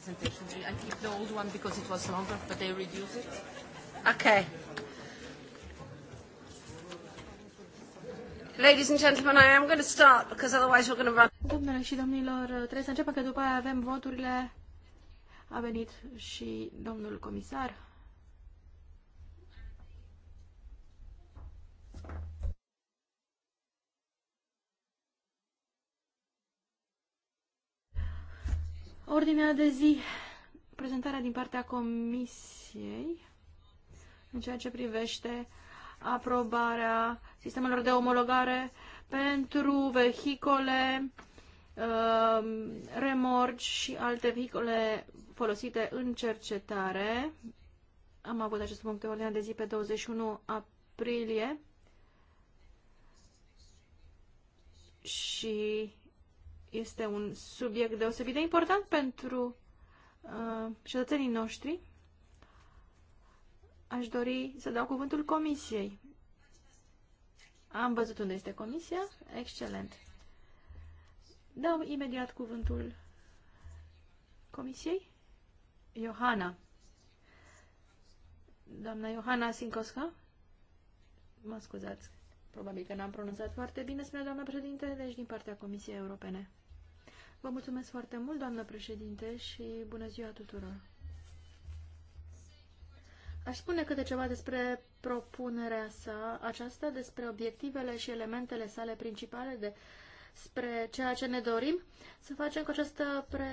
presentation. I keep the old one because it was longer, but they reduce it. Okay. Ladies and gentlemen, I am going to start because otherwise we're going to run. Doamnelor și domnilor, trebuie să începem că după aia avem voturile. A venit și domnul comisar. ordinea de zi, prezentarea din partea Comisiei în ceea ce privește aprobarea sistemelor de omologare pentru vehicole, um, remorci și alte vehicole folosite în cercetare. Am avut acest punct de ordine de zi pe 21 aprilie și este un subiect deosebit de important pentru uh, cetățenii noștri. Aș dori să dau cuvântul comisiei. Am văzut unde este comisia. Excelent. Dau imediat cuvântul comisiei. Johanna. Doamna Johanna Sincosca? Mă scuzați. Probabil că n-am pronunțat foarte bine, spune doamna președinte, deci din partea Comisiei Europene. Vă mulțumesc foarte mult, doamnă președinte, și bună ziua tuturor. Aș spune câte ceva despre propunerea sa aceasta, despre obiectivele și elementele sale principale, de, spre ceea ce ne dorim să facem cu această pre,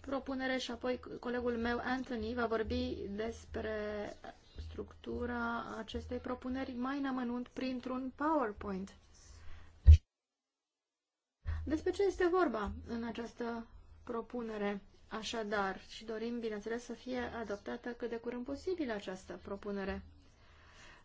propunere și apoi colegul meu, Anthony, va vorbi despre structura acestei propuneri mai în amănunt printr-un PowerPoint. Despre ce este vorba în această propunere? Așadar, și dorim, bineînțeles, să fie adoptată cât de curând posibil această propunere.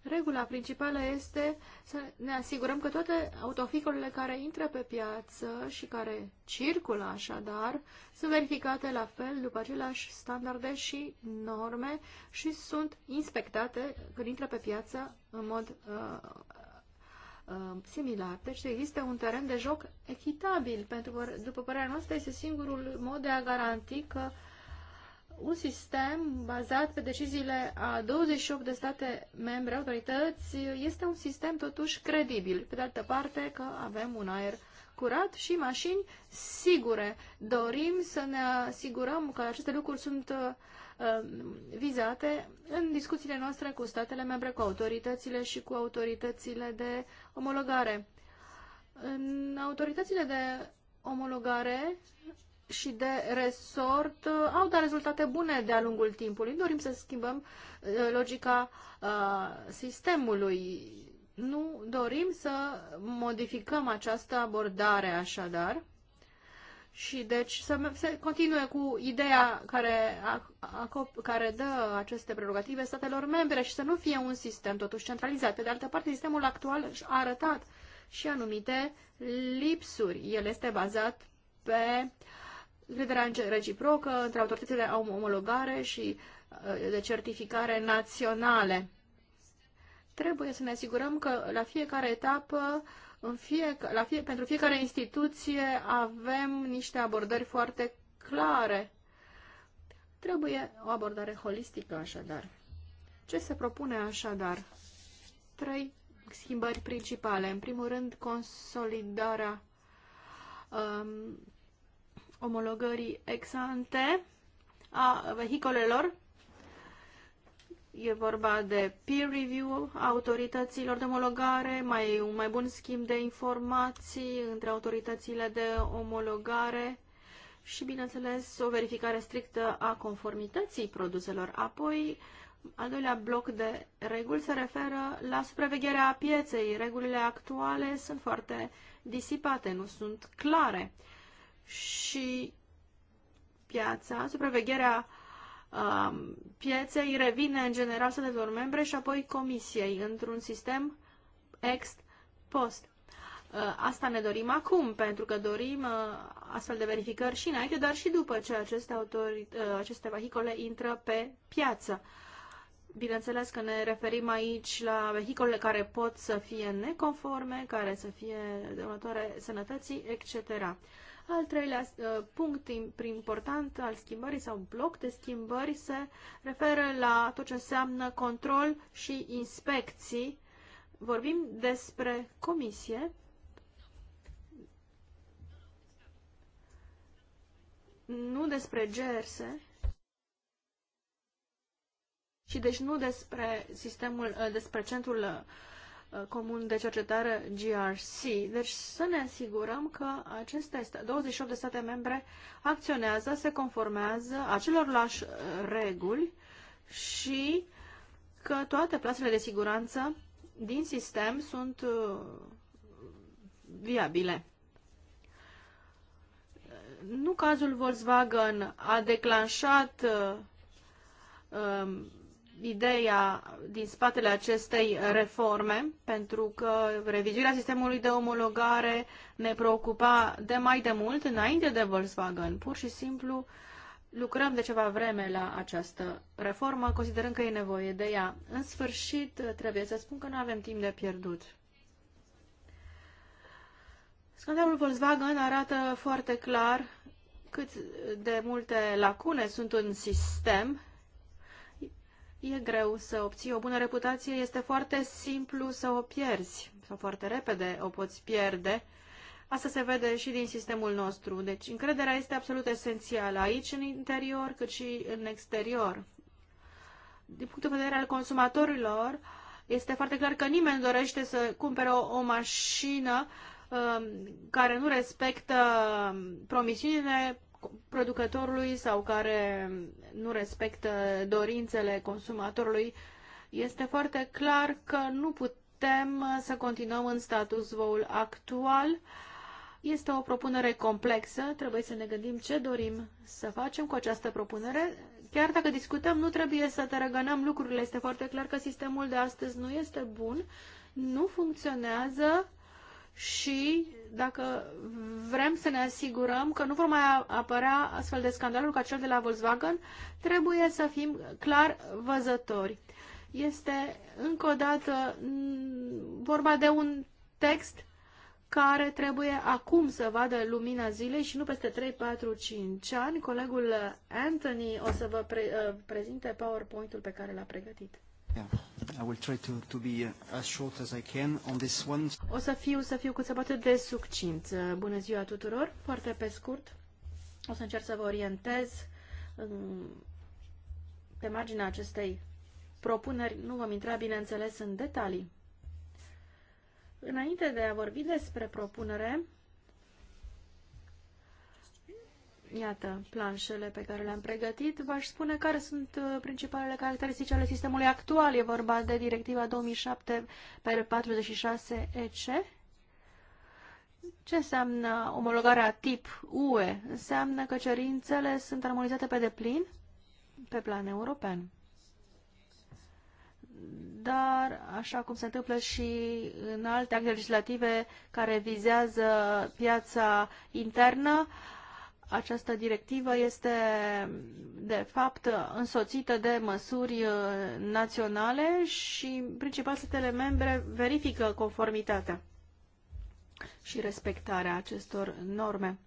Regula principală este să ne asigurăm că toate autoficolele care intră pe piață și care circulă așadar sunt verificate la fel după aceleași standarde și norme și sunt inspectate când intră pe piață în mod uh, Uh, similar. Deci există un teren de joc echitabil, pentru că, după părerea noastră, este singurul mod de a garanti că un sistem bazat pe deciziile a 28 de state membre, autorități, este un sistem totuși credibil. Pe de altă parte că avem un aer curat și mașini sigure. Dorim să ne asigurăm că aceste lucruri sunt uh, vizate în discuțiile noastre cu statele membre, cu autoritățile și cu autoritățile de omologare. În autoritățile de omologare și de resort uh, au dat rezultate bune de-a lungul timpului. Dorim să schimbăm uh, logica uh, sistemului. Nu dorim să modificăm această abordare așadar și deci să continue cu ideea care, acop, care dă aceste prerogative statelor membre și să nu fie un sistem totuși centralizat. Pe de altă parte, sistemul actual a arătat și anumite lipsuri. El este bazat pe crederea reciprocă între autoritățile omologare și uh, de certificare naționale. Trebuie să ne asigurăm că la fiecare etapă uh, în fie, la fie, pentru fiecare instituție avem niște abordări foarte clare. Trebuie o abordare holistică, așadar. Ce se propune, așadar? Trei schimbări principale. În primul rând, consolidarea um, omologării ex ante a vehicolelor E vorba de peer review autorităților de omologare, mai, un mai bun schimb de informații între autoritățile de omologare și, bineînțeles, o verificare strictă a conformității produselor. Apoi, al doilea bloc de reguli se referă la supravegherea pieței. Regulile actuale sunt foarte disipate, nu sunt clare. Și piața, supravegherea uh, Um, pieței revine în general statelor membre și apoi comisiei într-un sistem ex post. Uh, asta ne dorim acum, pentru că dorim uh, astfel de verificări și înainte, dar și după ce aceste, autori, uh, aceste vehicole intră pe piață. Bineînțeles că ne referim aici la vehicole care pot să fie neconforme, care să fie dăunătoare sănătății, etc. Al treilea uh, punct important al schimbării sau bloc de schimbări se referă la tot ce înseamnă control și inspecții. Vorbim despre comisie. Nu despre GRS, și deci nu despre sistemul, uh, despre centrul uh, Uh, comun de cercetare GRC. Deci să ne asigurăm că aceste 28 de state membre acționează, se conformează acelorlași uh, reguli și că toate plasele de siguranță din sistem sunt uh, viabile. Nu cazul Volkswagen a declanșat um, ideea din spatele acestei reforme, pentru că revizuirea sistemului de omologare ne preocupa de mai de mult înainte de Volkswagen. Pur și simplu lucrăm de ceva vreme la această reformă, considerând că e nevoie de ea. În sfârșit, trebuie să spun că nu avem timp de pierdut. Scandalul Volkswagen arată foarte clar cât de multe lacune sunt în sistem E greu să obții o bună reputație, este foarte simplu să o pierzi, sau foarte repede o poți pierde. Asta se vede și din sistemul nostru. Deci încrederea este absolut esențială aici în interior cât și în exterior. Din punctul de vedere al consumatorilor, este foarte clar că nimeni dorește să cumpere o, o mașină uh, care nu respectă um, promisiunile producătorului sau care nu respectă dorințele consumatorului, este foarte clar că nu putem să continuăm în status quo actual. Este o propunere complexă, trebuie să ne gândim ce dorim să facem cu această propunere. Chiar dacă discutăm, nu trebuie să tărăgănăm lucrurile. Este foarte clar că sistemul de astăzi nu este bun, nu funcționează și dacă vrem să ne asigurăm că nu vor mai apărea astfel de scandaluri ca cel de la Volkswagen, trebuie să fim clar văzători. Este încă o dată vorba de un text care trebuie acum să vadă lumina zilei și nu peste 3, 4, 5 ani. Colegul Anthony o să vă pre uh, prezinte PowerPoint-ul pe care l-a pregătit. Yeah. I will try to, to be uh, as short as I can on this one. O să fiu, să fiu cât se poate de succint. Uh, bună ziua tuturor, foarte pe scurt. O să încerc să vă orientez pe marginea acestei propuneri. Nu vom intra, bineînțeles, în detalii. Înainte de a vorbi despre propunere, Iată planșele pe care le-am pregătit. V-aș spune care sunt uh, principalele caracteristici ale sistemului actual. E vorba de directiva 2007 pe 46 EC. Ce înseamnă omologarea tip UE? Înseamnă că cerințele sunt armonizate pe deplin pe plan european. Dar, așa cum se întâmplă și în alte acte legislative care vizează piața internă, uh, această directivă este, de fapt, însoțită de măsuri uh, naționale și principal statele membre verifică conformitatea și respectarea acestor norme.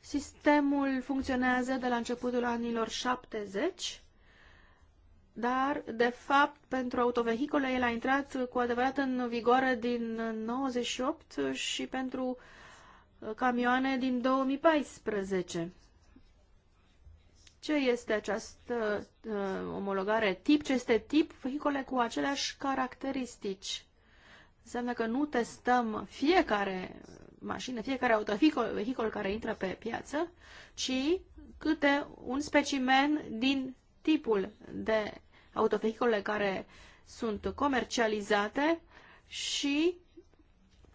Sistemul funcționează de la începutul anilor 70, dar, de fapt, pentru autovehicule el a intrat cu adevărat în vigoare din 98 și pentru uh, camioane din 2014. Ce este această uh, omologare tip? Ce este tip? Vehicole cu aceleași caracteristici. Înseamnă că nu testăm fiecare mașină, fiecare autovehicol care intră pe piață, ci câte un specimen din tipul de autovehicole care sunt comercializate și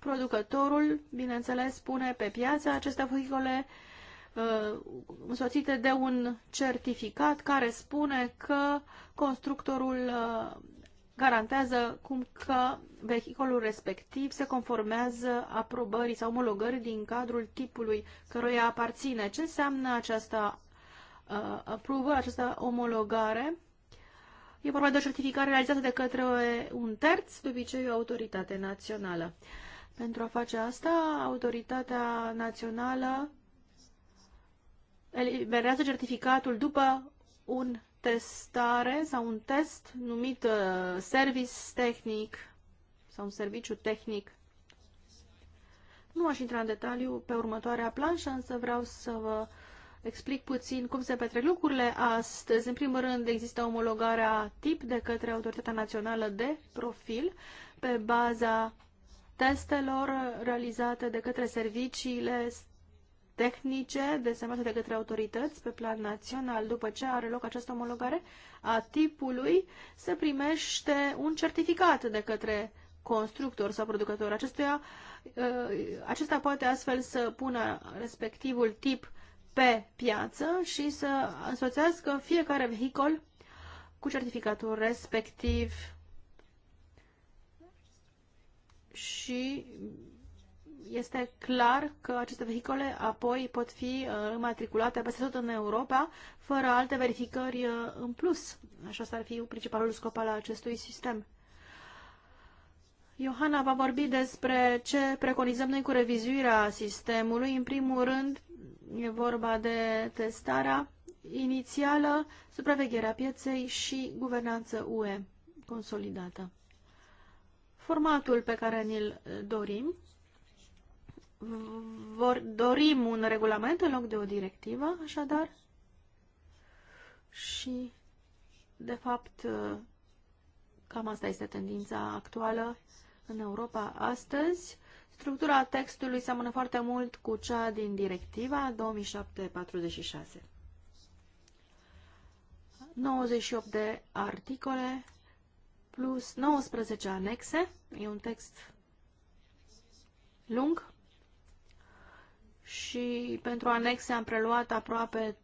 producătorul, bineînțeles, pune pe piață aceste vehicule uh, însoțite de un certificat care spune că constructorul uh, garantează cum că vehicolul respectiv se conformează aprobării sau omologării din cadrul tipului căruia aparține. Ce înseamnă această uh, aprobă, această omologare? E vorba de o certificare realizată de către un terț, de obicei o autoritate națională. Pentru a face asta, autoritatea națională eliberează certificatul după un testare sau un test numit uh, service tehnic sau un serviciu tehnic. Nu aș intra în detaliu pe următoarea planșă, însă vreau să vă explic puțin cum se petrec lucrurile astăzi. În primul rând există omologarea tip de către Autoritatea Națională de Profil pe baza testelor realizate de către serviciile tehnice desemnate de către autorități pe plan național. După ce are loc această omologare a tipului, se primește un certificat de către constructor sau producător. Acestuia, ă, acesta poate astfel să pună respectivul tip pe piață și să însoțească fiecare vehicol cu certificatul respectiv și este clar că aceste vehicole apoi pot fi uh, matriculate peste tot în Europa, fără alte verificări uh, în plus. Așa ar fi principalul scop al acestui sistem. Johanna va vorbi despre ce preconizăm noi cu revizuirea sistemului. În primul rând, e vorba de testarea inițială, supravegherea pieței și guvernanță UE consolidată formatul pe care ni-l dorim. Vor, dorim un regulament în loc de o directivă, așadar. Și, de fapt, cam asta este tendința actuală în Europa astăzi. Structura textului seamănă foarte mult cu cea din directiva 2746. 98 de articole plus 19 anexe, e un text lung și pentru anexe am preluat aproape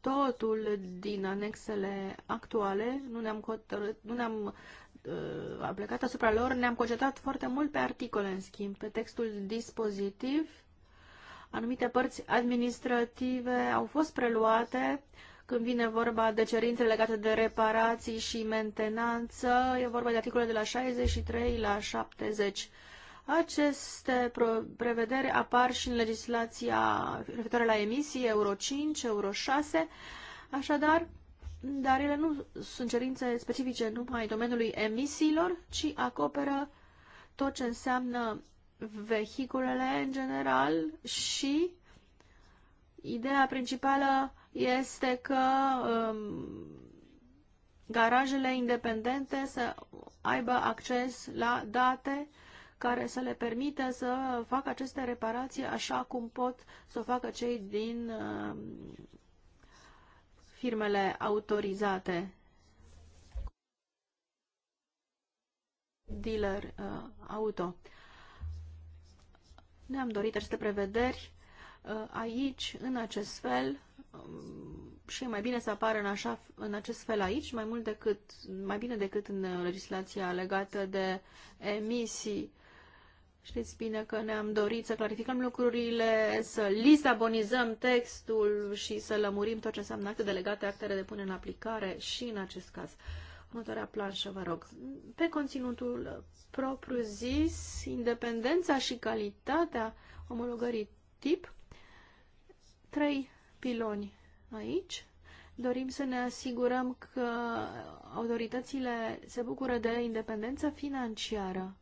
totul din anexele actuale, nu ne-am, nu ne-am uh, aplicat asupra lor, ne-am concentrat foarte mult pe articole, în schimb, pe textul dispozitiv. Anumite părți administrative au fost preluate, uh, când vine vorba de cerințe legate de reparații și mentenanță, e vorba de articole de la 63 la 70. Aceste prevedere apar și în legislația referitoare la emisii Euro 5, Euro 6, așadar, dar ele nu sunt cerințe specifice numai domeniului emisiilor, ci acoperă tot ce înseamnă vehiculele în general și ideea principală este că um, garajele independente să aibă acces la date care să le permită să facă aceste reparații așa cum pot să o facă cei din uh, firmele autorizate, dealer uh, auto. Ne-am dorit aceste prevederi uh, aici, în acest fel, și mai bine să apară în, așa, în acest fel aici, mai, mult decât, mai bine decât în legislația legată de emisii. Știți bine că ne-am dorit să clarificăm lucrurile, să lisabonizăm textul și să lămurim tot ce înseamnă acte delegate, actele de pune în aplicare și în acest caz. Următoarea planșă, vă rog. Pe conținutul propriu-zis, independența și calitatea omologării tip, trei piloni aici. Dorim să ne asigurăm că autoritățile se bucură de independență financiară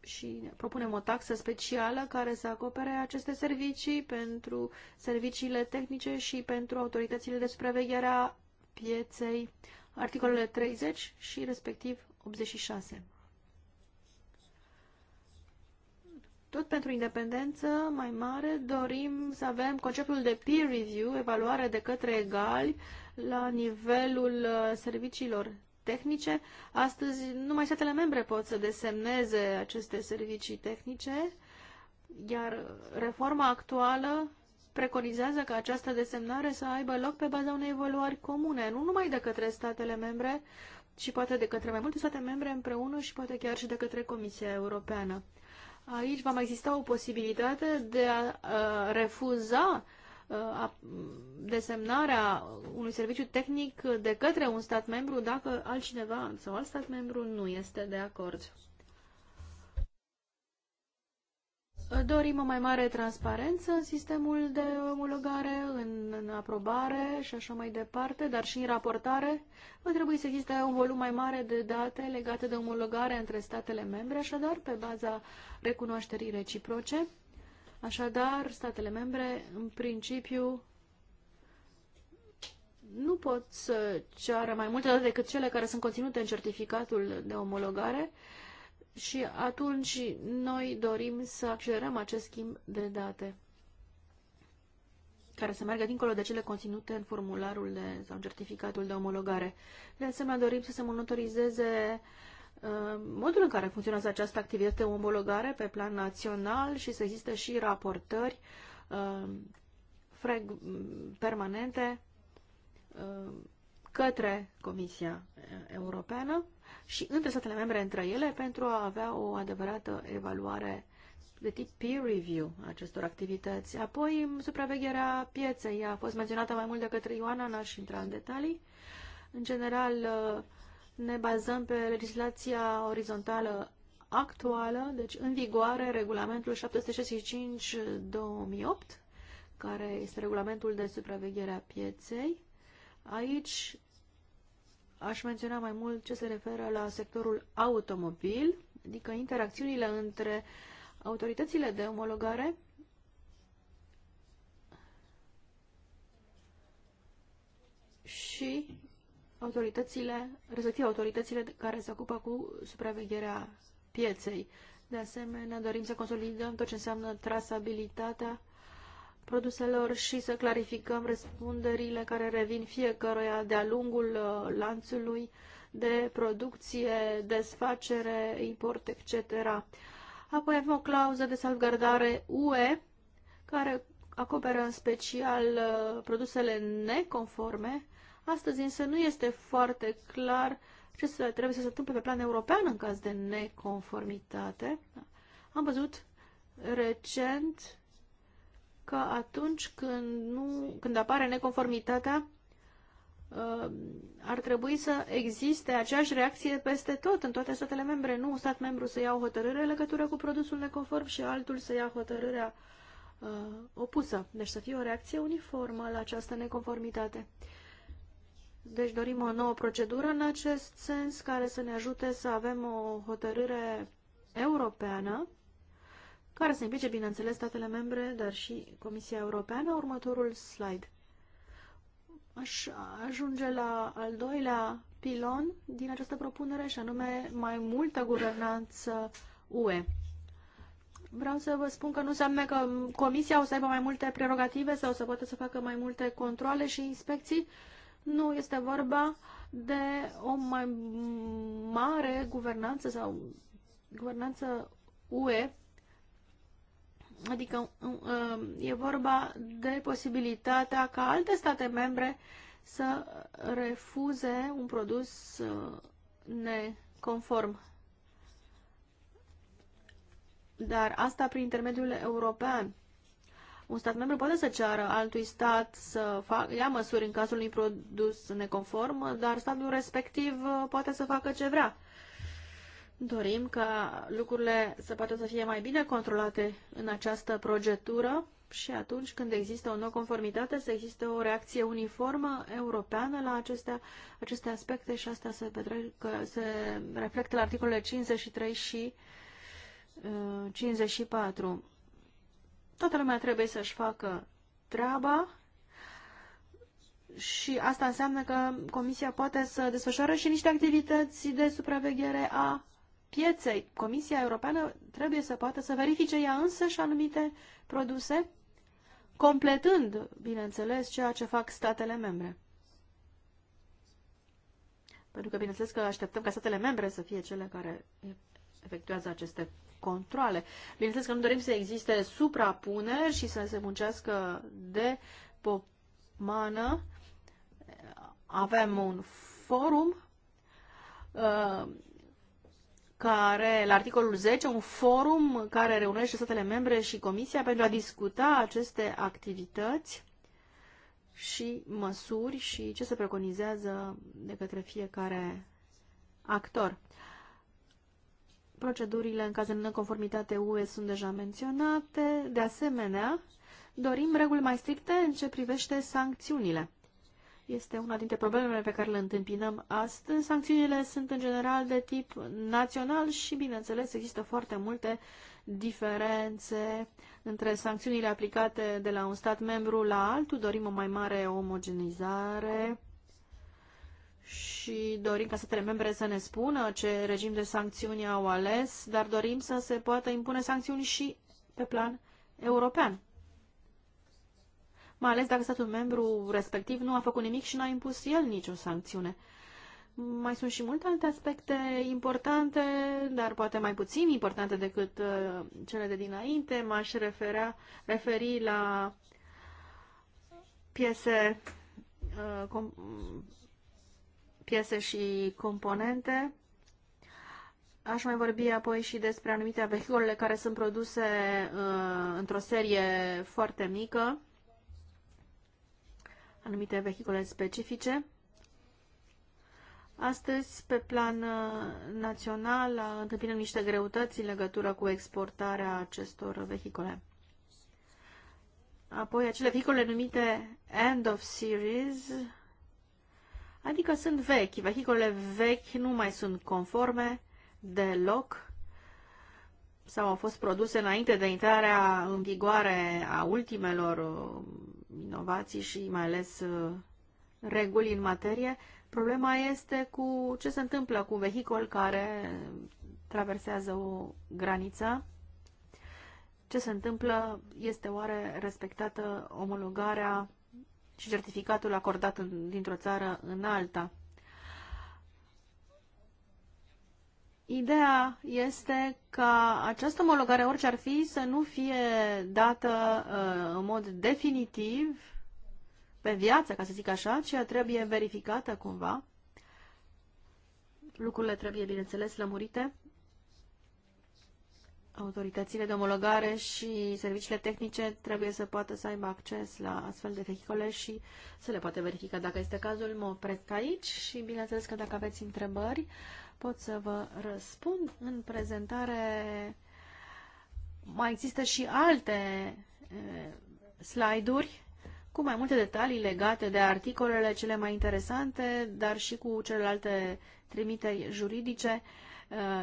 și propunem o taxă specială care să acopere aceste servicii pentru serviciile tehnice și pentru autoritățile de supraveghere a pieței, articolele 30 și respectiv 86. Tot pentru independență mai mare dorim să avem conceptul de peer review, evaluare de către egali la nivelul uh, serviciilor tehnice. Astăzi numai statele membre pot să desemneze aceste servicii tehnice, iar reforma actuală preconizează că această desemnare să aibă loc pe baza unei evaluări comune, nu numai de către statele membre, ci poate de către mai multe state membre împreună și poate chiar și de către Comisia Europeană. Aici va mai exista o posibilitate de a, a refuza a, desemnarea unui serviciu tehnic de către un stat membru dacă altcineva sau alt stat membru nu este de acord. Dorim o mai mare transparență în sistemul de omologare, în, în aprobare și așa mai departe, dar și în raportare. Va trebui să existe un volum mai mare de date legate de omologare între statele membre, așadar, pe baza recunoașterii reciproce. Așadar, statele membre, în principiu, nu pot să ceară mai multe date decât cele care sunt conținute în certificatul de omologare, și atunci noi dorim să accelerăm acest schimb de date care să meargă dincolo de cele conținute în formularul de, sau în certificatul de omologare. De asemenea, dorim să se monitorizeze uh, modul în care funcționează această activitate omologare pe plan național și să existe și raportări uh, permanente uh, către Comisia Europeană și între statele membre între ele pentru a avea o adevărată evaluare de tip peer review acestor activități. Apoi, supravegherea pieței a fost menționată mai mult de către Ioana, n-aș intra în detalii. În general, ne bazăm pe legislația orizontală actuală, deci în vigoare regulamentul 765-2008, care este regulamentul de supraveghere a pieței Aici aș menționa mai mult ce se referă la sectorul automobil, adică interacțiunile între autoritățile de omologare și autoritățile, respectiv autoritățile care se ocupă cu supravegherea pieței. De asemenea, dorim să consolidăm tot ce înseamnă trasabilitatea produselor și să clarificăm răspunderile care revin fiecăruia de-a lungul uh, lanțului de producție, desfacere, import, etc. Apoi avem o clauză de salvgardare UE care acoperă în special uh, produsele neconforme. Astăzi însă nu este foarte clar ce trebuie să se întâmple pe plan european în caz de neconformitate. Am văzut recent că atunci când, nu, când apare neconformitatea, uh, ar trebui să existe aceeași reacție peste tot, în toate statele membre. Nu un stat membru să ia o hotărâre în legătură cu produsul neconform și altul să ia hotărârea uh, opusă. Deci să fie o reacție uniformă la această neconformitate. Deci dorim o nouă procedură în acest sens care să ne ajute să avem o hotărâre europeană care să implice, bineînțeles, statele membre, dar și Comisia Europeană. Următorul slide. Aș ajunge la al doilea pilon din această propunere și anume mai multă guvernanță UE. Vreau să vă spun că nu înseamnă că Comisia o să aibă mai multe prerogative sau să poată să facă mai multe controle și inspecții. Nu este vorba de o mai mare guvernanță sau guvernanță UE Adică um, um, e vorba de posibilitatea ca alte state membre să refuze un produs uh, neconform. Dar asta prin intermediul european. Un stat membru poate să ceară altui stat să fac, ia măsuri în cazul unui produs neconform, dar statul respectiv uh, poate să facă ce vrea. Dorim ca lucrurile să poată să fie mai bine controlate în această progetură și atunci când există o conformitate, să existe o reacție uniformă europeană la acestea, aceste aspecte și asta se, petrec, se reflectă la articolele 53 și uh, 54. Toată lumea trebuie să-și facă treaba și asta înseamnă că Comisia poate să desfășoare și niște activități de supraveghere a pieței. Comisia Europeană trebuie să poată să verifice ea însă și anumite produse, completând, bineînțeles, ceea ce fac statele membre. Pentru că, bineînțeles, că așteptăm ca statele membre să fie cele care efectuează aceste controle. Bineînțeles că nu dorim să existe suprapuneri și să se muncească de pomană. Avem un forum uh, care, la articolul 10, un forum care reunește statele membre și Comisia pentru a discuta aceste activități și măsuri și ce se preconizează de către fiecare actor. Procedurile în caz de neconformitate UE sunt deja menționate. De asemenea, dorim reguli mai stricte în ce privește sancțiunile este una dintre problemele pe care le întâmpinăm astăzi. Sancțiunile sunt în general de tip național și, bineînțeles, există foarte multe diferențe între sancțiunile aplicate de la un stat membru la altul. Dorim o mai mare omogenizare și dorim ca statele membre să ne spună ce regim de sancțiuni au ales, dar dorim să se poată impune sancțiuni și pe plan european mai ales dacă statul membru respectiv nu a făcut nimic și n a impus el nicio sancțiune. Mai sunt și multe alte aspecte importante, dar poate mai puțin importante decât uh, cele de dinainte. M-aș refera, referi la piese, uh, com, piese și componente. Aș mai vorbi apoi și despre anumite vehiculele care sunt produse uh, într-o serie foarte mică anumite vehicule specifice. Astăzi, pe plan uh, național, uh, întâmpinăm niște greutăți în legătură cu exportarea acestor vehicule. Apoi, acele vehicule numite End of Series, adică sunt vechi. vehicule vechi nu mai sunt conforme deloc sau au fost produse înainte de intrarea în vigoare a ultimelor uh, inovații și mai ales uh, reguli în materie. Problema este cu ce se întâmplă cu un vehicul care traversează o graniță. Ce se întâmplă este oare respectată omologarea și certificatul acordat dintr-o țară în alta. Ideea este ca această omologare, orice ar fi, să nu fie dată uh, în mod definitiv pe viață, ca să zic așa, ci trebuie verificată cumva. Lucrurile trebuie, bineînțeles, lămurite. Autoritățile de omologare și serviciile tehnice trebuie să poată să aibă acces la astfel de vehicole și să le poate verifica dacă este cazul. Mă opresc aici și, bineînțeles, că dacă aveți întrebări, uh, pot să vă răspund în prezentare. Mai există și alte slide-uri cu mai multe detalii legate de articolele cele mai interesante, dar și cu celelalte trimiteri juridice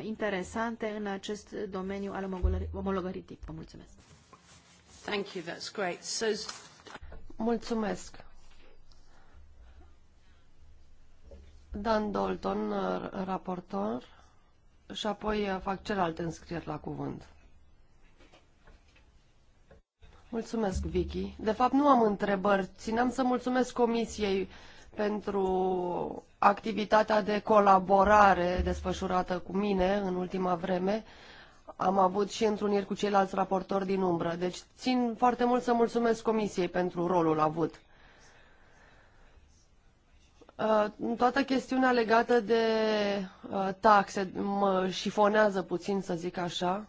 interesante în acest domeniu al omologării tip. Vă mulțumesc! Thank you, that's great. So... Mulțumesc! Dan Dalton, uh, raportor, și apoi uh, fac celelalte înscrieri la cuvânt. Mulțumesc, Vicky. De fapt, nu am întrebări. Țineam să mulțumesc Comisiei pentru activitatea de colaborare desfășurată cu mine în ultima vreme. Am avut și întruniri cu ceilalți raportori din umbră. Deci țin foarte mult să mulțumesc Comisiei pentru rolul avut. Uh, toată chestiunea legată de uh, taxe mă șifonează puțin, să zic așa.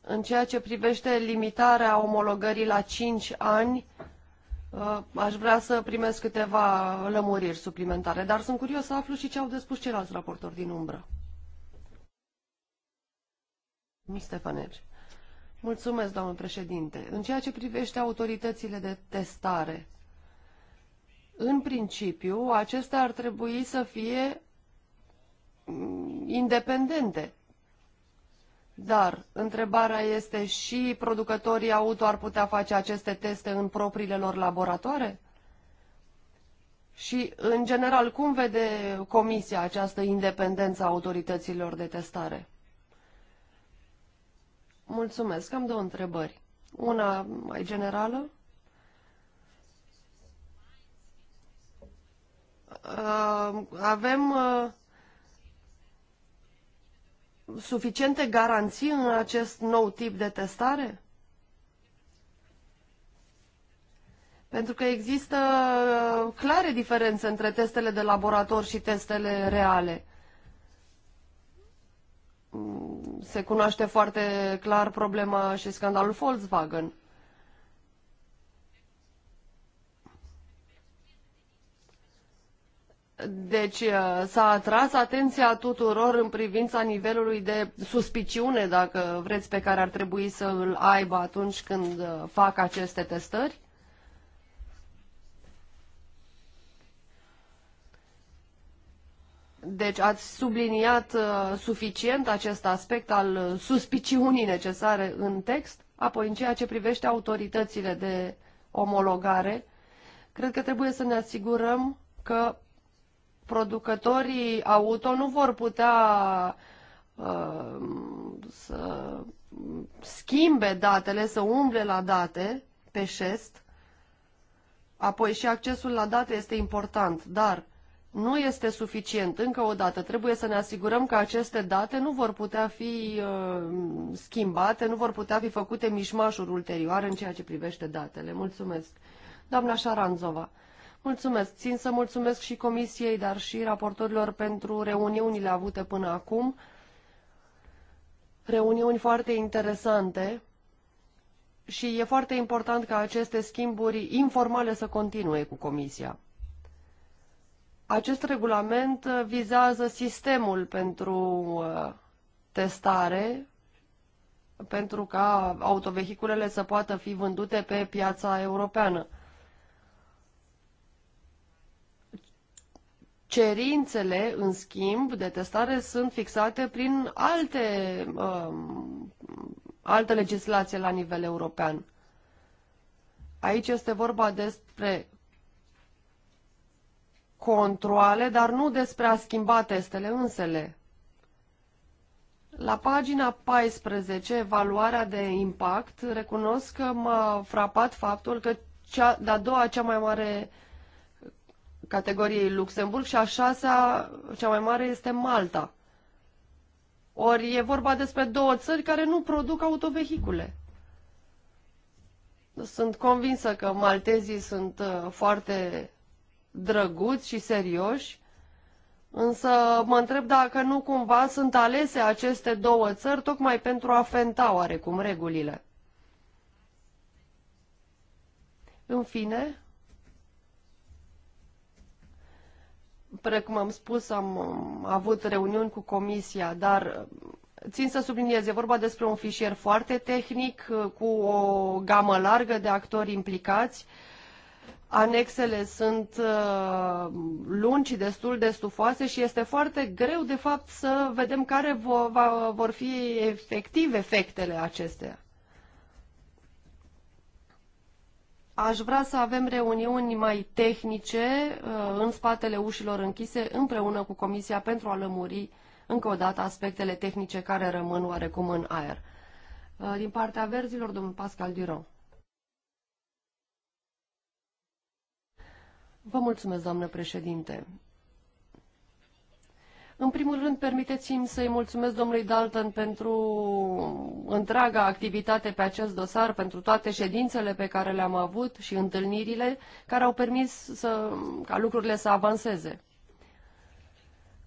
În ceea ce privește limitarea omologării la 5 ani, uh, aș vrea să primesc câteva lămuriri suplimentare, dar sunt curios să aflu și ce au de spus ceilalți raportori din umbră. Stefaneci. Mulțumesc, doamnă președinte. În ceea ce privește autoritățile de testare, în principiu, acestea ar trebui să fie mm, independente. Dar întrebarea este și producătorii auto ar putea face aceste teste în propriile lor laboratoare? Și, în general, cum vede Comisia această independență a autorităților de testare? Mulțumesc. Am două întrebări. Una mai generală uh, avem uh, suficiente garanții în acest nou tip de testare? Pentru că există uh, clare diferențe între testele de laborator și testele reale. Mm, se cunoaște foarte clar problema și scandalul Volkswagen. Deci uh, s-a atras atenția tuturor în privința nivelului de suspiciune, dacă vreți, pe care ar trebui să îl aibă atunci când uh, fac aceste testări? Deci ați subliniat uh, suficient acest aspect al suspiciunii necesare în text, apoi în ceea ce privește autoritățile de omologare, cred că trebuie să ne asigurăm că producătorii auto nu vor putea uh, să schimbe datele, să umble la date pe șest, apoi și accesul la date este important, dar nu este suficient. Încă o dată, trebuie să ne asigurăm că aceste date nu vor putea fi uh, schimbate, nu vor putea fi făcute mișmașuri ulterioare în ceea ce privește datele. Mulțumesc. Doamna Șaranzova. Mulțumesc. Țin să mulțumesc și comisiei, dar și raportorilor pentru reuniunile avute până acum. Reuniuni foarte interesante și e foarte important ca aceste schimburi informale să continue cu comisia. Acest regulament vizează sistemul pentru uh, testare, pentru ca autovehiculele să poată fi vândute pe piața europeană. Cerințele, în schimb, de testare sunt fixate prin alte, uh, um, alte legislație la nivel european. Aici este vorba despre controle, dar nu despre a schimba testele însele. La pagina 14, evaluarea de impact, recunosc că m-a frapat faptul că cea de-a doua cea mai mare uh, categoriei Luxemburg și a șasea, cea mai mare, este Malta. Ori e vorba despre două țări care nu produc autovehicule. Sunt convinsă că maltezii sunt uh, foarte drăguți și serioși, însă mă întreb dacă nu cumva sunt alese aceste două țări tocmai pentru a fenta oarecum regulile. În fine, Precum am spus, am um, avut reuniuni cu comisia, dar um, țin să subliniez, e vorba despre un fișier foarte tehnic, uh, cu o gamă largă de actori implicați. Anexele sunt uh, lungi, destul de stufoase și este foarte greu, de fapt, să vedem care vor fi efectiv efectele acestea. Aș vrea să avem reuniuni mai tehnice uh, în spatele ușilor închise împreună cu Comisia pentru a lămuri încă o dată aspectele tehnice care rămân oarecum în aer. Uh, din partea verzilor, domnul Pascal Duron. Vă mulțumesc, doamnă președinte. În primul rând, permiteți-mi să-i mulțumesc domnului Dalton pentru întreaga activitate pe acest dosar, pentru toate ședințele pe care le-am avut și întâlnirile care au permis să, ca lucrurile să avanseze.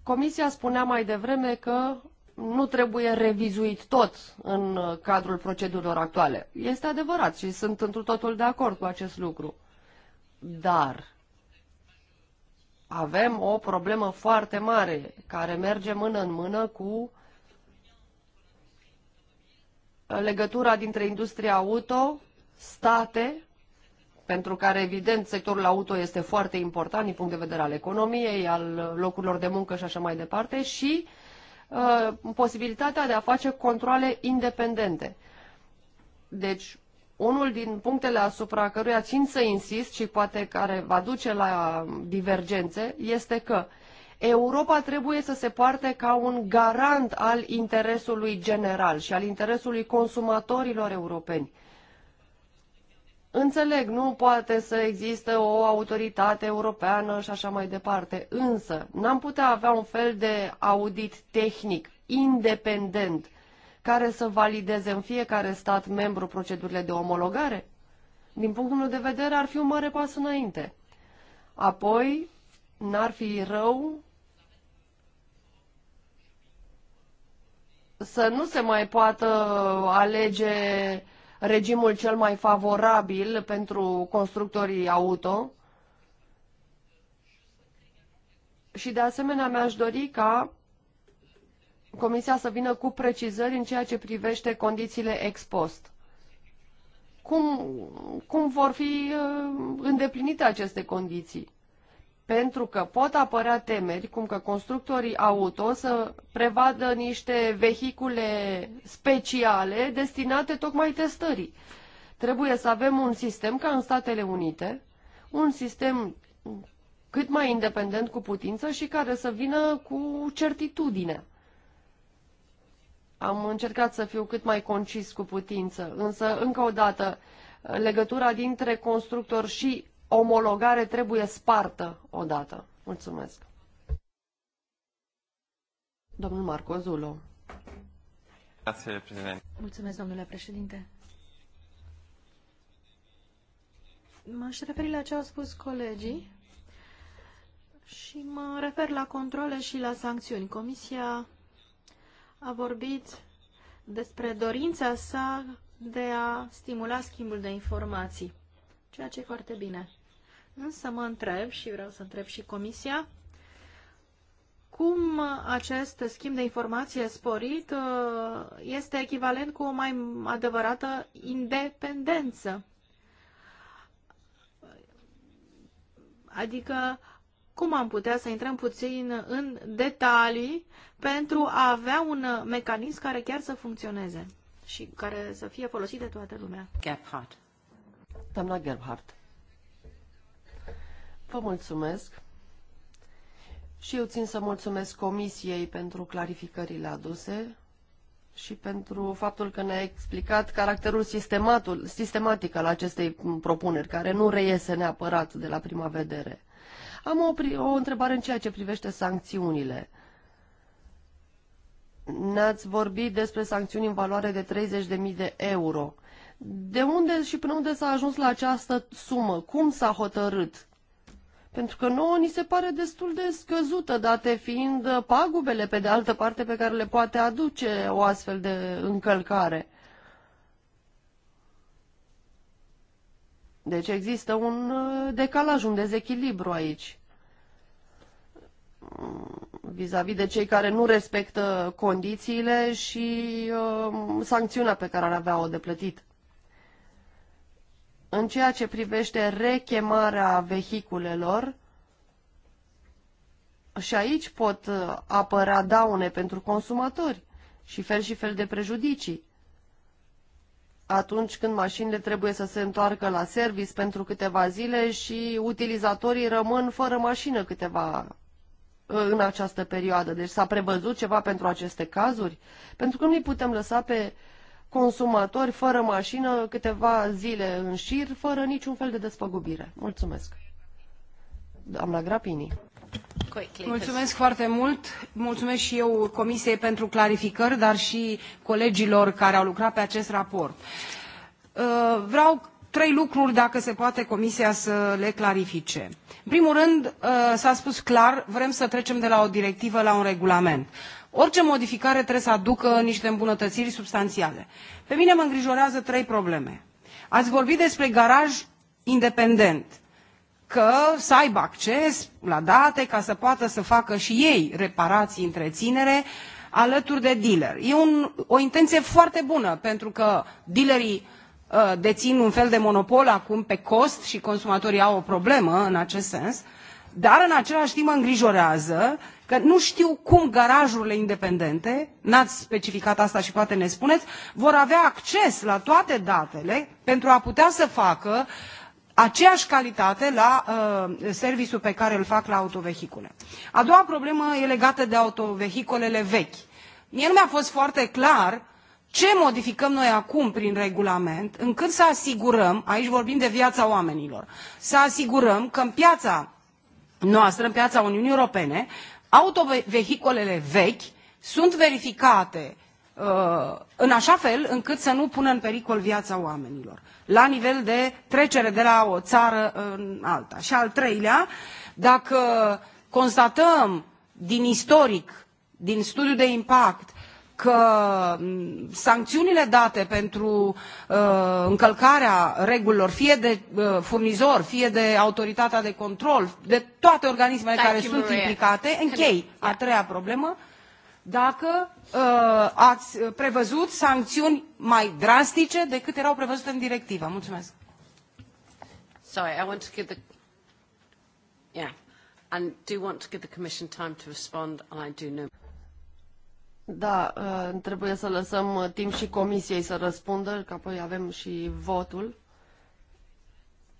Comisia spunea mai devreme că nu trebuie revizuit tot în cadrul procedurilor actuale. Este adevărat și sunt întru totul de acord cu acest lucru. Dar avem o problemă foarte mare care merge mână în mână cu legătura dintre industria auto, state, pentru care, evident, sectorul auto este foarte important din punct de vedere al economiei, al locurilor de muncă și așa mai departe, și uh, posibilitatea de a face controle independente. Deci, unul din punctele asupra căruia țin să insist și poate care va duce la divergențe este că Europa trebuie să se poarte ca un garant al interesului general și al interesului consumatorilor europeni. Înțeleg, nu poate să existe o autoritate europeană și așa mai departe, însă n-am putea avea un fel de audit tehnic independent care să valideze în fiecare stat membru procedurile de omologare? Din punctul meu de vedere, ar fi un mare pas înainte. Apoi, n-ar fi rău să nu se mai poată alege regimul cel mai favorabil pentru constructorii auto. Și de asemenea mi-aș dori ca Comisia să vină cu precizări în ceea ce privește condițiile ex post. Cum, cum vor fi uh, îndeplinite aceste condiții? Pentru că pot apărea temeri, cum că constructorii auto să prevadă niște vehicule speciale destinate tocmai testării. Trebuie să avem un sistem ca în Statele Unite, un sistem cât mai independent cu putință și care să vină cu certitudine. Am încercat să fiu cât mai concis cu putință, însă, încă o dată, legătura dintre constructor și omologare trebuie spartă odată. Mulțumesc. Domnul Marco Zulo. Mulțumesc, domnule președinte. M-aș referi la ce au spus colegii și mă refer la controle și la sancțiuni. Comisia a vorbit despre dorința sa de a stimula schimbul de informații, ceea ce e foarte bine. Însă mă întreb și vreau să întreb și Comisia, cum acest schimb de informație sporit uh, este echivalent cu o mai adevărată independență. Adică cum am putea să intrăm puțin în detalii pentru a avea un mecanism care chiar să funcționeze și care să fie folosit de toată lumea. Gerhard. Doamna Gerhard, vă mulțumesc și eu țin să mulțumesc Comisiei pentru clarificările aduse și pentru faptul că ne-a explicat caracterul sistematic al acestei propuneri, care nu reiese neapărat de la prima vedere. Am o, o întrebare în ceea ce privește sancțiunile. Ne-ați vorbit despre sancțiuni în valoare de 30.000 de euro. De unde și până unde s-a ajuns la această sumă? Cum s-a hotărât? Pentru că nouă ni se pare destul de scăzută, date fiind pagubele, pe de altă parte, pe care le poate aduce o astfel de încălcare. Deci există un uh, decalaj, un dezechilibru aici mm, vis-a-vis -vis de cei care nu respectă condițiile și uh, sancțiunea pe care ar avea-o de plătit. În ceea ce privește rechemarea vehiculelor, și aici pot uh, apăra daune pentru consumatori și fel și fel de prejudicii atunci când mașinile trebuie să se întoarcă la service pentru câteva zile și utilizatorii rămân fără mașină câteva ă, în această perioadă. Deci s-a prevăzut ceva pentru aceste cazuri? Pentru că nu îi putem lăsa pe consumatori fără mașină câteva zile în șir, fără niciun fel de despăgubire. Mulțumesc. Doamna Grapini. Mulțumesc foarte mult. Mulțumesc și eu Comisiei pentru clarificări, dar și colegilor care au lucrat pe acest raport. Uh, vreau trei lucruri, dacă se poate, Comisia să le clarifice. În primul rând, uh, s-a spus clar, vrem să trecem de la o directivă la un regulament. Orice modificare trebuie să aducă niște îmbunătățiri substanțiale. Pe mine mă îngrijorează trei probleme. Ați vorbit despre garaj independent că să aibă acces la date ca să poată să facă și ei reparații, întreținere alături de dealer. E un, o intenție foarte bună pentru că dealerii uh, dețin un fel de monopol acum pe cost și consumatorii au o problemă în acest sens, dar în același timp mă îngrijorează că nu știu cum garajurile independente n-ați specificat asta și poate ne spuneți vor avea acces la toate datele pentru a putea să facă uh, aceeași calitate la uh, serviciul pe care îl fac la autovehicule. A doua problemă e legată de autovehiculele vechi. Mie nu mi-a fost foarte clar ce modificăm noi acum prin regulament, încât să asigurăm, aici vorbim de viața oamenilor, să asigurăm că în piața noastră, în piața Uniunii Europene, autovehiculele vechi sunt verificate Uh, în așa fel încât să nu pună în pericol viața oamenilor, la nivel de trecere de la o țară în alta. Și al treilea, dacă constatăm din istoric, din studiul de impact, că sancțiunile date pentru uh, încălcarea regulilor, fie de uh, furnizor, fie de autoritatea de control, de toate organismele Thank care sunt Maria. implicate, închei a treia problemă, dacă uh, ați prevăzut sancțiuni mai drastice decât erau prevăzute în directivă. Mulțumesc. Sorry, I want to give the... Yeah. And do want to give the Commission time to respond, and I do know... Da, uh, trebuie să lăsăm uh, timp și Comisiei să răspundă, că apoi avem și votul.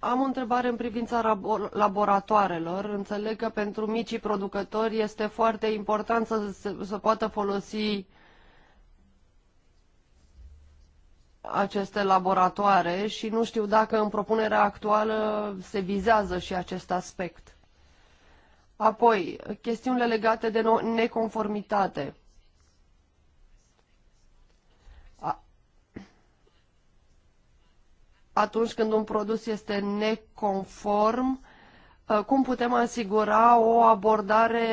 Am o întrebare în privința laboratoarelor. Înțeleg că pentru micii producători este foarte important să, se, să poată folosi aceste laboratoare și nu știu dacă în propunerea actuală se vizează și acest aspect. Apoi, chestiunile legate de neconformitate. atunci când un produs este neconform, uh, cum putem asigura o abordare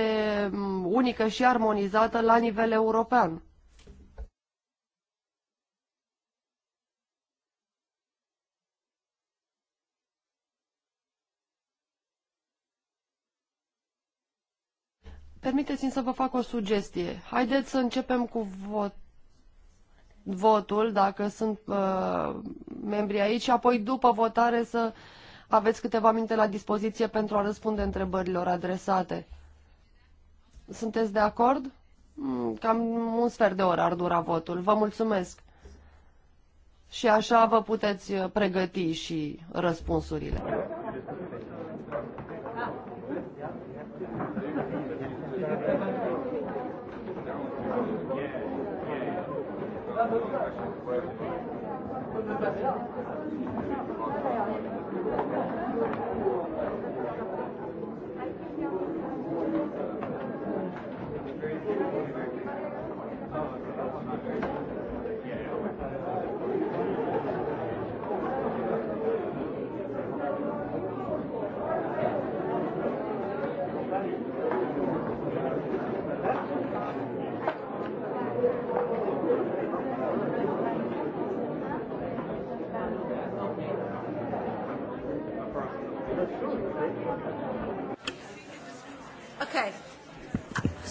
mm, unică și armonizată la nivel european. Permiteți-mi să vă fac o sugestie. Haideți să începem cu vot votul, dacă sunt uh, membri aici, și apoi după votare să aveți câteva minute la dispoziție pentru a răspunde întrebărilor adresate. Sunteți de acord? Mm, cam un sfert de oră ar dura votul. Vă mulțumesc. Și așa vă puteți pregăti și răspunsurile. Thank you.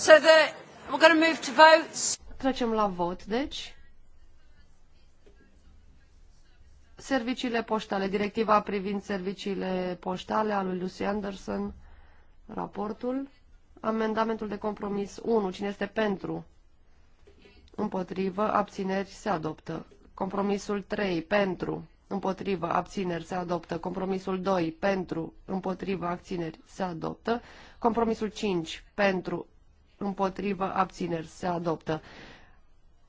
So the, we're going to move to votes. Trecem la vot, deci. Serviciile poștale, directiva privind serviciile poștale a lui Lucy Anderson, raportul, amendamentul de compromis 1, cine este pentru, împotrivă, abțineri, se adoptă. Compromisul 3, pentru, împotrivă, abțineri, se adoptă. Compromisul 2, pentru, împotrivă, abțineri, se adoptă. Compromisul 5, pentru, împotrivă, abțineri, se adoptă.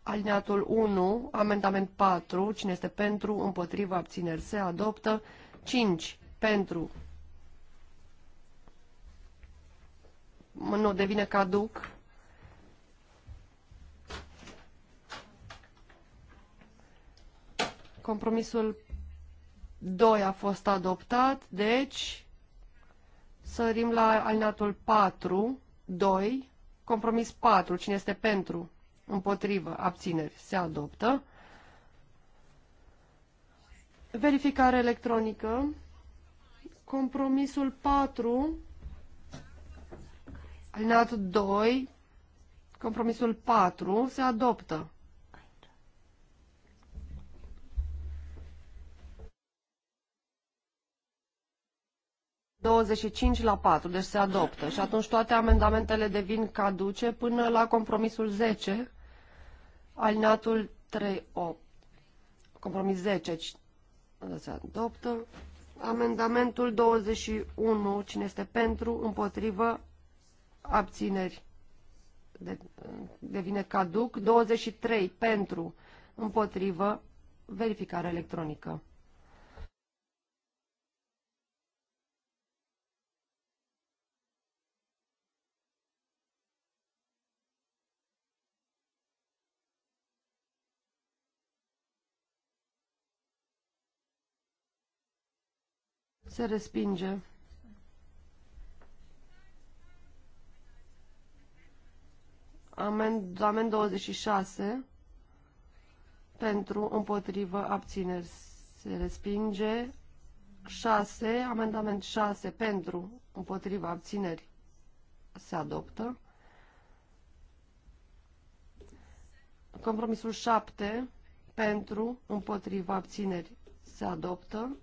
Alineatul 1, amendament 4, cine este pentru, împotrivă, abțineri, se adoptă. 5, pentru, nu devine caduc. Compromisul 2 a fost adoptat, deci sărim la alinatul 4, 2, Compromis 4. Cine este pentru? Împotrivă. Abțineri. Se adoptă. Verificare electronică. Compromisul 4. Alineatul 2. Compromisul 4. Se adoptă. 25 la 4, deci se adoptă. Și atunci toate amendamentele devin caduce până la compromisul 10, alineatul 3.8. Compromis 10 se adoptă. Amendamentul 21, cine este pentru, împotrivă, abțineri, de, devine caduc. 23, pentru, împotrivă, verificare electronică. Se respinge. Amendament 26 pentru, împotrivă, abțineri. Se respinge. 6, amendament 6 pentru, împotrivă, abțineri. Se adoptă. Compromisul 7 pentru, împotrivă, abțineri. Se adoptă.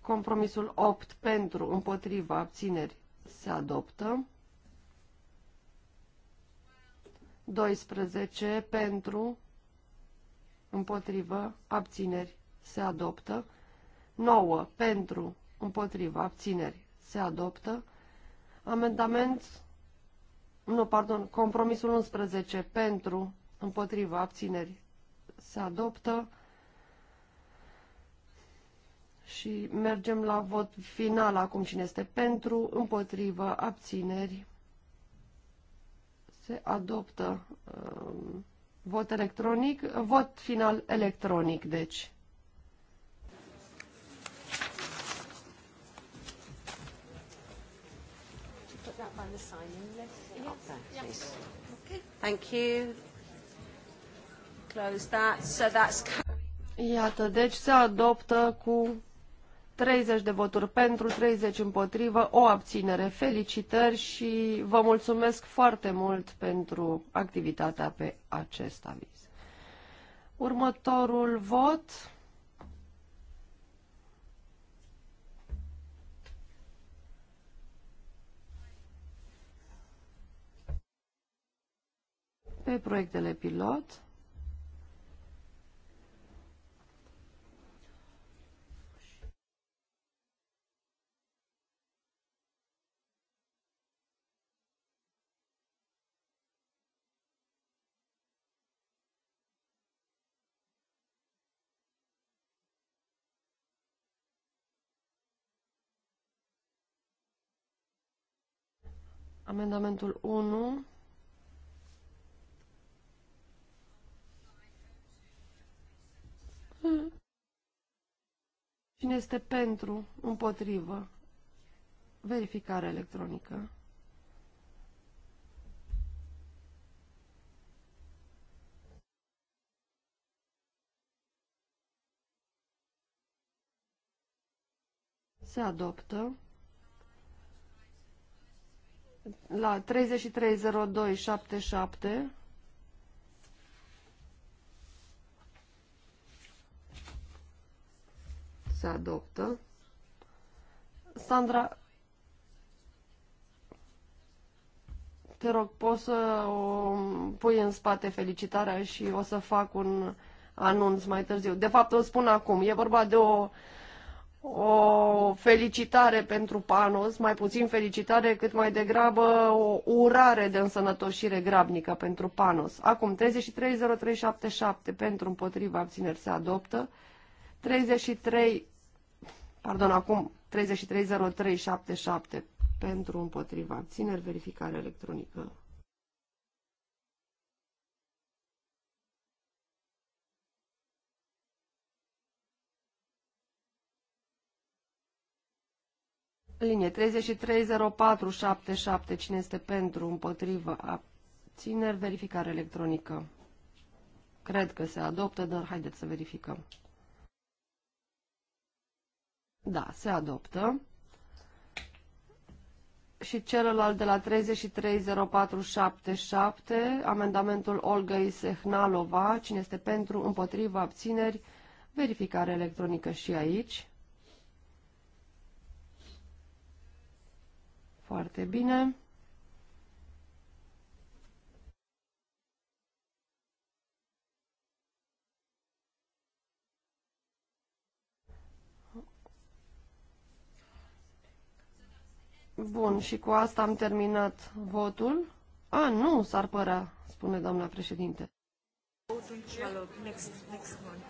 Compromisul 8 pentru, împotriva, abțineri se adoptă. 12 pentru, împotriva abțineri se adoptă. 9 pentru, împotriva abțineri se adoptă. Amendament, nu, pardon, compromisul 11 pentru, împotriva abțineri se adoptă. Și mergem la vot final acum cine este pentru, împotrivă, abțineri. Se adoptă uh, vot electronic, vot final electronic, deci. Thank you. Close that. So that's... Iată, deci se adoptă cu 30 de voturi pentru, 30 împotrivă, o abținere. Felicitări și vă mulțumesc foarte mult pentru activitatea pe acest aviz. Următorul vot... Pe proiectele pilot... Amendamentul 1. Cine este pentru, împotrivă? Verificare electronică. Se adoptă la 330277 se adoptă. Sandra, te rog, poți să o pui în spate felicitarea și o să fac un anunț mai târziu. De fapt, o spun acum. E vorba de o o felicitare pentru Panos, mai puțin felicitare, cât mai degrabă o urare de însănătoșire grabnică pentru Panos. Acum, 330377 pentru împotriva abțineri se adoptă, 33, pardon, acum 330377 pentru împotriva abțineri, verificare electronică. Linie 330477, cine este pentru, împotrivă, abțineri, verificare electronică. Cred că se adoptă, dar haideți să verificăm. Da, se adoptă. Și celălalt de la 330477, amendamentul Olga Isehnalova cine este pentru, împotrivă, abțineri, verificare electronică și aici. Foarte bine. Bun, și cu asta am terminat votul. A, nu, s-ar părea, spune doamna președinte. Next, next one.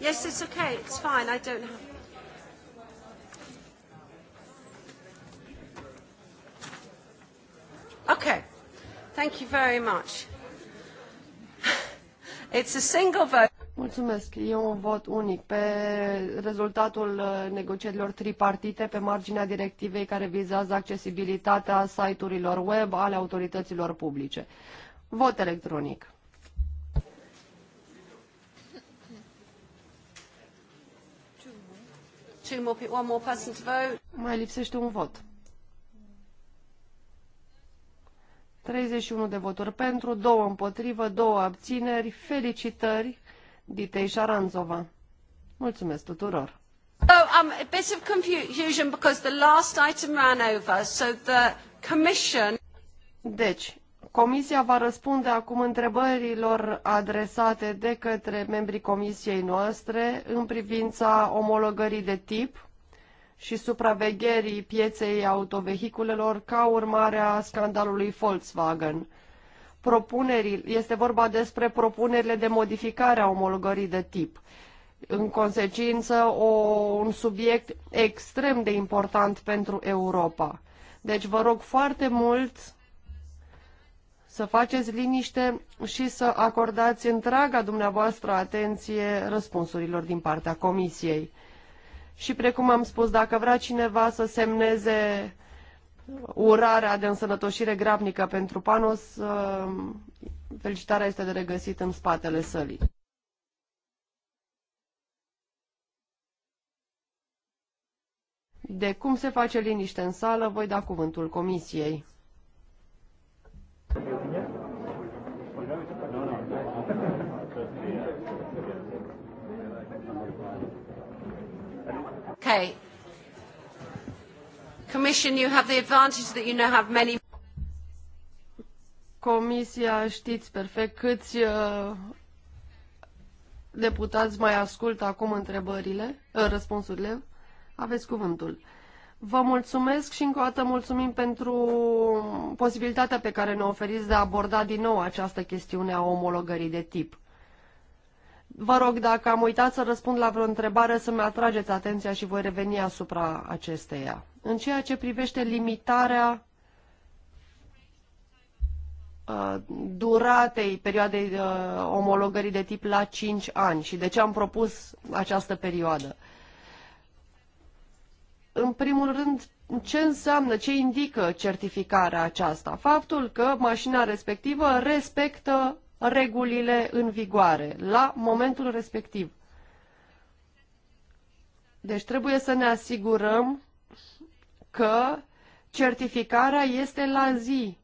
Yes, it's okay. It's fine. I don't have. Okay. Thank you very much. It's a single vote. Mulțumesc. E un vot unic pe rezultatul uh, negocierilor tripartite pe marginea directivei care vizează accesibilitatea site-urilor web ale autorităților publice. Vot electronic. Mai lipsește un vot. 31 de voturi pentru, 2 împotrivă, 2 abțineri. Felicitări Ditei Șaranzova. Mulțumesc tuturor! So, um, a bit of confusion because the last item ran over, so the commission... Deci, Comisia va răspunde acum întrebărilor adresate de către membrii comisiei noastre în privința omologării de tip și supravegherii pieței autovehiculelor ca urmare a scandalului Volkswagen. Propunerii, este vorba despre propunerile de modificare a omologării de tip. În consecință, o, un subiect extrem de important pentru Europa. Deci vă rog foarte mult să faceți liniște și să acordați întreaga dumneavoastră atenție răspunsurilor din partea Comisiei. Și precum am spus, dacă vrea cineva să semneze urarea de însănătoșire grabnică pentru Panos, uh, felicitarea este de regăsit în spatele sălii. De cum se face liniște în sală, voi da cuvântul Comisiei. Thank you. Okay. Commission, you have the advantage that you now have many... Comisia, știți perfect câți uh, deputați mai ascultă acum întrebările, uh, răspunsurile. Aveți cuvântul. Vă mulțumesc și încă o dată mulțumim pentru posibilitatea pe care ne oferiți de a aborda din nou această chestiune a omologării de tip. Vă rog, dacă am uitat să răspund la vreo întrebare, să-mi atrageți atenția și voi reveni asupra acesteia. În ceea ce privește limitarea uh, duratei perioadei uh, omologării de tip la 5 ani și de ce am propus această perioadă. În primul rând, ce înseamnă, ce indică certificarea aceasta? Faptul că mașina respectivă respectă regulile în vigoare la momentul respectiv. Deci trebuie să ne asigurăm că certificarea este la zi.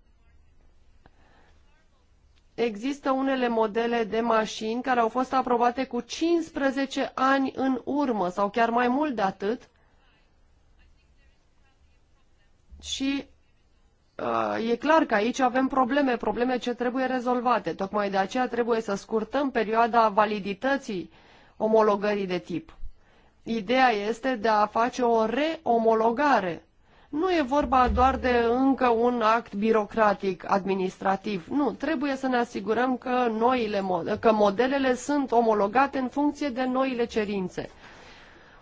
Există unele modele de mașini care au fost aprobate cu 15 ani în urmă sau chiar mai mult de atât și Uh, e clar că aici avem probleme, probleme ce trebuie rezolvate. Tocmai de aceea trebuie să scurtăm perioada validității omologării de tip. Ideea este de a face o reomologare. Nu e vorba doar de încă un act birocratic, administrativ. Nu, trebuie să ne asigurăm că, noile, că modelele sunt omologate în funcție de noile cerințe.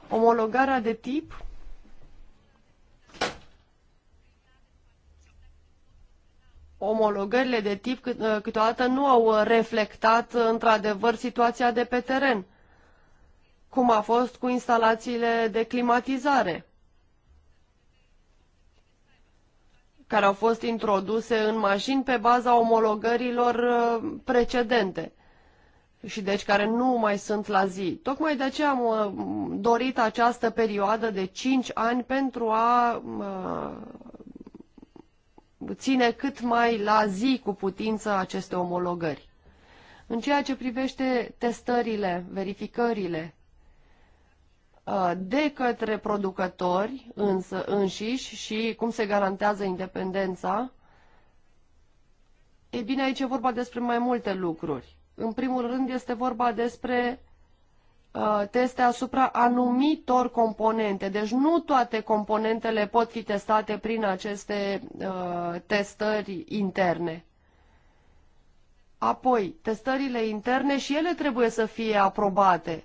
Omologarea de tip omologările de tip uh, câteodată nu au uh, reflectat uh, într-adevăr situația de pe teren, cum a fost cu instalațiile de climatizare, care au fost introduse în mașini pe baza omologărilor precedente și deci care nu mai sunt la zi. Tocmai de aceea am dorit această perioadă de 5 ani pentru a ține cât mai la zi cu putință aceste omologări. În ceea ce privește testările, verificările de către producători însă înșiși și cum se garantează independența, e bine, aici e vorba despre mai multe lucruri. În primul rând este vorba despre Uh, teste asupra anumitor componente. Deci nu toate componentele pot fi testate prin aceste uh, testări interne. Apoi, testările interne și ele trebuie să fie aprobate.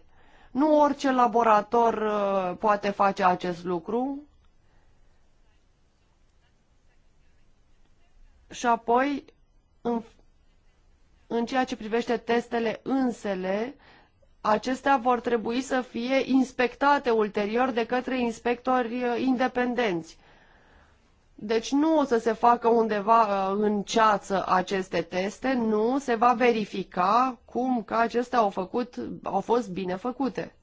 Nu orice laborator uh, poate face acest lucru. Și apoi, în, în ceea ce privește testele însele, uh, acestea vor trebui să fie inspectate ulterior de către inspectori uh, independenți. Deci nu o să se facă undeva uh, în ceață aceste teste, nu, se va verifica cum că acestea au, făcut, au fost bine făcute.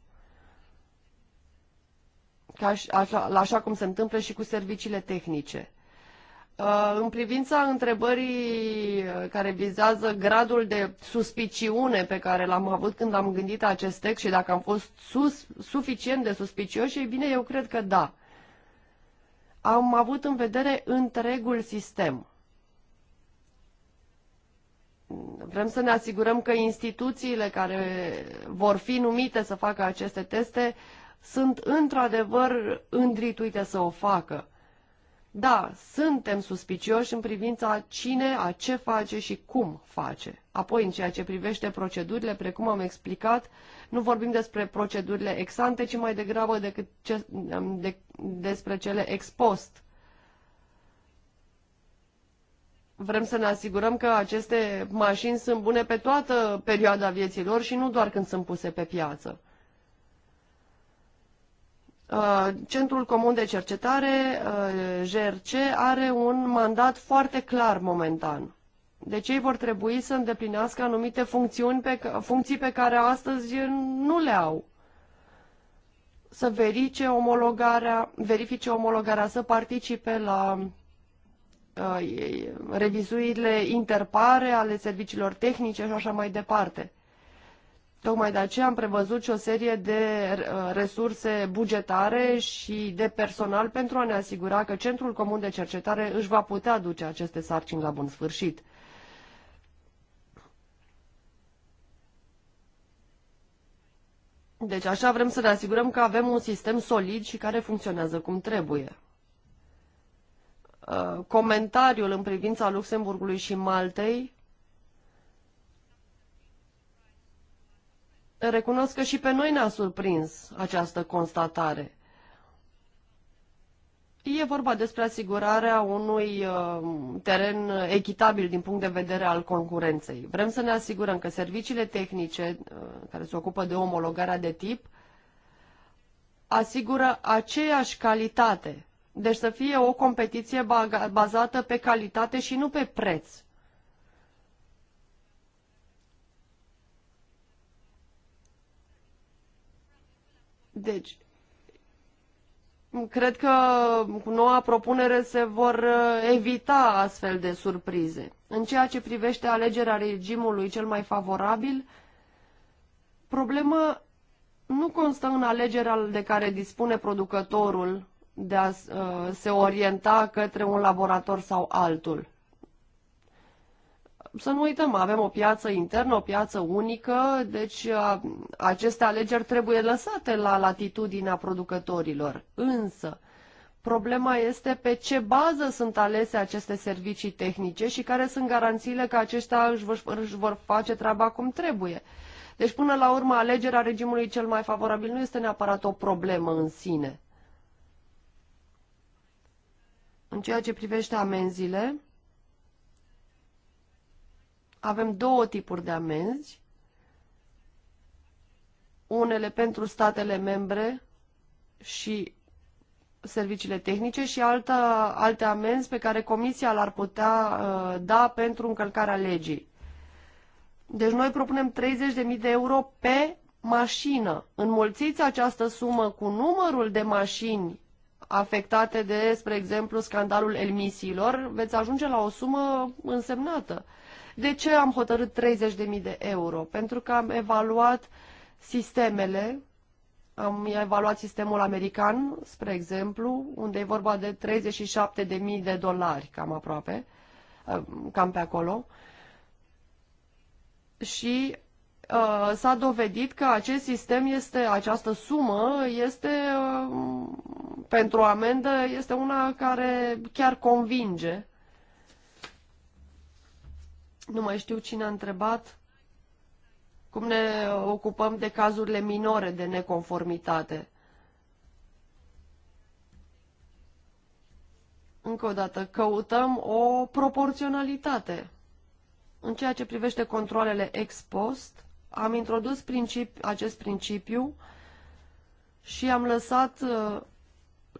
Ca așa, așa cum se întâmplă și cu serviciile tehnice. Uh, în privința întrebării care vizează gradul de suspiciune pe care l-am avut când am gândit acest text și dacă am fost sus, suficient de suspicioși, ei bine, eu cred că da. Am avut în vedere întregul sistem. Vrem să ne asigurăm că instituțiile care vor fi numite să facă aceste teste sunt într-adevăr îndrituite să o facă da, suntem suspicioși în privința cine, a ce face și cum face. Apoi, în ceea ce privește procedurile, precum am explicat, nu vorbim despre procedurile exante, ci mai degrabă decât ce, de, despre cele ex post. Vrem să ne asigurăm că aceste mașini sunt bune pe toată perioada vieții lor și nu doar când sunt puse pe piață. Uh, Centrul Comun de Cercetare, uh, GRC, are un mandat foarte clar momentan. Deci ei vor trebui să îndeplinească anumite funcțiuni pe, funcții pe care astăzi nu le au. Să verifice omologarea, verifice omologarea să participe la uh, revizuirile interpare ale serviciilor tehnice și așa mai departe. Tocmai de aceea am prevăzut și o serie de uh, resurse bugetare și de personal pentru a ne asigura că Centrul Comun de Cercetare își va putea duce aceste sarcini la bun sfârșit. Deci așa vrem să ne asigurăm că avem un sistem solid și care funcționează cum trebuie. Uh, comentariul în privința Luxemburgului și Maltei Recunosc că și pe noi ne-a surprins această constatare. E vorba despre asigurarea unui uh, teren echitabil din punct de vedere al concurenței. Vrem să ne asigurăm că serviciile tehnice uh, care se ocupă de omologarea de tip asigură aceeași calitate. Deci să fie o competiție bazată pe calitate și nu pe preț. Deci, cred că cu noua propunere se vor uh, evita astfel de surprize. În ceea ce privește alegerea regimului cel mai favorabil, problema nu constă în alegerea de care dispune producătorul de a uh, se orienta către un laborator sau altul să nu uităm, avem o piață internă, o piață unică, deci aceste alegeri trebuie lăsate la latitudinea producătorilor. Însă, problema este pe ce bază sunt alese aceste servicii tehnice și care sunt garanțiile că aceștia își vor, își vor face treaba cum trebuie. Deci, până la urmă, alegerea regimului cel mai favorabil nu este neapărat o problemă în sine. În ceea ce privește amenziile, avem două tipuri de amenzi, unele pentru statele membre și serviciile tehnice și alta, alte amenzi pe care Comisia l-ar putea uh, da pentru încălcarea legii. Deci noi propunem 30.000 de euro pe mașină. Înmulțiți această sumă cu numărul de mașini afectate de, spre exemplu, scandalul emisiilor, veți ajunge la o sumă însemnată. De ce am hotărât 30.000 de euro? Pentru că am evaluat sistemele, am evaluat sistemul american, spre exemplu, unde e vorba de 37.000 de dolari, cam aproape, uh, cam pe acolo. Și uh, s-a dovedit că acest sistem este, această sumă este uh, pentru amendă, este una care chiar convinge nu mai știu cine a întrebat cum ne ocupăm de cazurile minore de neconformitate. Încă o dată, căutăm o proporționalitate. În ceea ce privește controlele ex post, am introdus principi, acest principiu și am lăsat uh,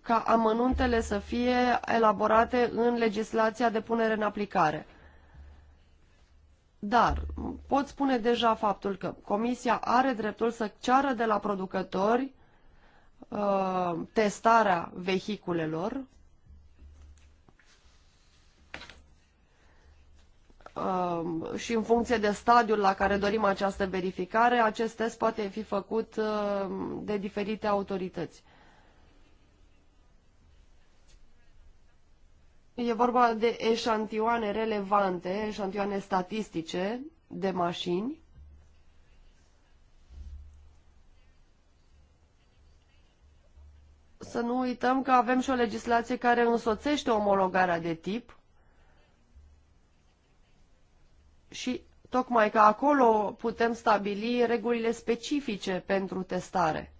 ca amănuntele să fie elaborate în legislația de punere în aplicare. Dar pot spune deja faptul că Comisia are dreptul să ceară de la producători uh, testarea vehiculelor uh, și în funcție de stadiul la care dorim această verificare, acest test poate fi făcut uh, de diferite autorități. E vorba de eșantioane relevante, eșantioane statistice de mașini. Să nu uităm că avem și o legislație care însoțește omologarea de tip și tocmai că acolo putem stabili regulile specifice pentru testare.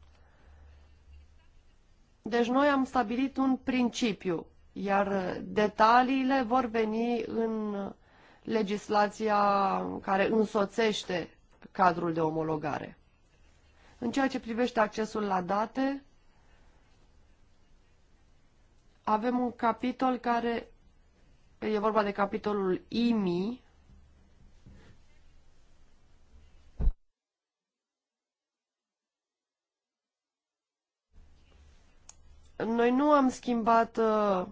Deci noi am stabilit un principiu iar detaliile vor veni în legislația care însoțește cadrul de omologare. În ceea ce privește accesul la date, avem un capitol care e vorba de capitolul IMI, Noi nu am schimbat uh,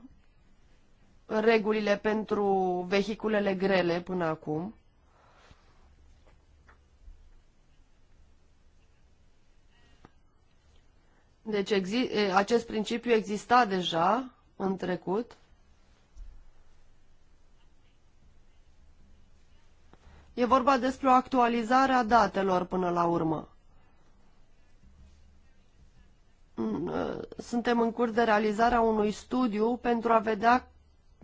regulile pentru vehiculele grele până acum. Deci acest principiu exista deja în trecut. E vorba despre o actualizare a datelor până la urmă. Suntem în curs de realizarea unui studiu pentru a vedea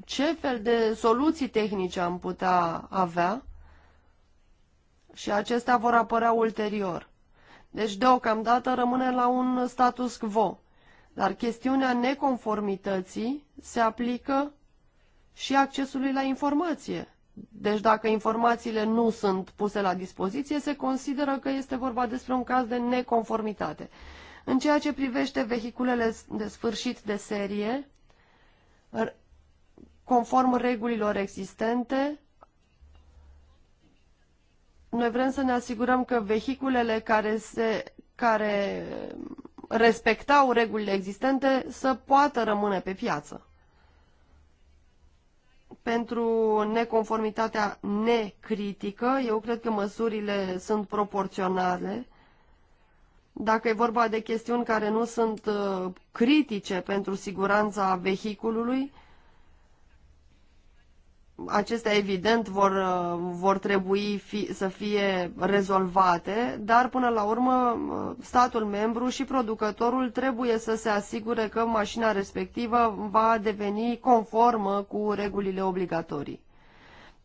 ce fel de soluții tehnice am putea avea și acestea vor apărea ulterior. Deci, deocamdată, rămâne la un status quo. Dar chestiunea neconformității se aplică și accesului la informație. Deci dacă informațiile nu sunt puse la dispoziție, se consideră că este vorba despre un caz de neconformitate. În ceea ce privește vehiculele de sfârșit de serie, conform regulilor existente, noi vrem să ne asigurăm că vehiculele care, se, care respectau regulile existente să poată rămâne pe piață. Pentru neconformitatea necritică, eu cred că măsurile sunt proporționale. Dacă e vorba de chestiuni care nu sunt uh, critice pentru siguranța vehiculului, acestea evident vor, uh, vor trebui fi, să fie rezolvate, dar până la urmă uh, statul membru și producătorul trebuie să se asigure că mașina respectivă va deveni conformă cu regulile obligatorii.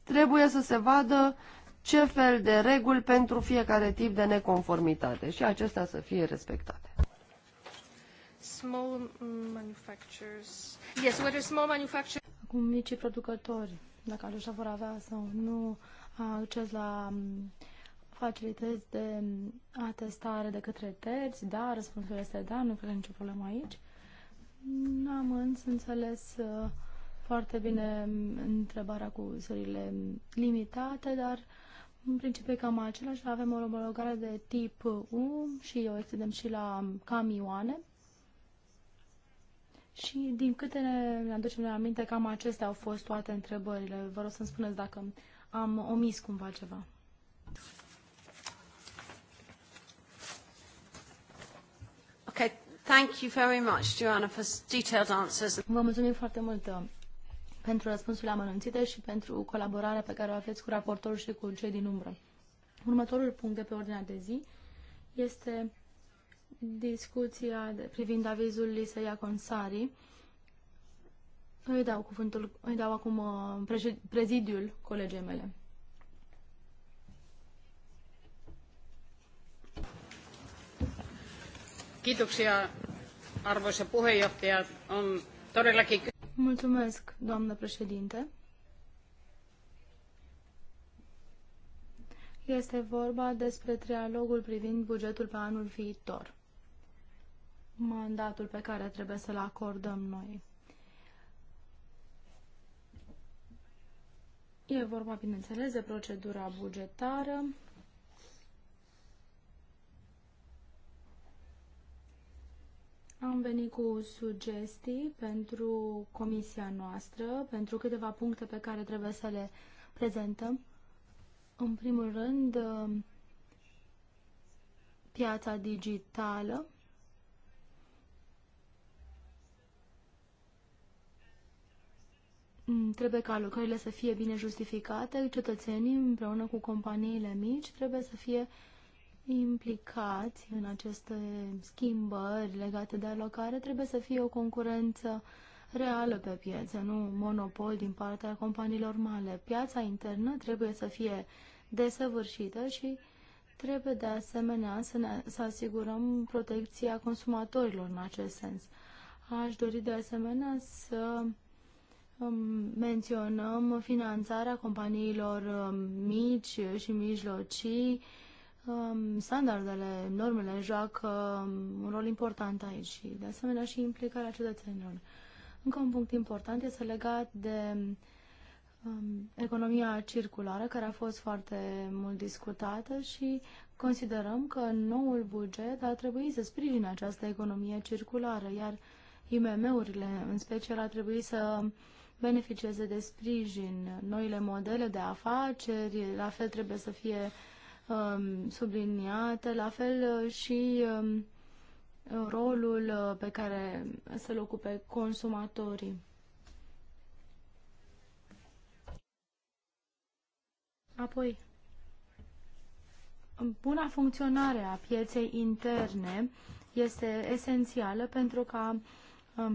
Trebuie să se vadă ce fel de reguli pentru fiecare tip de neconformitate și acestea să fie respectate. Small manufacturers. Yes, what are small manufacturers? Acum micii producători dacă aceștia vor avea sau nu acces la mm, facilități de mm, atestare de către terți, da, răspunsul este da, nu cred nicio problemă aici. n am însă înțeles uh, foarte bine mm, întrebarea cu sările limitate, dar în principiu e cam același. Avem o omologare de tip U și o extindem și la camioane. Și din câte ne aducem noi aminte, cam acestea au fost toate întrebările. Vă rog să-mi spuneți dacă am omis cumva ceva. Ok, thank you very much, Joanna, for detailed answers. Vă mulțumim foarte mult uh, pentru răspunsurile amănânțite și pentru colaborarea pe care o aveți cu raportorul și cu cei din umbră. Următorul punct de pe ordinea de zi este discuția privind avizul Lisei Aconsari. Îi dau cuvântul, îi dau acum uh, prezidiul colegei mele. Kiitoksia, arvoisa puheenjohtaja. On todellakin... Mulțumesc, doamnă președinte. Este vorba despre trialogul privind bugetul pe anul viitor mandatul pe care trebuie să-l acordăm noi. E vorba, bineînțeles, de procedura bugetară. Am venit cu sugestii pentru comisia noastră, pentru câteva puncte pe care trebuie să le prezentăm. În primul rând, piața digitală. Mm, trebuie ca lucrările să fie bine justificate, cetățenii împreună cu companiile mici trebuie să fie implicați în aceste schimbări legate de alocare, trebuie să fie o concurență reală pe piață, nu monopol din partea companiilor mari. Piața internă trebuie să fie desăvârșită și trebuie de asemenea să, ne, să asigurăm protecția consumatorilor în acest sens. Aș dori de asemenea să menționăm finanțarea companiilor um, mici și mijlocii. Um, standardele, normele joacă um, un rol important aici și, de asemenea, și implicarea cetățenilor. Încă un punct important este legat de economia circulară, care a fost foarte mult discutată și considerăm că noul buget ar trebui să sprijine această economie circulară, iar IMM-urile, în special, ar trebui să beneficieze de sprijin, noile modele de afaceri, la fel trebuie să fie um, subliniate, la fel uh, și um, rolul uh, pe care să-l ocupe consumatorii. Apoi, buna funcționare a pieței interne este esențială pentru ca uh,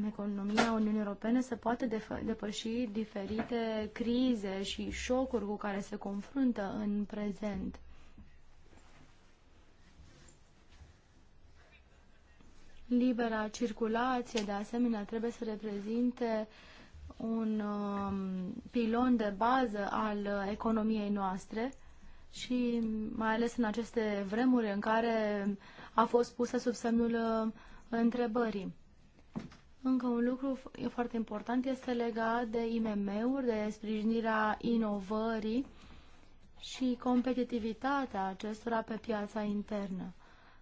economia Uniunii Europene se poate depăși diferite crize și șocuri cu care se confruntă în prezent. Libera circulație, de asemenea, trebuie să reprezinte un um, pilon de bază al economiei noastre și mai ales în aceste vremuri în care a fost pusă sub semnul uh, întrebării. Încă un lucru foarte important este legat de IMM-uri, de sprijinirea inovării și competitivitatea acestora pe piața internă.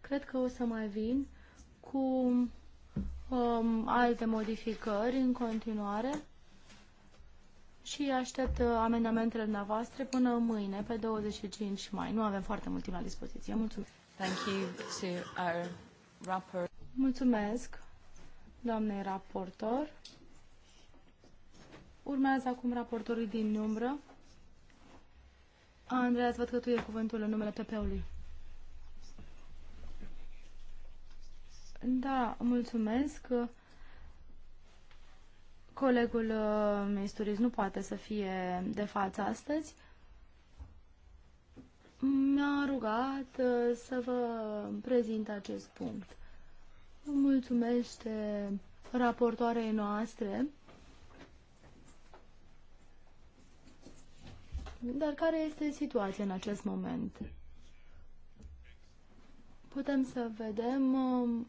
Cred că o să mai vin cu um, alte modificări în continuare și aștept uh, amendamentele noastre până mâine, pe 25 mai. Nu avem foarte mult timp la dispoziție. Mulțumesc! Thank you to our rapper. Mulțumesc! doamnei raportor. Urmează acum raportorii din umbră. Andrei, ați văd că tu e cuvântul în numele PP-ului. Da, mulțumesc. Colegul uh, Misturis nu poate să fie de față astăzi. Mi-a rugat uh, să vă prezint acest punct. Mulțumesc raportoarei noastre, dar care este situația în acest moment? Putem să vedem um,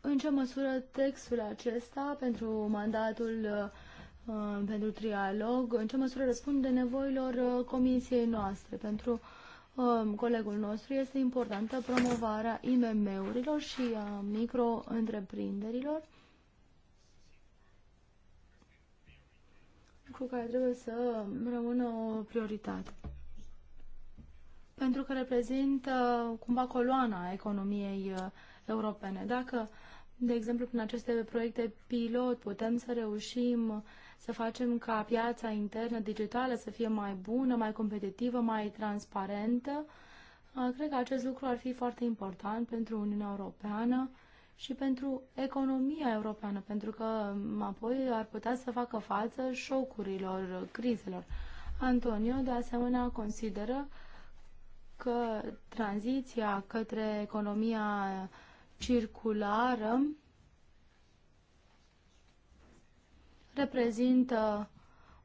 în ce măsură textul acesta pentru mandatul uh, pentru trialog, în ce măsură răspunde nevoilor uh, comisiei noastre pentru Um, colegul nostru este importantă promovarea IMM-urilor și a micro-întreprinderilor, lucru care trebuie să rămână o prioritate. Pentru că reprezintă uh, cumva coloana economiei uh, europene. Dacă, de exemplu, prin aceste proiecte pilot putem să reușim să facem ca piața internă digitală să fie mai bună, mai competitivă, mai transparentă. Cred că acest lucru ar fi foarte important pentru Uniunea Europeană și pentru economia europeană, pentru că apoi ar putea să facă față șocurilor, crizelor. Antonio, de asemenea, consideră că tranziția către economia circulară reprezintă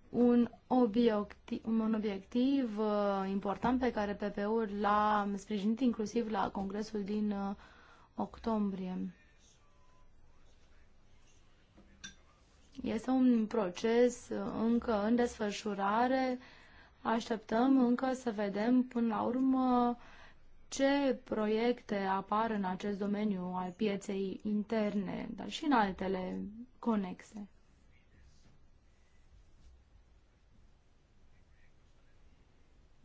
un obiectiv, un obiectiv uh, important pe care PPU-ul l-a sprijinit inclusiv la congresul din uh, octombrie. Este un proces uh, încă în desfășurare. Așteptăm încă să vedem până la urmă ce proiecte apar în acest domeniu al pieței interne, dar și în altele conexe.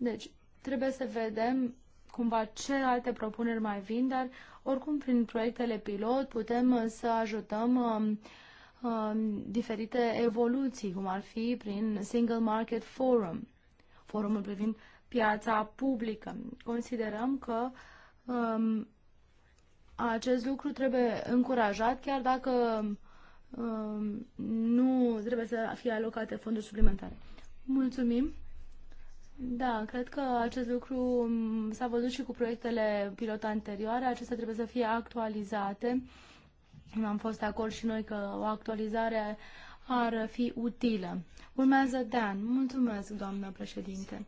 Deci, trebuie să vedem cumva ce alte propuneri mai vin, dar oricum prin proiectele pilot putem uh, să ajutăm um, um, diferite evoluții, cum ar fi prin Single Market Forum, forumul privind piața publică. Considerăm că um, acest lucru trebuie încurajat, chiar dacă um, nu trebuie să fie alocate fonduri suplimentare. Mulțumim! Da, cred că acest lucru mm, s-a văzut și cu proiectele pilot anterioare. Acestea trebuie să fie actualizate. Am fost de acord și noi că o actualizare ar fi utilă. Urmează Dan. Mulțumesc, doamnă președinte.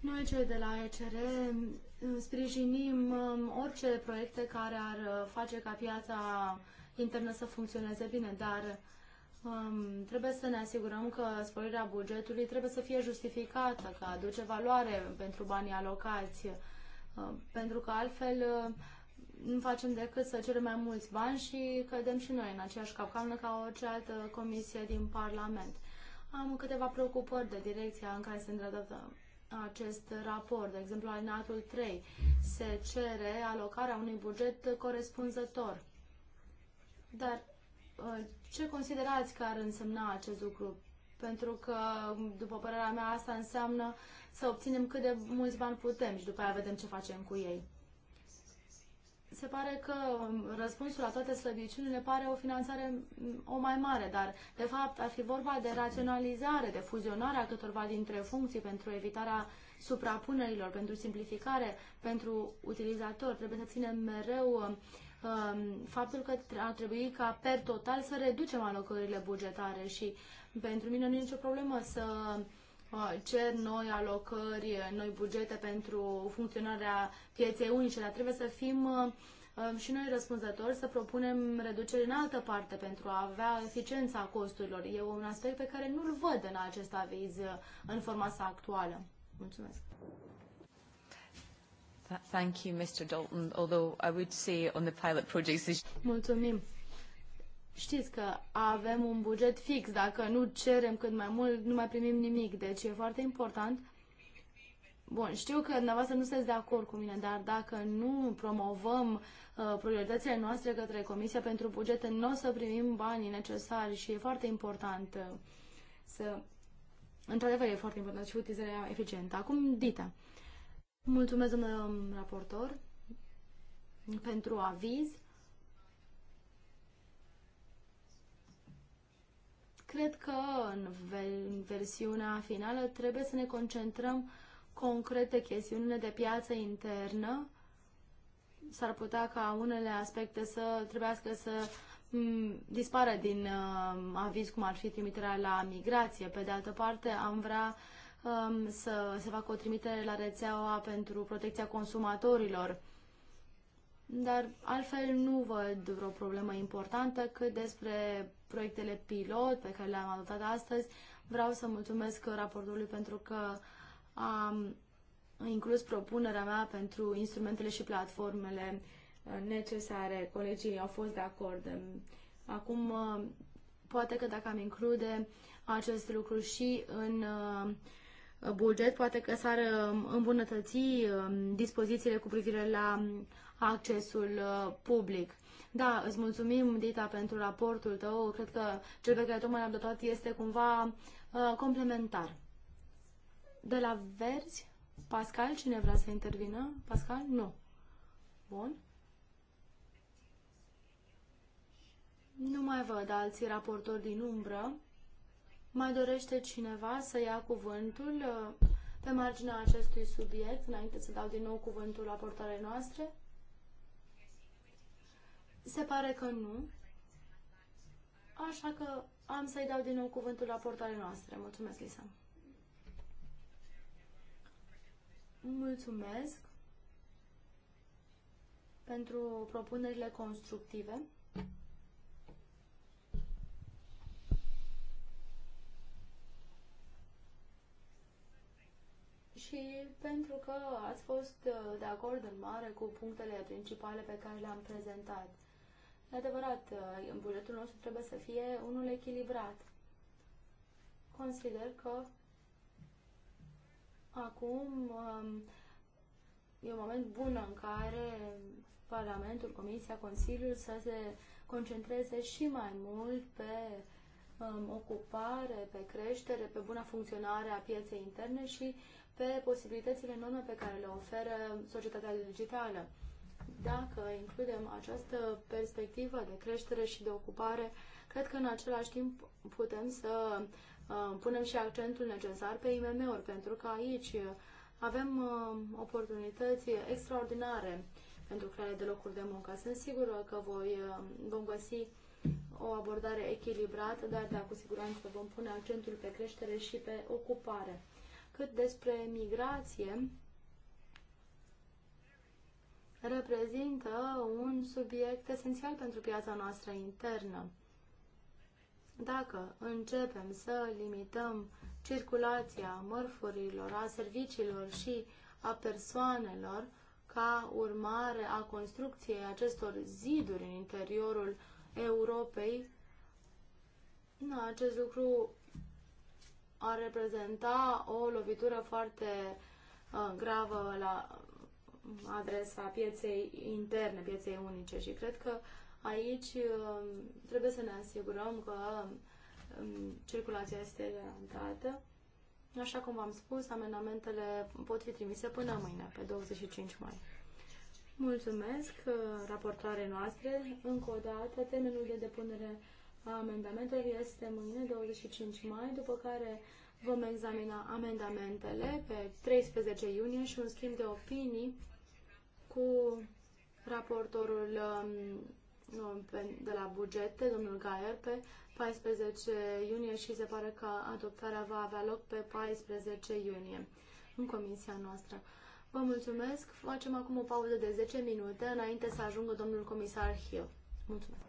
Noi cei de la ECR mm, sprijinim mm, orice proiecte care ar face ca piața internă să funcționeze bine, dar um, trebuie să ne asigurăm că sporirea bugetului trebuie să fie justificată, că aduce valoare pentru banii alocați, um, pentru că altfel uh, nu facem decât să cerem mai mulți bani și cădem și noi în aceeași capcană ca orice altă comisie din Parlament. Am câteva preocupări de direcția în care se îndreaptă acest raport. De exemplu, alineatul 3 se cere alocarea unui buget corespunzător. Dar Uh, ce considerați că ar însemna acest lucru? Pentru că, după părerea mea, asta înseamnă să obținem cât de mulți bani putem și după aia vedem ce facem cu ei. Se pare că um, răspunsul la toate slăbiciunile pare o finanțare mm, o mai mare, dar de fapt ar fi vorba de raționalizare, de fuzionarea câtorva dintre funcții pentru evitarea suprapunerilor, pentru simplificare, pentru utilizator. Trebuie să ținem mereu uh, Um, faptul că ar trebui ca per total să reducem alocările bugetare și pentru mine nu e nicio problemă să uh, cer noi alocări, noi bugete pentru funcționarea pieței unice, dar trebuie să fim uh, uh, și noi răspunzători să propunem reduceri în altă parte pentru a avea eficiența costurilor. E un aspect pe care nu-l văd în acest aviz în forma sa actuală. Mulțumesc. Thank you, Mr. Dalton, although I would say on the pilot projects... Mulțumim. Știți că avem un buget fix, dacă nu cerem cât mai mult, nu mai primim nimic, deci e foarte important. Bun, știu că dumneavoastră nu sunteți de acord cu mine, dar dacă nu promovăm uh, prioritățile noastre către Comisia pentru Bugete, nu o să primim banii necesari și e foarte important uh, să... Într-adevăr, e foarte important și utilizarea eficientă. Acum, Dita. Uh, Mulțumesc, domnule raportor, pentru aviz. Cred că în versiunea finală trebuie să ne concentrăm concrete pe chestiunile de piață internă. S-ar putea ca unele aspecte să trebuiască să mm, dispară din uh, aviz, cum ar fi trimiterea la migrație. Pe de altă parte, am vrea um, să se facă o trimitere la rețeaua pentru protecția consumatorilor. Dar altfel nu văd vreo problemă importantă, cât despre proiectele pilot pe care le-am adoptat astăzi. Vreau să mulțumesc raportului pentru că am inclus propunerea mea pentru instrumentele și platformele necesare. Colegii au fost de acord. Acum, uh, poate că dacă am include acest lucru și în uh, buget, poate că s-ar um, îmbunătăți um, dispozițiile cu privire la um, accesul uh, public. Da, îți mulțumim, Dita, pentru raportul tău. Cred că cel pe care tocmai l-am dat este cumva uh, complementar. De la Verzi, Pascal, cine vrea să intervină? Pascal? Nu. Bun. Nu mai văd alții raportori din umbră. Mai dorește cineva să ia cuvântul uh, pe marginea acestui subiect, înainte să dau din nou cuvântul la portare noastre? Se pare că nu. Așa că am să-i dau din nou cuvântul la portare noastre. Mulțumesc, Lisa. Mulțumesc pentru propunerile constructive. și pentru că ați fost uh, de acord în mare cu punctele principale pe care le-am prezentat. E adevărat, uh, bugetul nostru trebuie să fie unul echilibrat. Consider că acum um, e un moment bun în care Parlamentul, Comisia, Consiliul să se concentreze și mai mult pe um, ocupare, pe creștere, pe buna funcționare a pieței interne și pe posibilitățile enorme pe care le oferă societatea digitală. Dacă includem această perspectivă de creștere și de ocupare, cred că în același timp putem să uh, punem și accentul necesar pe IMM-uri, pentru că aici uh, avem uh, oportunități extraordinare pentru crearea de locuri de muncă. Sunt sigură că voi, vom găsi o abordare echilibrată, dar da, cu siguranță vom pune accentul pe creștere și pe ocupare cât despre migrație, reprezintă un subiect esențial pentru piața noastră internă. Dacă începem să limităm circulația mărfurilor, a serviciilor și a persoanelor ca urmare a construcției acestor ziduri în interiorul Europei, acest lucru ar reprezenta o lovitură foarte uh, gravă la adresa pieței interne, pieței unice și cred că aici uh, trebuie să ne asigurăm că um, circulația este garantată. Așa cum v-am spus, amendamentele pot fi trimise până mâine, pe 25 mai. Mulțumesc uh, raportoare noastre. Încă o dată, termenul de depunere a amendamentelor este mâine, 25 mai, după care vom examina amendamentele pe 13 iunie și un schimb de opinii cu raportorul um, de la bugete, domnul Gaier, pe 14 iunie și se pare că adoptarea va avea loc pe 14 iunie în comisia noastră. Vă mulțumesc. Facem acum o pauză de 10 minute înainte să ajungă domnul comisar Hill. Mulțumesc.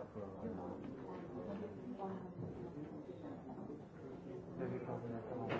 Thank you.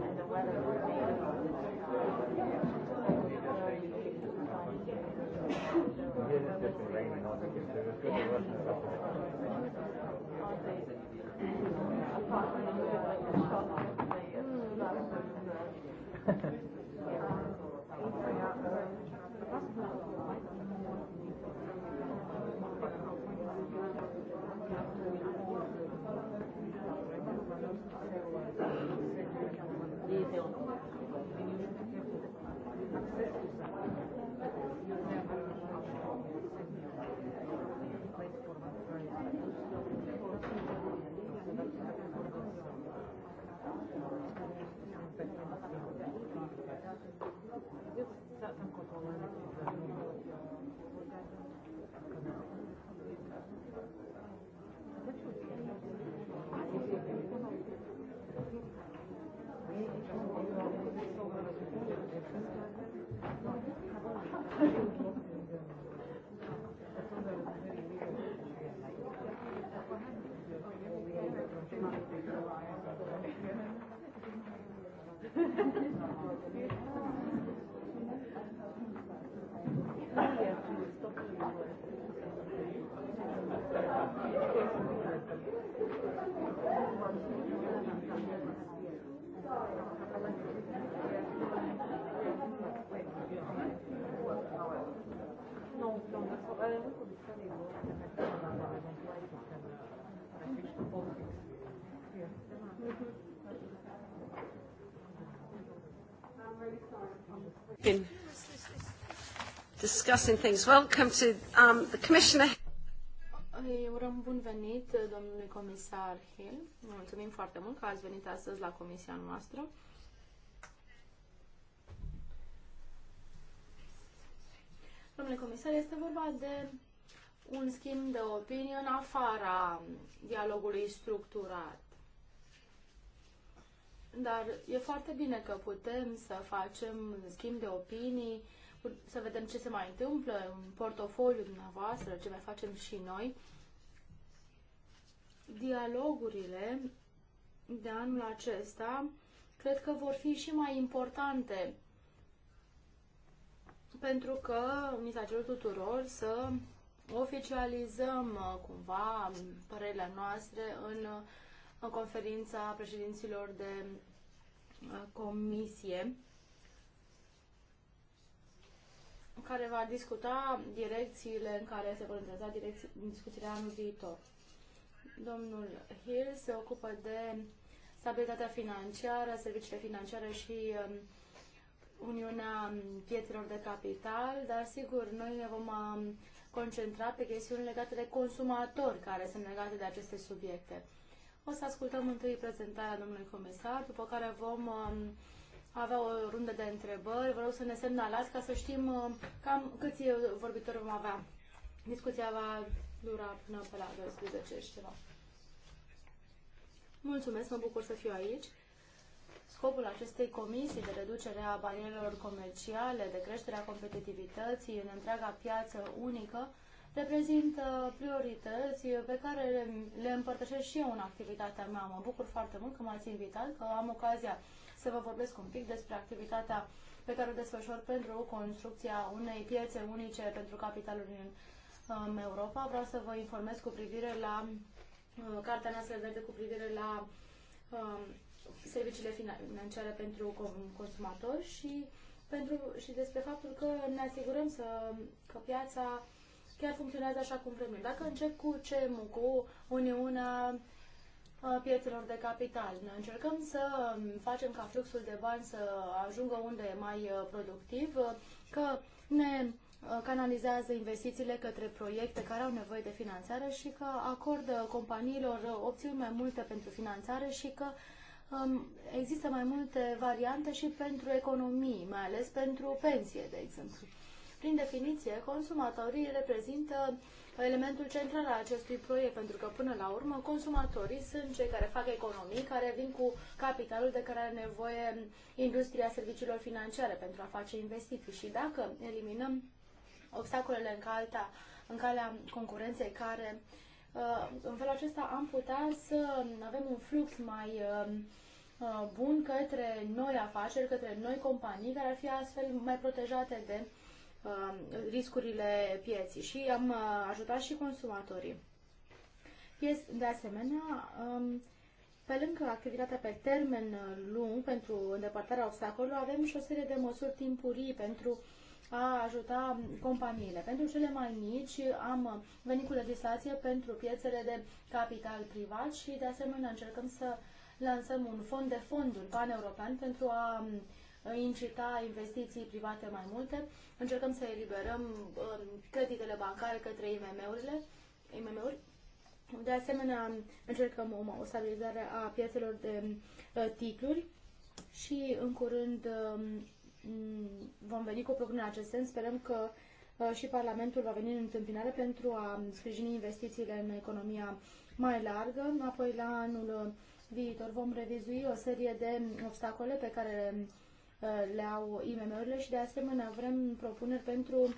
and the Been discussing things. Welcome to um, the Commissioner. Îi urăm bun venit, domnului comisar Hill. Mulțumim foarte mult că ați venit astăzi la comisia noastră. Domnule comisar, este vorba de un schimb de opinie în afara dialogului structurat. Dar e foarte bine că putem să facem schimb de opinii, să vedem ce se mai întâmplă în portofoliul dumneavoastră, ce mai facem și noi. Dialogurile de anul acesta cred că vor fi și mai importante pentru că ni s-a cerut tuturor să oficializăm uh, cumva părerile noastre în în conferința președinților de uh, comisie care va discuta direcțiile în care se vor întreza discuțiile anul viitor. Domnul Hill se ocupă de stabilitatea financiară, serviciile financiare și um, Uniunea Piețelor de Capital, dar sigur, noi ne vom um, concentra pe chestiuni legate de consumatori care sunt legate de aceste subiecte. O să ascultăm întâi prezentarea domnului comisar, după care vom um, avea o rundă de întrebări. Vreau să ne semnalați ca să știm um, cam câți vorbitori vom avea. Discuția va dura până pe la 12 și ceva. Mulțumesc, mă bucur să fiu aici. Scopul acestei comisii de reducere a barierelor comerciale, de creșterea competitivității în întreaga piață unică, reprezintă priorități pe care le, le împărtășesc și eu în activitatea mea. Mă bucur foarte mult că m-ați invitat, că am ocazia să vă vorbesc un pic despre activitatea pe care o desfășor pentru construcția unei piețe unice pentru capitalul în um, Europa. Vreau să vă informez cu privire la uh, cartea noastră verde cu privire la um, serviciile financiare pentru consumatori și, pentru, și despre faptul că ne asigurăm să, că piața chiar funcționează așa cum vrem noi. Dacă încep cu CEMU, cu Uniunea piețelor de capital. Ne încercăm să um, facem ca fluxul de bani să ajungă unde e mai uh, productiv, uh, că ne uh, canalizează investițiile către proiecte care au nevoie de finanțare și că acordă companiilor opțiuni mai multe pentru finanțare și că um, există mai multe variante și pentru economii, mai ales pentru pensie, de exemplu. Prin definiție, consumatorii reprezintă elementul central al acestui proiect, pentru că până la urmă consumatorii sunt cei care fac economii, care vin cu capitalul de care are nevoie industria serviciilor financiare pentru a face investiții. Și dacă eliminăm obstacolele în, calta, în calea concurenței care uh, în felul acesta am putea să avem un flux mai uh, uh, bun către noi afaceri, către noi companii care ar fi astfel mai protejate de Um, riscurile pieții și am uh, ajutat și consumatorii. Este, de asemenea, um, pe lângă activitatea pe termen uh, lung pentru îndepărtarea obstacolului, avem și o serie de măsuri timpurii pentru a ajuta companiile. Pentru cele mai mici am uh, venit cu legislație pentru piețele de capital privat și de asemenea încercăm să lansăm un fond de fonduri pan-european pentru a um, incita investiții private mai multe, încercăm să eliberăm um, creditele bancare către IMM-urile, IMM-uri. De asemenea, încercăm o, o stabilizare a piețelor de uh, titluri și în curând um, vom veni cu o propunere în acest sens. Sperăm că uh, și Parlamentul va veni în întâmpinare pentru a sprijini investițiile în economia mai largă. Apoi, la anul viitor, vom revizui o serie de obstacole pe care Uh, le au IMM-urile și de asemenea vrem propuneri pentru uh,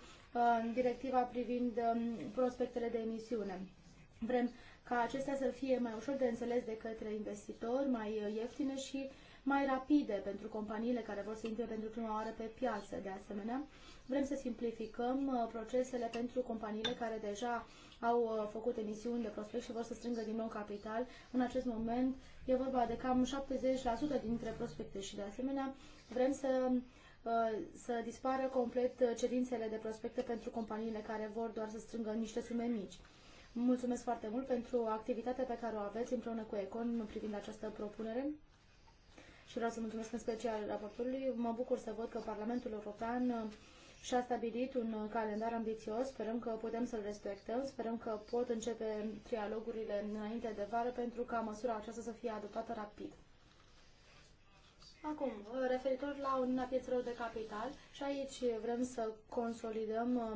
directiva privind um, prospectele de emisiune. Vrem ca acestea să fie mai ușor de înțeles de către investitori, mai uh, ieftine și mai rapide pentru companiile care vor să intre pentru prima oară pe piață. De asemenea, vrem să simplificăm procesele pentru companiile care deja au făcut emisiuni de prospect și vor să strângă din nou capital. În acest moment e vorba de cam 70% dintre prospecte și de asemenea Vrem să, uh, să dispară complet uh, cerințele de prospecte pentru companiile care vor doar să strângă niște sume mici. Mulțumesc foarte mult pentru activitatea pe care o aveți împreună cu Econ privind această propunere și vreau să mulțumesc în special raportului. Mă bucur să văd că Parlamentul European uh, și-a stabilit un calendar ambițios. Sperăm că putem să-l respectăm. Sperăm că pot începe trialogurile înainte de vară pentru ca măsura aceasta să fie adoptată rapid. Acum, referitor la Uniunea Piețelor de Capital, și aici vrem să consolidăm uh,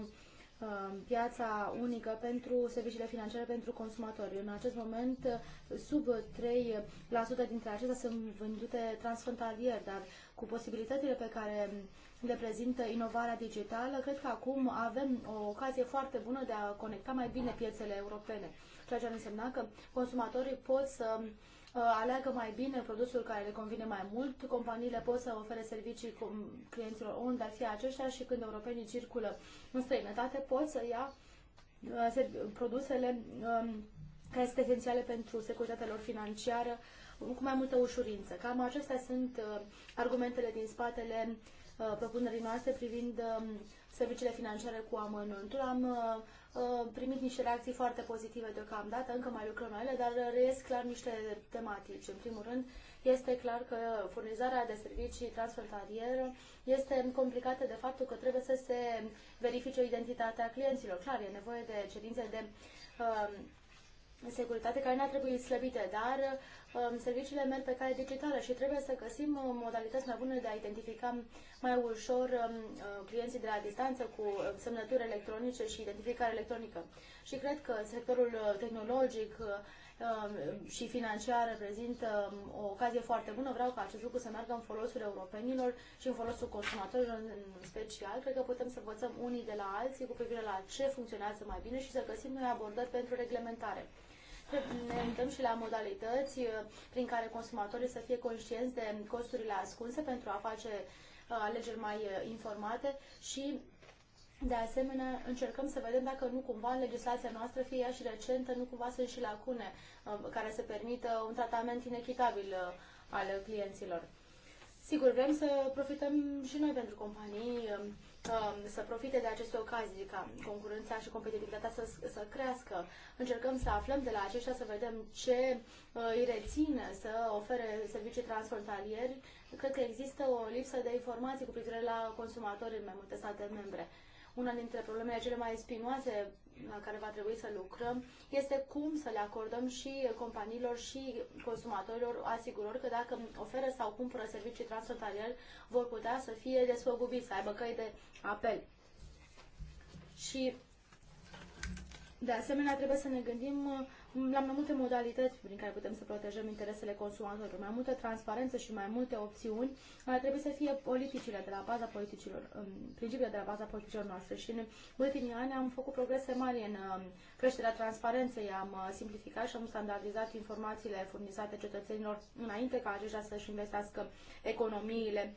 uh, piața unică pentru serviciile financiare pentru consumatori. În acest moment, uh, sub 3% dintre acestea sunt vândute transfrontalier, dar cu posibilitățile pe care le prezintă inovarea digitală, cred că acum avem o ocazie foarte bună de a conecta mai bine piețele europene, ceea ce ar însemna că consumatorii pot să Uh, aleagă mai bine produsul care le convine mai mult. Companiile pot să ofere servicii clienților unde ar fi aceștia și când europenii circulă în străinătate pot să ia uh, produsele um, care sunt esențiale pentru securitatea lor financiară um, cu mai multă ușurință. Cam acestea sunt uh, argumentele din spatele propunerii noastre privind um, serviciile financiare cu amănuntul. Am Uh, primit niște reacții foarte pozitive deocamdată, încă mai lucrăm la ele, dar reiesc clar niște tematici. În primul rând, este clar că furnizarea de servicii transfrontalieră este complicată de faptul că trebuie să se verifice identitatea clienților. Clar, e nevoie de cerințe de uh, securitate care nu ar trebui slăbite, dar um, serviciile merg pe cale digitală și trebuie să găsim uh, modalități mai bune de a identifica mai ușor um, uh, clienții de la distanță cu uh, semnături electronice și identificare electronică. Și cred că sectorul tehnologic um, și financiar reprezintă um, o ocazie foarte bună. Vreau ca acest lucru să meargă în folosul europenilor și în folosul consumatorilor în special. Cred că putem să învățăm unii de la alții cu privire la ce funcționează mai bine și să găsim noi abordări pentru reglementare. Ne uităm și la modalități uh, prin care consumatorii să fie conștienți de costurile ascunse pentru a face uh, alegeri mai uh, informate și de asemenea, încercăm să vedem dacă nu cumva în legislația noastră, fie ea și recentă, nu cumva sunt și lacune care să permită un tratament inechitabil al clienților. Sigur, vrem să profităm și noi pentru companii um, Um, să profite de aceste ocazii ca concurența și competitivitatea să, să crească. Încercăm să aflăm de la aceștia să vedem ce uh, îi reține să ofere servicii transfrontalieri. Cred că există o lipsă de informații cu privire la consumatori în mai multe state membre. Una dintre problemele cele mai spinoase la care va trebui să lucrăm este cum să le acordăm și companiilor și consumatorilor asigurări că dacă oferă sau cumpără servicii transfrontaliere vor putea să fie desfăgubiți, să aibă căi de apel. Și de asemenea trebuie să ne gândim la mai multe modalități prin care putem să protejăm interesele consumatorilor, mai multă transparență și mai multe opțiuni, ar trebui să fie politicile de la baza politicilor, um, principiile de la baza politicilor noastre. Și în ultimii ani am făcut progrese mari în um, creșterea transparenței, am uh, simplificat și am standardizat informațiile furnizate cetățenilor înainte ca aceștia să-și investească economiile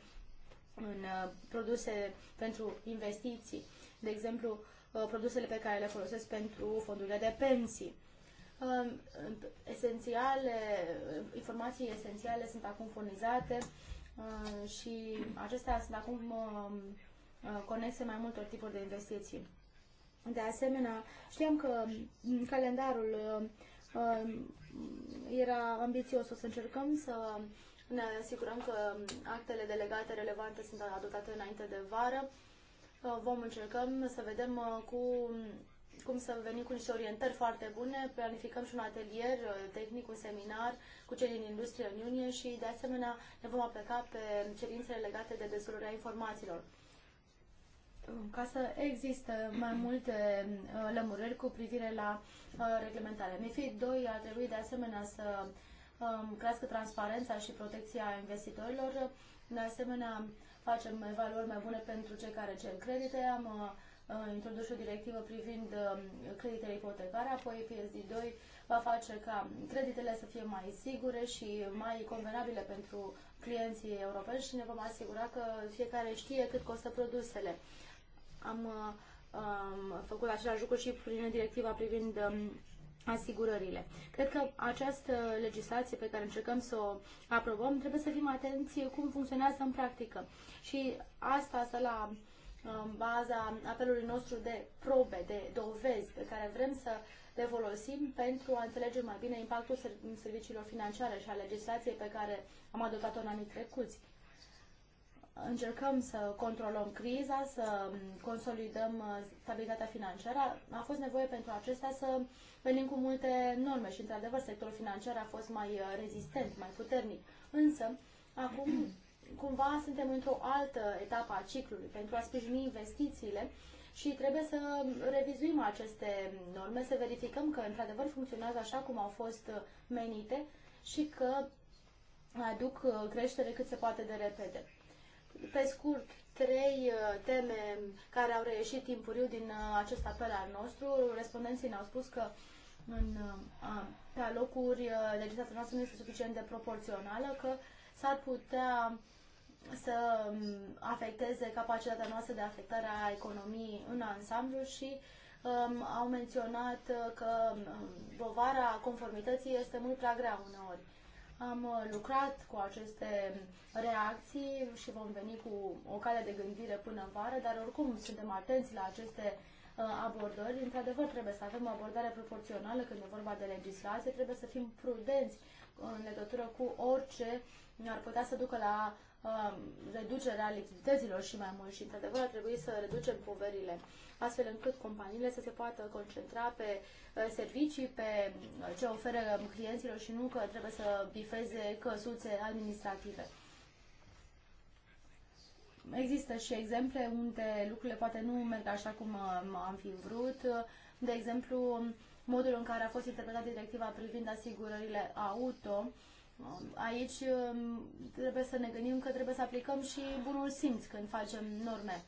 în uh, produse pentru investiții, de exemplu, uh, produsele pe care le folosesc pentru fondurile de pensii. Um, esențiale, informații esențiale sunt acum furnizate uh, și acestea sunt acum um, uh, conexe mai multor tipuri de investiții. De asemenea, știam că um, calendarul era ambițios, o să încercăm să ne asigurăm că actele delegate relevante sunt adoptate înainte de vară. Uh, vom încercăm să vedem cu cum să venim cu niște orientări foarte bune. Planificăm și un atelier uh, tehnic, un seminar cu cei din industrie în iunie și, de asemenea, ne vom apleca pe cerințele legate de dezvoltarea informațiilor. Uh, ca să există mai multe uh, lămurări cu privire la reglementare. MIFID 2 ar trebui, de asemenea, să um, crească transparența și protecția investitorilor. De asemenea, facem evaluări mai bune pentru cei care cer credite. Am introduce o directivă privind um, creditele ipotecare, apoi PSD2 va face ca creditele să fie mai sigure și mai convenabile pentru clienții europeni și ne vom asigura că fiecare știe cât costă produsele. Am, am um, făcut același lucru și prin directiva privind um, asigurările. Cred că această legislație pe care încercăm să o aprobăm trebuie să fim atenți cum funcționează în practică. Și asta, asta la în baza apelului nostru de probe, de dovezi pe care vrem să le folosim pentru a înțelege mai bine impactul serviciilor financiare și a legislației pe care am adoptat-o în anii trecuți. Încercăm să controlăm criza, să consolidăm uh, stabilitatea financiară. A fost nevoie pentru acesta să venim cu multe norme și, într-adevăr, sectorul financiar a fost mai uh, rezistent, mai puternic. Însă, acum cumva suntem într-o altă etapă a ciclului pentru a sprijini investițiile și trebuie să revizuim aceste norme, să verificăm că într-adevăr funcționează așa cum au fost menite și că aduc creștere cât se poate de repede. Pe scurt, trei uh, teme care au reieșit timpuriu din uh, acest apel al nostru. Respondenții ne-au spus că în, uh, a, pe alocuri legislația noastră nu este suficient de proporțională, că s-ar putea să um, afecteze capacitatea noastră de afectare a economiei în ansamblu și um, au menționat uh, că um, povara conformității este mult prea grea uneori. Am uh, lucrat cu aceste reacții și vom veni cu o cale de gândire până în vară, dar oricum suntem atenți la aceste uh, abordări. Într-adevăr, trebuie să avem o abordare proporțională când e vorba de legislație, trebuie să fim prudenți în legătură cu orice ar putea să ducă la Um, reducerea lichidităților și mai mult și, într-adevăr, ar trebui să reducem poverile, astfel încât companiile să se poată concentra pe uh, servicii, pe uh, ce oferă clienților și nu că trebuie să bifeze căsuțe administrative. Există și exemple unde lucrurile poate nu merg așa cum uh, am fi vrut. De exemplu, modul în care a fost interpretată directiva privind asigurările auto, Aici um, trebuie să ne gândim că trebuie să aplicăm și bunul simț când facem norme.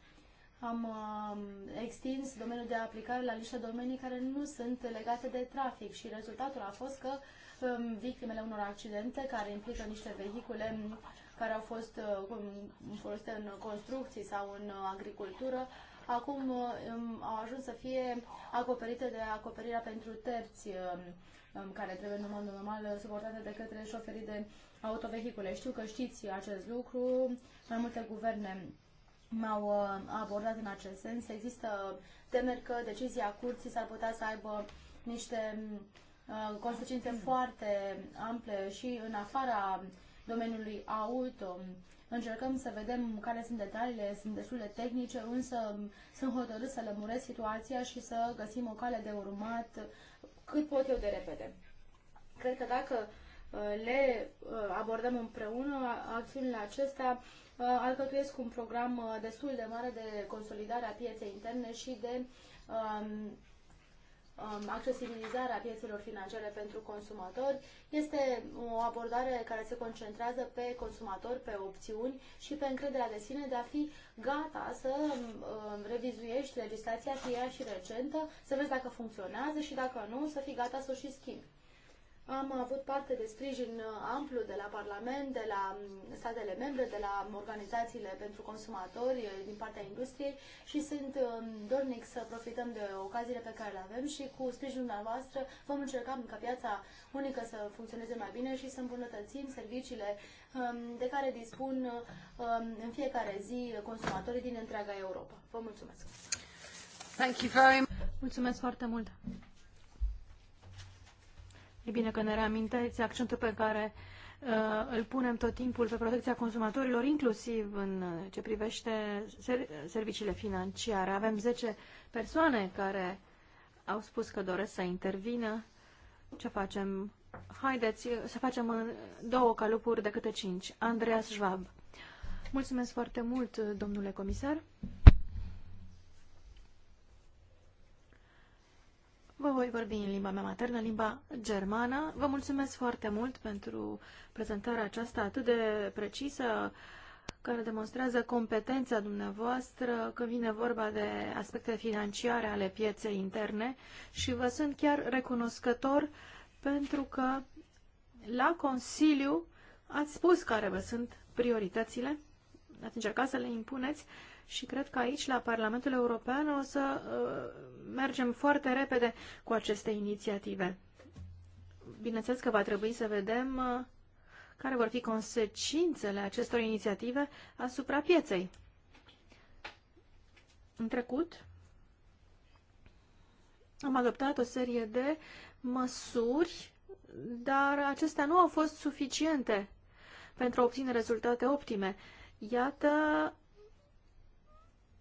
Am um, extins domeniul de aplicare la niște domenii care nu sunt legate de trafic și rezultatul a fost că um, victimele unor accidente care implică niște vehicule care au fost uh, folosite în construcții sau în uh, agricultură acum um, au ajuns să fie acoperite de acoperirea pentru terți um, um, care trebuie în mod normal suportate de către șoferii de autovehicule. Știu că știți acest lucru, mai multe guverne m-au uh, abordat în acest sens. Există temeri că decizia curții s-ar putea să aibă niște uh, consecințe foarte ample și în afara domeniului auto. Încercăm să vedem care sunt detaliile, sunt destul de tehnice, însă sunt hotărât să lămuresc situația și să găsim o cale de urmat cât pot eu de repede. Cred că dacă uh, le uh, abordăm împreună, acțiunile acestea uh, alcătuiesc un program destul de mare de consolidare a pieței interne și de um, Um, accesibilizarea piețelor financiare pentru consumatori. Este o abordare care se concentrează pe consumatori, pe opțiuni și pe încrederea de sine de a fi gata să um, um, revizuiești legislația, fie ea și recentă, să vezi dacă funcționează și dacă nu, să fii gata să o și schimbi. Am avut parte de sprijin uh, amplu de la Parlament, de la mm, statele membre, de la organizațiile pentru consumatori, uh, din partea industriei și sunt um, dornic să profităm de ocaziile pe care le avem și cu sprijinul dumneavoastră vom încerca ca piața unică să funcționeze mai bine și să îmbunătățim serviciile um, de care dispun uh, um, în fiecare zi consumatorii din întreaga Europa. Vă mulțumesc! Thank you very much. Mulțumesc foarte mult! E bine că ne reaminteți accentul pe care uh, îl punem tot timpul pe protecția consumatorilor, inclusiv în ce privește ser serviciile financiare. Avem 10 persoane care au spus că doresc să intervină. Ce facem? Haideți să facem două calupuri de câte cinci. Andreas Schwab. Mulțumesc foarte mult, domnule comisar. Vă voi vorbi în limba mea maternă, limba germană. Vă mulțumesc foarte mult pentru prezentarea aceasta atât de precisă, care demonstrează competența dumneavoastră când vine vorba de aspecte financiare ale pieței interne și vă sunt chiar recunoscător pentru că la Consiliu ați spus care vă sunt prioritățile, ați încercat să le impuneți și cred că aici, la Parlamentul European, o să uh, mergem foarte repede cu aceste inițiative. Bineînțeles că va trebui să vedem uh, care vor fi consecințele acestor inițiative asupra pieței. În trecut, am adoptat o serie de măsuri, dar acestea nu au fost suficiente pentru a obține rezultate optime. Iată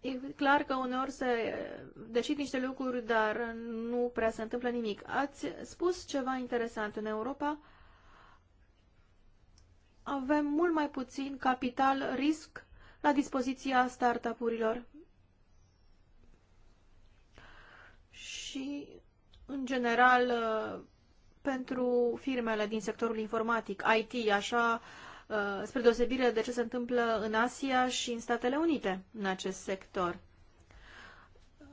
E clar că uneori se eh, decid niște lucruri, dar nu prea se întâmplă nimic. Ați spus ceva interesant. În Europa avem mult mai puțin capital risc la dispoziția startup-urilor. Și, în general, eh, pentru firmele din sectorul informatic, IT, așa Uh, spre deosebire de ce se întâmplă în Asia și în Statele Unite în acest sector.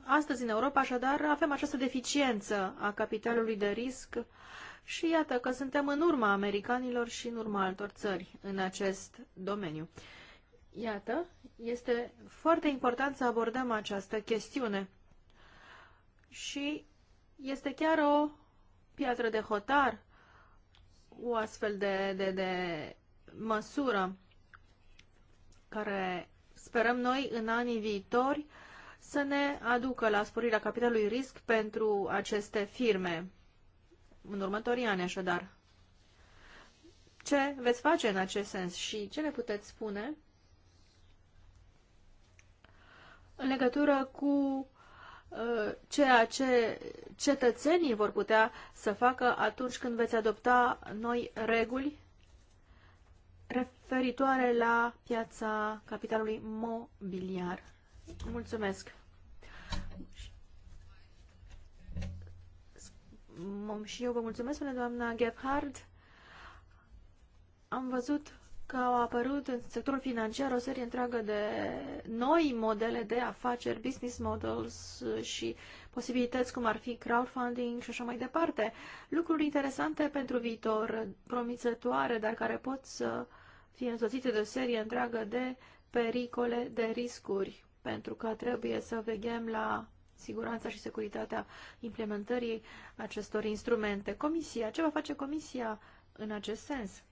Astăzi, în Europa, așadar, avem această deficiență a capitalului de risc și iată că suntem în urma americanilor și în urma altor țări în acest domeniu. Iată, este foarte important să abordăm această chestiune și este chiar o piatră de hotar o astfel de, de, de măsură care sperăm noi în anii viitori să ne aducă la sporirea capitalului risc pentru aceste firme în următorii ani așadar. Ce veți face în acest sens și ce ne puteți spune în legătură cu uh, ceea ce cetățenii vor putea să facă atunci când veți adopta noi reguli referitoare la piața capitalului mobiliar. Mulțumesc! Și eu vă mulțumesc, spune doamna Gebhard. Am văzut că au apărut în sectorul financiar o serie întreagă de noi modele de afaceri, business models și posibilități cum ar fi crowdfunding și așa mai departe. Lucruri interesante pentru viitor, promițătoare, dar care pot să uh, fie însoțite de o serie întreagă de pericole, de riscuri, pentru că trebuie să veghem la siguranța și securitatea implementării acestor instrumente. Comisia, ce va face Comisia în acest sens?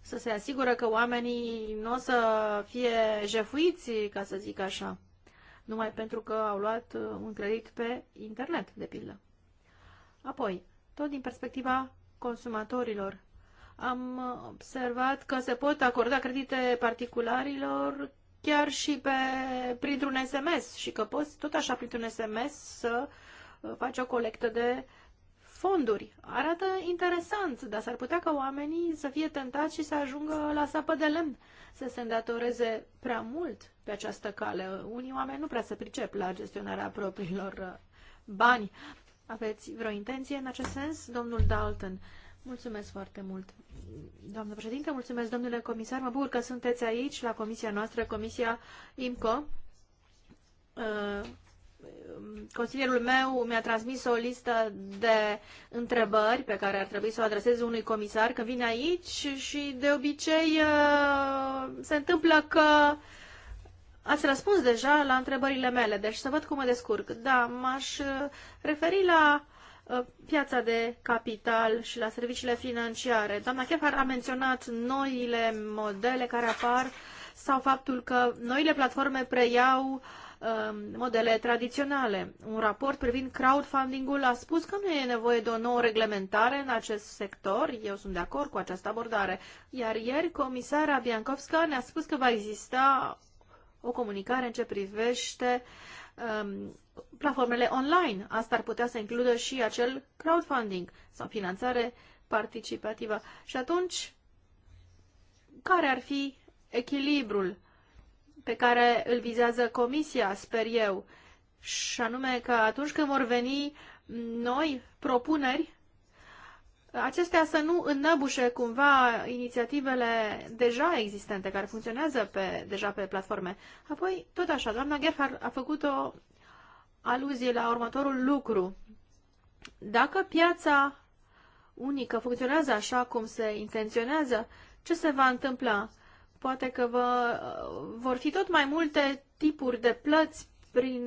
Să se asigură că oamenii nu o să fie jefuiți, ca să zic așa, numai pentru că au luat uh, un credit pe internet, de pildă. Apoi, tot din perspectiva consumatorilor, am observat că se pot acorda credite particularilor chiar și pe, printr-un SMS și că poți tot așa printr-un SMS să uh, faci o colectă de fonduri. Arată interesant, dar s-ar putea ca oamenii să fie tentați și să ajungă la sapă de lemn, să se îndatoreze prea mult pe această cale. Unii oameni nu prea se pricep la gestionarea propriilor uh, bani. Aveți vreo intenție în acest sens, domnul Dalton? Mulțumesc foarte mult, doamnă președinte, mulțumesc, domnule comisar. Mă bucur că sunteți aici, la comisia noastră, comisia IMCO. Uh, consilierul meu mi-a transmis o listă de întrebări pe care ar trebui să o adresez unui comisar când vine aici și de obicei uh, se întâmplă că Ați răspuns deja la întrebările mele, deci să văd cum mă descurc. Da, m-aș uh, referi la Uh, piața de capital și la serviciile financiare. Doamna Chefar a menționat noile modele care apar sau faptul că noile platforme preiau um, modele tradiționale. Un raport privind crowdfunding-ul a spus că nu e nevoie de o nouă reglementare în acest sector. Eu sunt de acord cu această abordare. Iar ieri, comisara Biancovska ne-a spus că va exista o comunicare în ce privește uh, um, platformele online. Asta ar putea să includă și acel crowdfunding sau finanțare participativă. Și atunci, care ar fi echilibrul pe care îl vizează Comisia, sper eu, și anume că atunci când vor veni noi propuneri acestea să nu înnăbușe cumva inițiativele deja existente, care funcționează pe, deja pe platforme. Apoi, tot așa, doamna Gerhard a făcut o aluzie la următorul lucru. Dacă piața unică funcționează așa cum se intenționează, ce se va întâmpla? Poate că vă, vor fi tot mai multe tipuri de plăți prin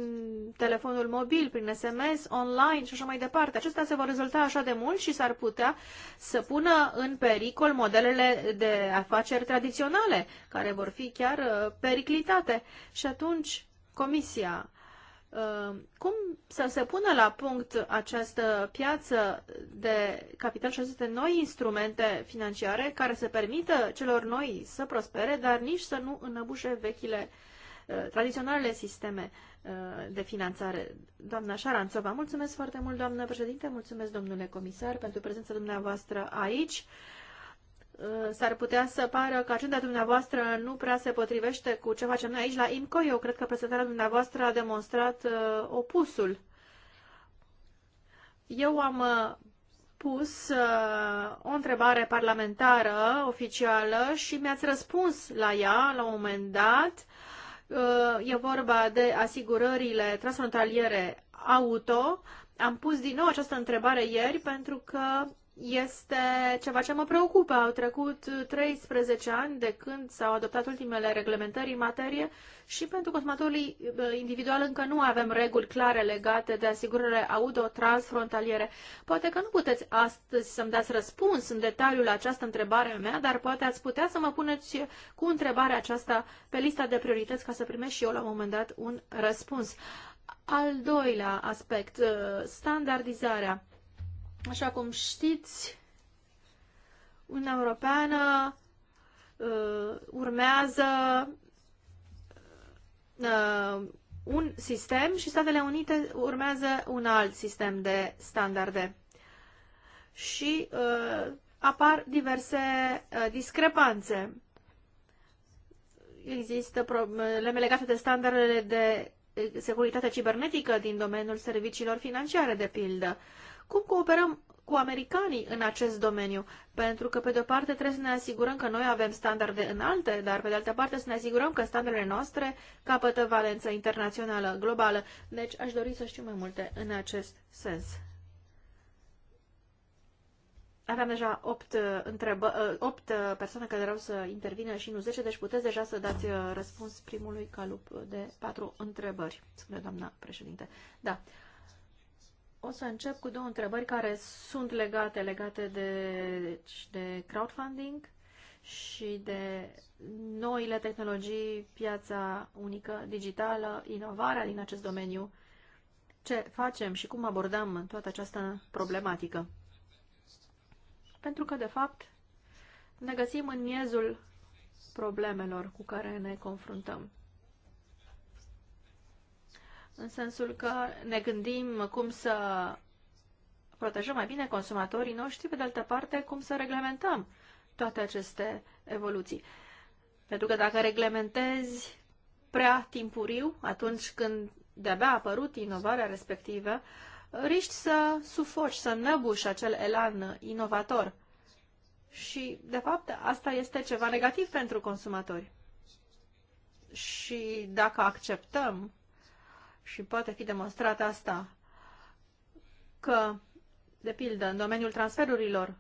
telefonul mobil, prin SMS, online și așa mai departe. Acestea se vor rezolta așa de mult și s-ar putea să pună în pericol modelele de afaceri tradiționale, care vor fi chiar uh, periclitate. Și atunci, Comisia, uh, cum să se pună la punct această piață de capital și aceste noi instrumente financiare care să permită celor noi să prospere, dar nici să nu înăbușe vechile uh, Uh, tradiționalele sisteme uh, de finanțare. Doamna Șaranțova, mulțumesc foarte mult, doamnă președinte, mulțumesc, domnule comisar, pentru prezența dumneavoastră aici. Uh, s-ar putea să pară că agenda dumneavoastră nu prea se potrivește cu ce facem noi aici la IMCO. Eu cred că prezentarea dumneavoastră a demonstrat opusul. Eu am pus o întrebare parlamentară oficială și mi-ați răspuns la ea la un moment dat Uh, e vorba de asigurările transfrontaliere auto. Am pus din nou această întrebare ieri pentru că este ceva ce mă preocupă. Au trecut 13 ani de când s-au adoptat ultimele reglementări în materie și pentru consumatorii eh, individual încă nu avem reguli clare legate de asigurările auto transfrontaliere. Poate că nu puteți astăzi să-mi dați răspuns în detaliu la această întrebare mea, dar poate ați putea să mă puneți cu întrebarea aceasta pe lista de priorități ca să primești și eu la un moment dat un răspuns. Al doilea aspect, eh, standardizarea Așa cum știți, Uniunea Europeană uh, urmează uh, un sistem și Statele Unite urmează un alt sistem de standarde. Și uh, apar diverse uh, discrepanțe. Există probleme legate de standardele de uh, securitate cibernetică din domeniul serviciilor financiare, de pildă. Uh, cum cooperăm cu americanii în acest domeniu, pentru că, pe de-o parte, trebuie să ne asigurăm că noi avem standarde înalte, dar, pe de altă parte, să ne asigurăm că standardele noastre capătă valență internațională, globală. Deci, aș dori să știu mai multe în acest sens. Aveam deja 8, uh, întrebă, 8 uh, uh, persoane care vreau să intervină și nu 10, deci puteți deja să dați răspuns primului calup de patru întrebări, spune doamna președinte. Da, o să încep cu două întrebări care sunt legate, legate de, deci de crowdfunding și de noile tehnologii, piața unică digitală, inovarea din acest domeniu, ce facem și cum abordăm toată această problematică. Pentru că, de fapt, ne găsim în miezul problemelor cu care ne confruntăm în sensul că ne gândim cum să protejăm mai bine consumatorii noștri, pe de altă parte, cum să reglementăm toate aceste evoluții. Pentru că dacă reglementezi prea timpuriu, atunci când de-abia a apărut inovarea respectivă, riști să sufoci, să năbuși acel elan inovator. Și, de fapt, asta este ceva negativ pentru consumatori. Și dacă acceptăm și poate fi demonstrat asta, că, de pildă, în domeniul transferurilor,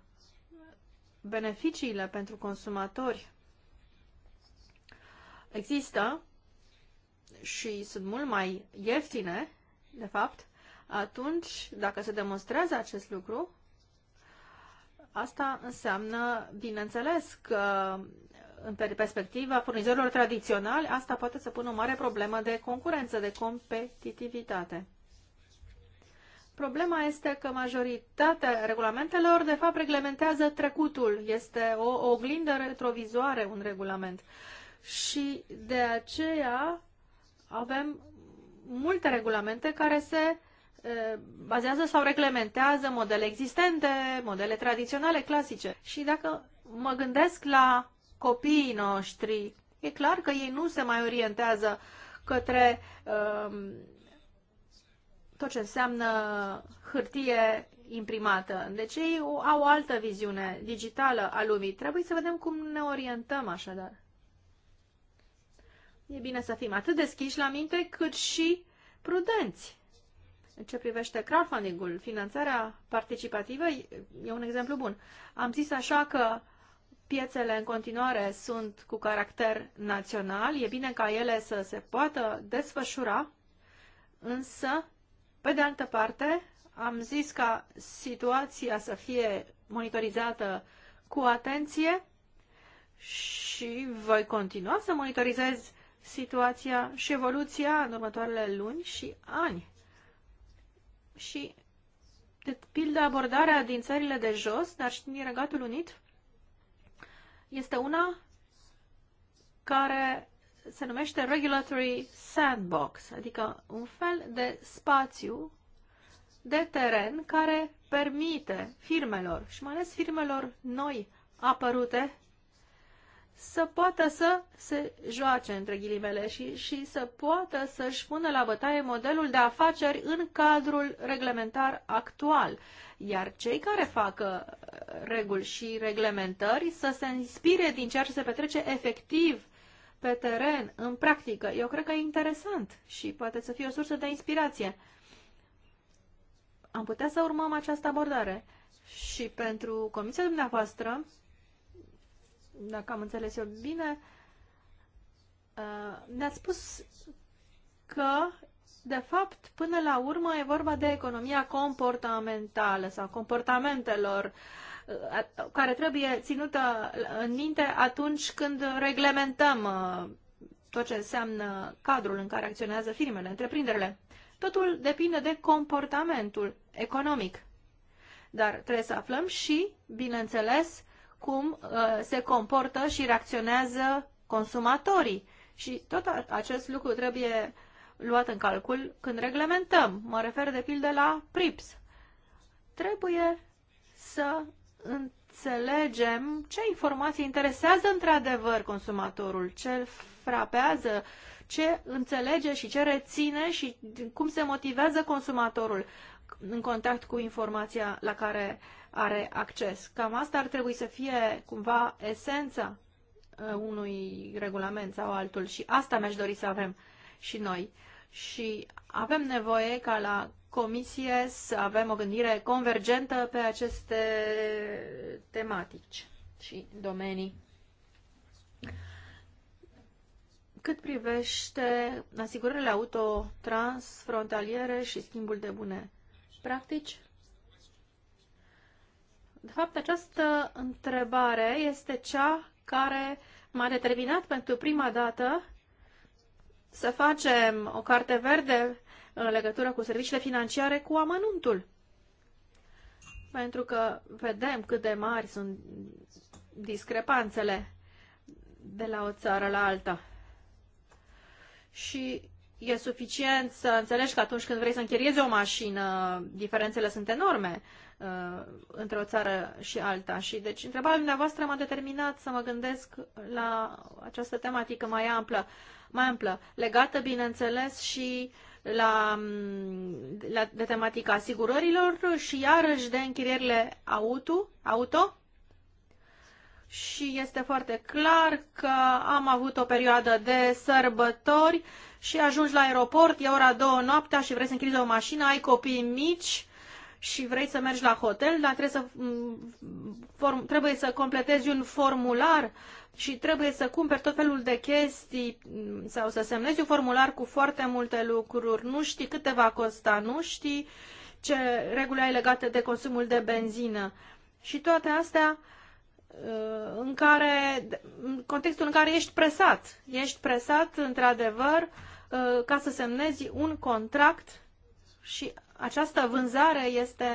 beneficiile pentru consumatori există și sunt mult mai ieftine, de fapt, atunci, dacă se demonstrează acest lucru, asta înseamnă, bineînțeles, că în perspectiva furnizorilor tradiționali, asta poate să pună o mare problemă de concurență, de competitivitate. Problema este că majoritatea regulamentelor, de fapt, reglementează trecutul. Este o oglindă retrovizoare un regulament. Și de aceea avem multe regulamente care se bazează sau reglementează modele existente, modele tradiționale, clasice. Și dacă mă gândesc la copiii noștri. E clar că ei nu se mai orientează către um, tot ce înseamnă hârtie imprimată. Deci ei au o altă viziune digitală a lumii. Trebuie să vedem cum ne orientăm așadar. E bine să fim atât deschiși la minte cât și prudenți. În ce privește crowdfunding-ul, finanțarea participativă e un exemplu bun. Am zis așa că piețele în continuare sunt cu caracter național, e bine ca ele să se poată desfășura, însă, pe de altă parte, am zis ca situația să fie monitorizată cu atenție și voi continua să monitorizez situația și evoluția în următoarele luni și ani. Și, de pildă, abordarea din țările de jos, dar și din Regatul Unit, este una care se numește Regulatory Sandbox, adică un fel de spațiu de teren care permite firmelor și mai ales firmelor noi apărute să poată să se joace între ghilimele și, și să poată să-și pună la bătaie modelul de afaceri în cadrul reglementar actual. Iar cei care fac uh, reguli și reglementări să se inspire din ceea ce se petrece efectiv pe teren, în practică. Eu cred că e interesant și poate să fie o sursă de inspirație. Am putea să urmăm această abordare. Și pentru comisia dumneavoastră, dacă am înțeles eu bine, uh, ne-ați spus că, de fapt, până la urmă e vorba de economia comportamentală sau comportamentelor uh, care trebuie ținută în minte atunci când reglementăm uh, tot ce înseamnă cadrul în care acționează firmele, întreprinderile. Totul depinde de comportamentul economic. Dar trebuie să aflăm și, bineînțeles, cum uh, se comportă și reacționează consumatorii. Și tot acest lucru trebuie luat în calcul când reglementăm. Mă refer de pildă la PRIPS. Trebuie să înțelegem ce informații interesează într-adevăr consumatorul, ce îl frapează, ce înțelege și ce reține și cum se motivează consumatorul în contact cu informația la care uh, are acces. Cam asta ar trebui să fie cumva esența uh, unui regulament sau altul și asta mi-aș dori să avem și noi. Și avem nevoie ca la comisie să avem o gândire convergentă pe aceste tematici și domenii. Cât privește asigurările auto transfrontaliere și schimbul de bune practici, de fapt, această întrebare este cea care m-a determinat pentru prima dată să facem o carte verde în legătură cu serviciile financiare cu amănuntul. Pentru că vedem cât de mari sunt discrepanțele de la o țară la alta. Și e suficient să înțelegi că atunci când vrei să închiriezi o mașină, diferențele sunt enorme uh, între o țară și alta. Și deci întrebarea dumneavoastră m-a determinat să mă gândesc la această tematică mai amplă, mai amplă legată, bineînțeles, și la, mm, la de tematica asigurărilor și iarăși de închirierile auto, auto, și este foarte clar că am avut o perioadă de sărbători și ajungi la aeroport, e ora două noaptea și vrei să închizi o mașină, ai copii mici și vrei să mergi la hotel, dar trebuie să, mm, form, trebuie să completezi un formular și trebuie să cumperi tot felul de chestii mm, sau să semnezi un formular cu foarte multe lucruri. Nu știi câte va costa, nu știi ce reguli ai legate de consumul de benzină. Și toate astea uh, în care, în contextul în care ești presat. Ești presat, într-adevăr, Uh, ca să semnezi un contract și această vânzare este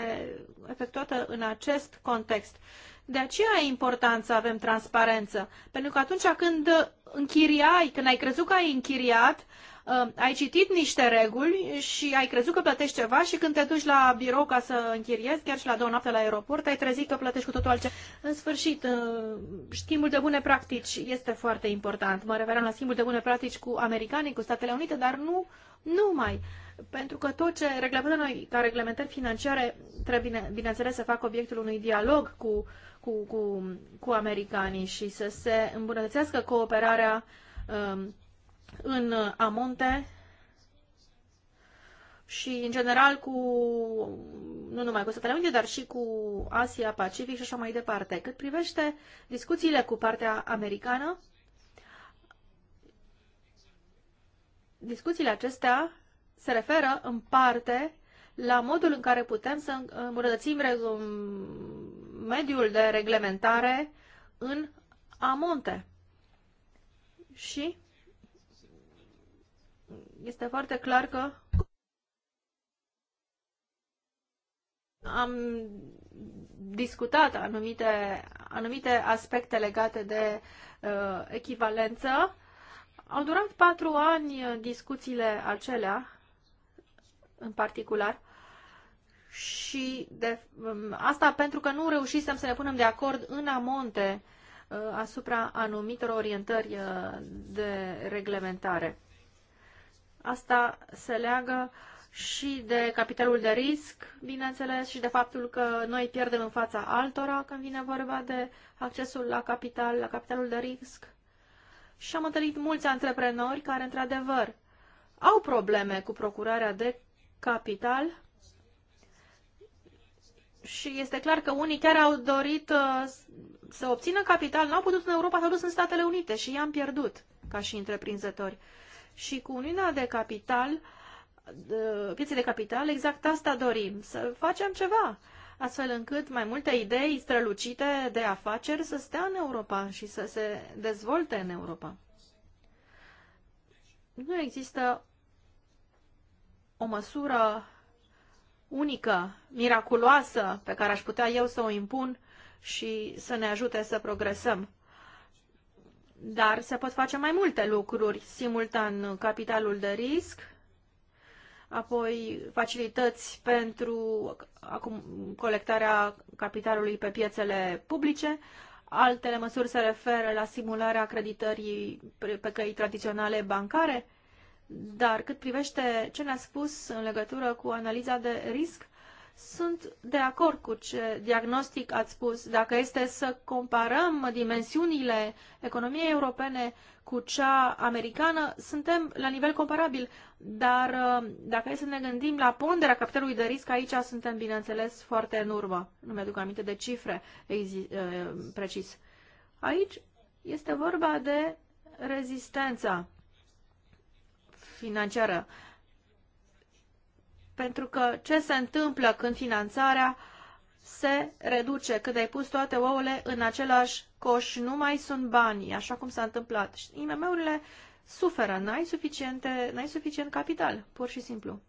efectuată în acest context. De aceea e important să avem transparență, pentru că atunci când închiriai, când ai crezut că ai închiriat, Uh, ai citit niște reguli și ai crezut că plătești ceva și când te duci la birou ca să închiriezi, chiar și la două noapte la aeroport, ai trezit că plătești cu totul altceva. În sfârșit, uh, schimbul de bune practici este foarte important. Mă referam la schimbul de bune practici cu americanii, cu Statele Unite, dar nu numai. Pentru că tot ce reglementăm noi ca reglementări financiare trebuie, bineînțeles, să facă obiectul unui dialog cu, cu, cu, cu americanii și să se îmbunătățească cooperarea um, în uh, amonte și, în general, cu, nu numai cu Statele Unite, dar și cu Asia, Pacific și așa mai departe. Cât privește discuțiile cu partea americană, discuțiile acestea se referă, în parte, la modul în care putem să îmbunătățim mediul de reglementare în amonte. Și este foarte clar că am discutat anumite, anumite aspecte legate de uh, echivalență. Au durat patru ani uh, discuțiile acelea, în particular, și de, um, asta pentru că nu reușisem să ne punem de acord în amonte uh, asupra anumitor orientări uh, de reglementare. Asta se leagă și de capitalul de risc, bineînțeles, și de faptul că noi pierdem în fața altora când vine vorba de accesul la capital, la capitalul de risc. Și am întâlnit mulți antreprenori care, într-adevăr, au probleme cu procurarea de capital și este clar că unii chiar au dorit uh, să obțină capital, nu au putut în Europa, s-au dus în Statele Unite și i-am pierdut ca și întreprinzători și cu Uniunea de Capital, piețe de capital, exact asta dorim, să facem ceva, astfel încât mai multe idei strălucite de afaceri să stea în Europa și să se dezvolte în Europa. Nu există o măsură unică, miraculoasă, pe care aș putea eu să o impun și să ne ajute să progresăm. Dar se pot face mai multe lucruri simultan, capitalul de risc, apoi facilități pentru acum, colectarea capitalului pe piețele publice. Altele măsuri se referă la simularea creditării pe căi tradiționale bancare, dar cât privește ce ne-a spus în legătură cu analiza de risc, sunt de acord cu ce diagnostic ați spus. Dacă este să comparăm dimensiunile economiei europene cu cea americană, suntem la nivel comparabil, dar uh, dacă e să ne gândim la ponderea capitalului de risc, aici suntem, bineînțeles, foarte în urmă. Nu mi-aduc aminte de cifre uh, precis. Aici este vorba de rezistența financiară. Uh, pentru că ce se întâmplă când finanțarea se reduce, când ai pus toate ouăle în același coș, nu mai sunt bani, așa cum s-a întâmplat. IMM-urile suferă, n-ai, suficiente, n-ai suficient capital, pur și simplu.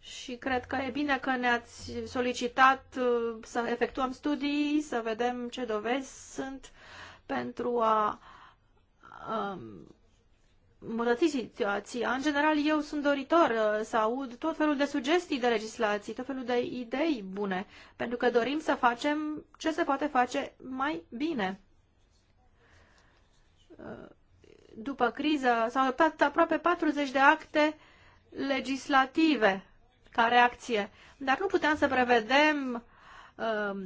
Și cred că e bine că ne-ați solicitat uh, să efectuăm studii, să vedem ce dovezi sunt pentru a um, îmbunătăți situația. În general, eu sunt doritor uh, să aud tot felul de sugestii de legislații, tot felul de idei bune, pentru că dorim să facem ce se poate face mai bine. Uh, după criză s-au adoptat aproape 40 de acte legislative ca reacție, dar nu puteam să prevedem uh,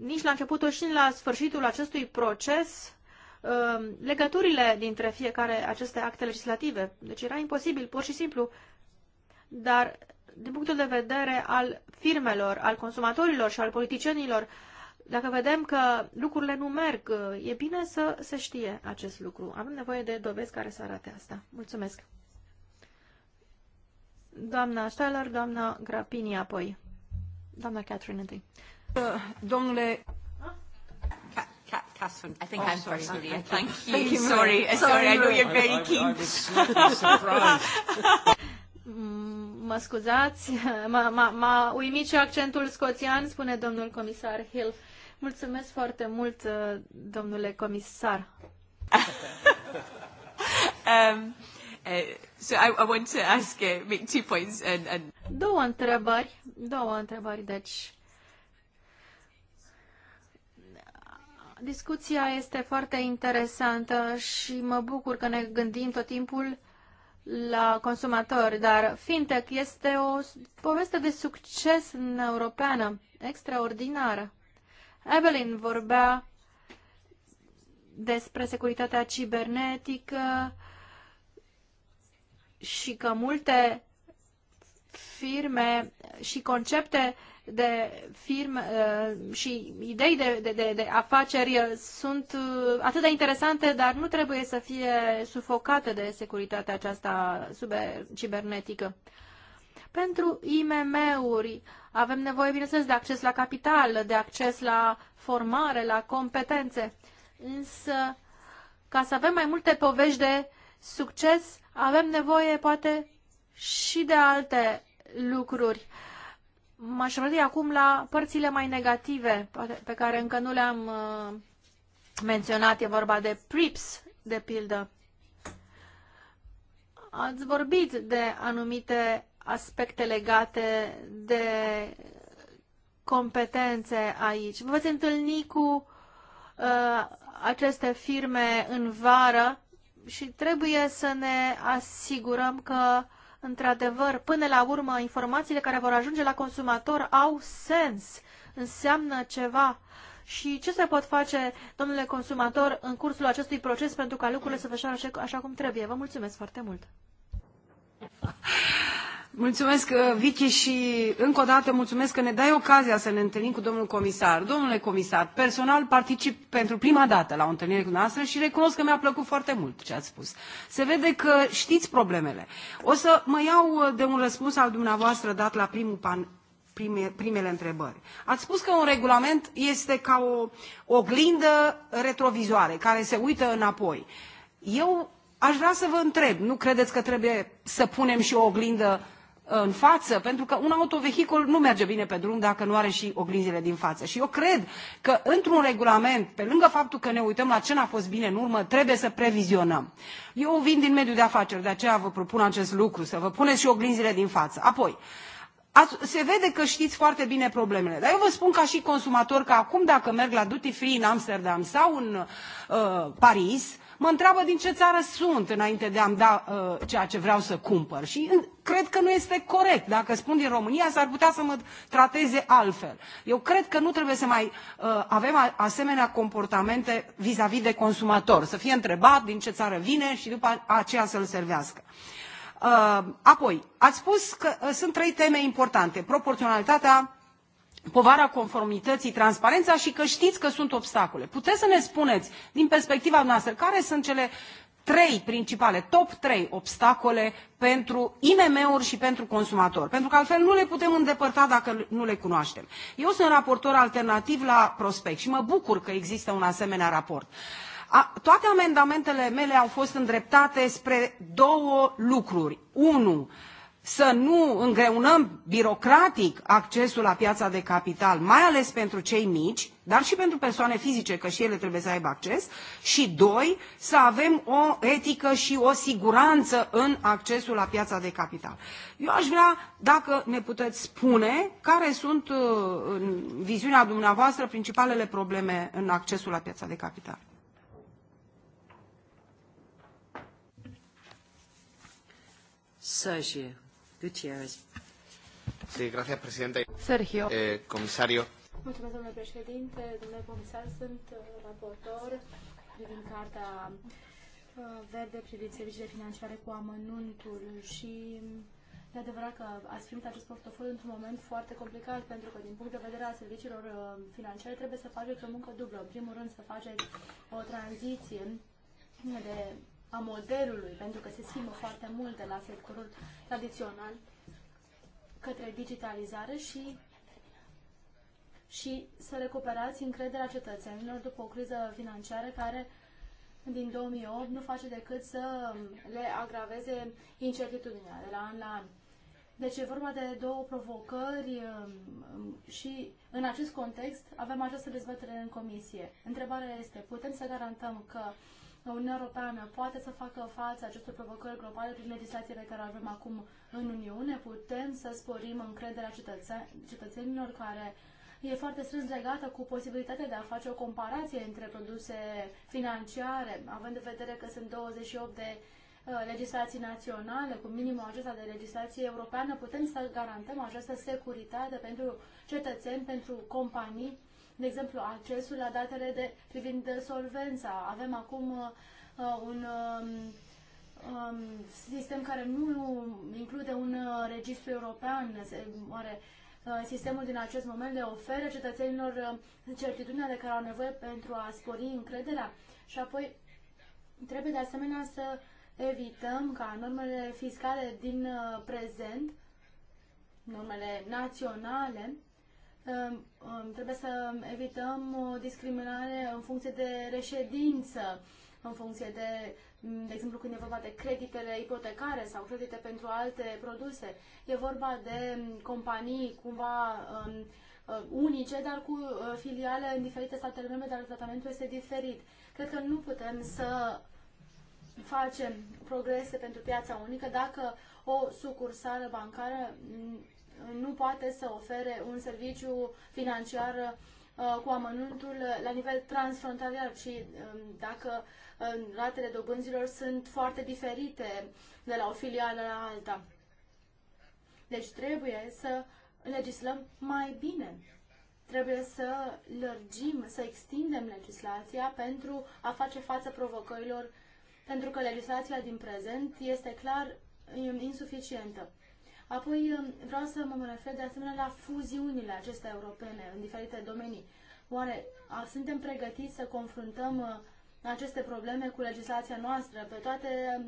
nici la începutul și la sfârșitul acestui proces Um, legăturile dintre fiecare aceste acte legislative. Deci era imposibil, pur și simplu. Dar din punctul de vedere al firmelor, al consumatorilor și al politicienilor, dacă vedem că lucrurile nu merg, uh, e bine să se știe acest lucru. Avem nevoie de dovezi care să arate asta. Mulțumesc. Doamna Steller, doamna Grapini apoi. Doamna Catherine întâi. Domnule Catherine. I think oh, I'm sorry. first, Maria. Thank you. Thank you sorry, sorry, sorry, I know you're very keen. I, I, was mă scuzați, m-a uimit și accentul scoțian, spune domnul comisar Hill. Mulțumesc foarte mult, domnule comisar. um, uh, so I, I want to ask, uh, make two points and, and... Două întrebări, două întrebări, deci Discuția este foarte interesantă și mă bucur că ne gândim tot timpul la consumatori, dar fintech este o poveste de succes în europeană, extraordinară. Evelyn vorbea despre securitatea cibernetică și că multe firme și concepte uh, de firme uh, și idei de, de, de, de afaceri sunt uh, atât de interesante, dar nu trebuie să fie sufocate de securitatea aceasta cibernetică. Pentru IMM-uri avem nevoie, bineînțeles, de acces la capital, de acces la formare, la competențe. Însă, ca să avem mai multe povești de succes, avem nevoie, poate, și de alte lucruri. Uh, M-aș rădi acum la părțile mai negative, pe care încă nu le-am uh, menționat. E vorba de PRIPS, de pildă. Ați vorbit de anumite aspecte legate de competențe aici. Vă veți întâlni cu uh, aceste firme în vară și trebuie să ne asigurăm că uh, într-adevăr, până la urmă, informațiile care vor ajunge la consumator au sens, înseamnă ceva. Și ce se pot face, domnule consumator, în cursul acestui proces pentru ca lucrurile să fășoară așa cum trebuie? Vă mulțumesc foarte mult! Mulțumesc, uh, Vicky, și încă o dată mulțumesc că ne dai ocazia să ne întâlnim cu domnul comisar. Domnule comisar, personal particip pentru prima dată la o întâlnire cu noastră și recunosc că mi-a plăcut foarte mult ce ați spus. Se vede că știți problemele. O să mă iau uh, de un răspuns al dumneavoastră dat la primul pan, prime, primele întrebări. Ați spus că un regulament este ca o oglindă retrovizoare care se uită înapoi. Eu aș vrea să vă întreb, nu credeți că trebuie să punem și o oglindă în față, pentru că un autovehicul nu merge bine pe drum dacă nu are și oglinzile din față. Și eu cred că într-un regulament, pe lângă faptul că ne uităm la ce n-a fost bine în urmă, trebuie să previzionăm. Eu vin din mediul de afaceri, de aceea vă propun acest lucru, să vă puneți și oglinzile din față. Apoi, se vede că știți foarte bine problemele dar eu vă spun ca și consumator că acum dacă merg la duty free în amsterdam sau în uh, paris mă întreabă din ce țară sunt înainte de a-mi da uh, ceea ce vreau să cumpăr. Și în, cred că nu este corect. Dacă spun din România, s-ar putea să mă trateze altfel. Eu cred că nu trebuie să mai uh, avem a, asemenea comportamente vis-a-vis de consumator. Să fie întrebat din ce țară vine și după aceea să-l servească. Uh, apoi, ați spus că uh, sunt trei teme importante. Proporționalitatea povara conformității, transparența și că știți că sunt obstacole. Puteți să ne spuneți, din perspectiva noastră, care sunt cele trei principale, top trei obstacole pentru IMM-uri și pentru consumatori, pentru că altfel nu le putem îndepărta dacă nu le cunoaștem. Eu sunt raportor alternativ la prospect și mă bucur că există un asemenea raport. A, toate amendamentele mele au fost îndreptate spre două lucruri. Unu, uh, să nu îngreunăm birocratic accesul la piața de capital, mai ales pentru cei mici, dar și pentru persoane fizice, că și ele trebuie să aibă acces, și doi, să avem o etică și o siguranță în accesul la piața de capital. Eu aș vrea, dacă ne puteți spune, care sunt, uh, în viziunea dumneavoastră, principalele probleme în accesul la piața de capital. Sergio. Gutierrez. Sí, gracias, presidente. Sergio. Eh, comisario. Mulțumesc, domnule președinte, domnule comisar, sunt uh, raportor privind carta uh, verde privind serviciile financiare cu amănuntul și de mm, adevărat că ați primit acest portofoliu într-un moment foarte complicat, pentru că din punct de vedere al serviciilor uh, financiare trebuie să faceți o muncă dublă. În primul rând să faceți o tranziție de a modelului, pentru că se schimbă foarte mult de la sectorul tradițional către digitalizare și, și să recuperați încrederea cetățenilor după o criză financiară care din 2008 nu face decât să le agraveze incertitudinea de la an la an. Deci e vorba de două provocări um, și în acest context avem această dezbatere în comisie. Întrebarea este, putem să garantăm că Uniunea Europeană poate să facă față acestor provocări globale prin legislațiile pe care avem acum în Uniune, putem să sporim încrederea cetățe- cetățenilor care e foarte strâns legată cu posibilitatea de a face o comparație între produse financiare, având în vedere că sunt 28 de uh, legislații naționale, cu minimul acesta de legislație europeană, putem să garantăm această securitate pentru cetățeni, pentru companii de exemplu, accesul la datele de, privind solvența. Avem acum uh, un um, um, sistem care nu include un uh, registru european. Se, oare uh, sistemul din acest moment le oferă cetățenilor uh, certitudinea de care au nevoie pentru a spori încrederea? Și apoi trebuie de asemenea să evităm ca normele fiscale din uh, prezent, normele naționale, Ehm, ehm, trebuie să evităm o uh, discriminare în funcție de reședință, în funcție de, mm, de exemplu, când e vorba de creditele ipotecare sau credite pentru alte produse. E vorba de mm, companii cumva ehm, uh, unice, dar cu uh, filiale în diferite state membre, dar tratamentul este diferit. Cred că nu putem să facem progrese pentru piața unică dacă o sucursală bancară mm, nu poate să ofere un serviciu financiar uh, cu amănuntul la nivel transfrontalier și um, dacă uh, ratele dobânzilor sunt foarte diferite de la o filială la alta. Deci trebuie să legislăm mai bine. Trebuie să lărgim, să extindem legislația pentru a face față provocărilor, pentru că legislația din prezent este clar um, insuficientă. Apoi um, vreau să mă refer de asemenea la fuziunile acestea europene în diferite domenii. Oare suntem pregătiți să confruntăm uh, aceste probleme cu legislația noastră pe toate um,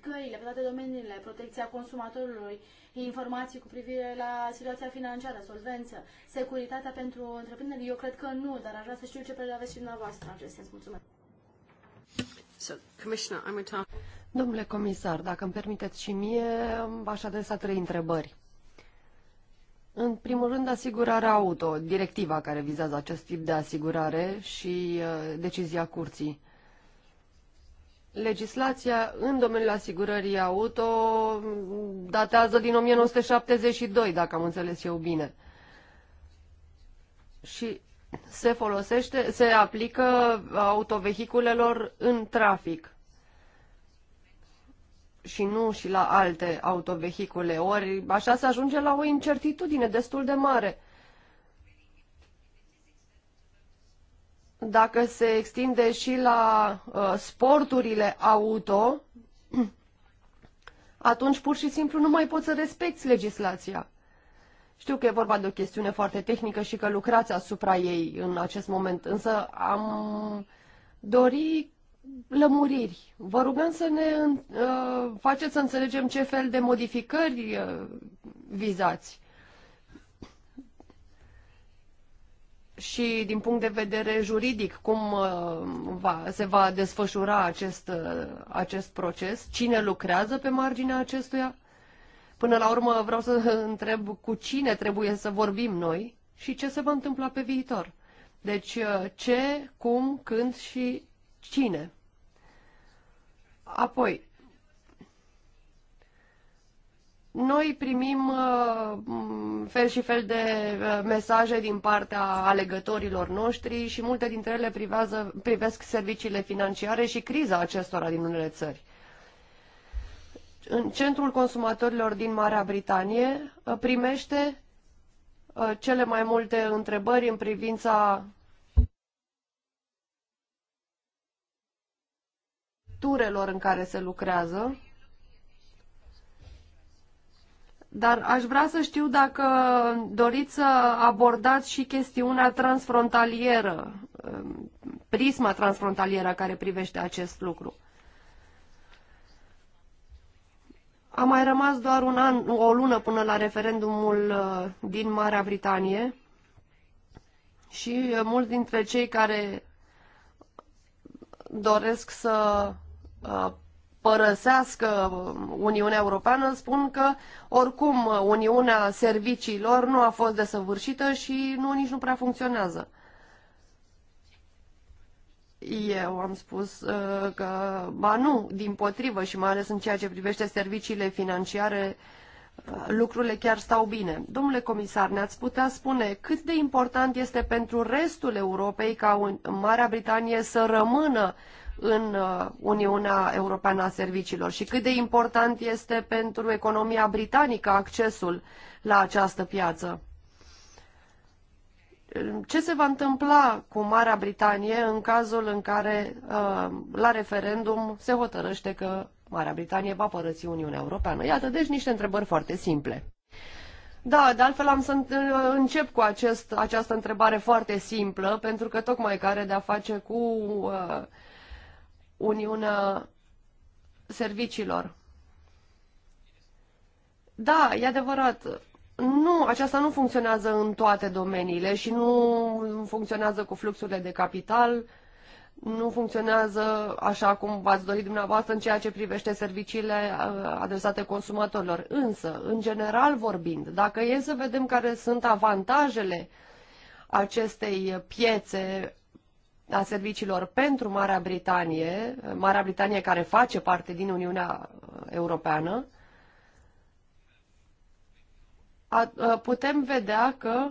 căile, pe toate domeniile, protecția consumatorului, informații cu privire la situația financiară, solvență, securitatea pentru întreprinderi? Eu cred că nu, dar aș vrea să știu ce părere aveți și dumneavoastră în acest sens. Mulțumesc. So, Commissioner, I'm Domnule comisar, dacă îmi permiteți și mie, aș adresa trei întrebări. În primul rând, asigurarea auto, directiva care vizează acest tip de asigurare și uh, decizia curții. Legislația în domeniul asigurării auto mm, datează din 1972, dacă am înțeles eu bine. Și se folosește, se aplică autovehiculelor în trafic și nu și la alte autovehicule. Ori așa se ajunge la o incertitudine destul de mare. Dacă se extinde și la uh, sporturile auto, atunci pur și simplu nu mai poți să respecti legislația. Știu că e vorba de o chestiune foarte tehnică și că lucrați asupra ei în acest moment, însă am dori lămuriri. Vă rugăm să ne uh, faceți să înțelegem ce fel de modificări uh, vizați. Și din punct de vedere juridic, cum uh, va, se va desfășura acest, uh, acest proces, cine lucrează pe marginea acestuia. Până la urmă vreau să întreb cu cine trebuie să vorbim noi și ce se va întâmpla pe viitor. Deci uh, ce, cum, când și cine. Apoi, noi primim uh, fel și fel de uh, mesaje din partea alegătorilor noștri și multe dintre ele privează, privesc serviciile financiare și criza acestora din unele țări. În centrul consumatorilor din Marea Britanie uh, primește cele mai multe întrebări în privința turelor în care se lucrează. Dar aș vrea să știu dacă doriți să abordați și chestiunea transfrontalieră, um, prisma transfrontalieră care privește acest lucru. A mai rămas doar un an, o lună până la referendumul uh, din Marea Britanie și uh, mulți dintre cei care doresc să Uh, părăsească Uniunea Europeană spun că oricum Uniunea Serviciilor nu a fost desăvârșită și nu, nici nu prea funcționează. Eu am spus uh, că, ba nu, din potrivă și mai ales în ceea ce privește serviciile financiare, uh, lucrurile chiar stau bine. Domnule comisar, ne-ați putea spune cât de important este pentru restul Europei ca Marea Britanie să rămână în uh, Uniunea Europeană a Serviciilor și cât de important este pentru economia britanică accesul la această piață. Ce se va întâmpla cu Marea Britanie în cazul în care uh, la referendum se hotărăște că Marea Britanie va părăsi Uniunea Europeană? Iată, deci niște întrebări foarte simple. Da, de altfel am să uh, încep cu acest, această întrebare foarte simplă, pentru că tocmai care de a face cu uh, Uniunea Serviciilor. Da, e adevărat. Nu, aceasta nu funcționează în toate domeniile și nu funcționează cu fluxurile de capital, nu funcționează așa cum v-ați dorit dumneavoastră în ceea ce privește serviciile uh, adresate consumatorilor. Însă, în general vorbind, dacă e să vedem care sunt avantajele acestei piețe a serviciilor pentru Marea Britanie, Marea Britanie care face parte din Uniunea uh, Europeană, a, a, uh, putem vedea că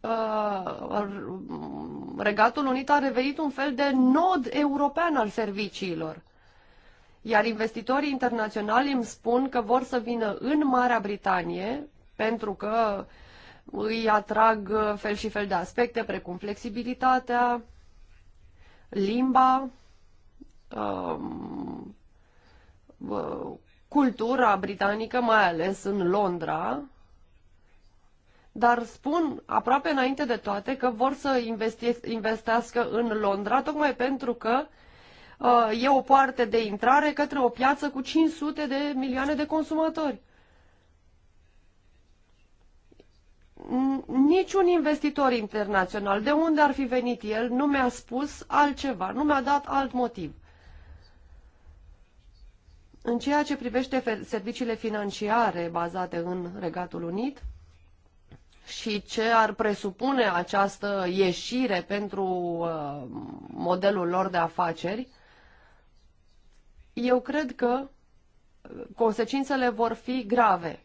a, uh, Regatul Unit a revenit un fel de nod european al serviciilor. Iar investitorii internaționali îmi spun că vor să vină în Marea Britanie pentru că îi atrag fel și fel de aspecte, precum flexibilitatea, limba, um, cultura britanică, mai ales în Londra, dar spun aproape înainte de toate că vor să investească în Londra, tocmai pentru că uh, e o poartă de intrare către o piață cu 500 de milioane de consumatori. niciun investitor internațional, de unde ar fi venit el, nu mi-a spus altceva, nu mi-a dat alt motiv. În ceea ce privește serviciile financiare bazate în Regatul Unit și ce ar presupune această ieșire pentru uh, modelul lor de afaceri, eu cred că uh, consecințele vor fi grave.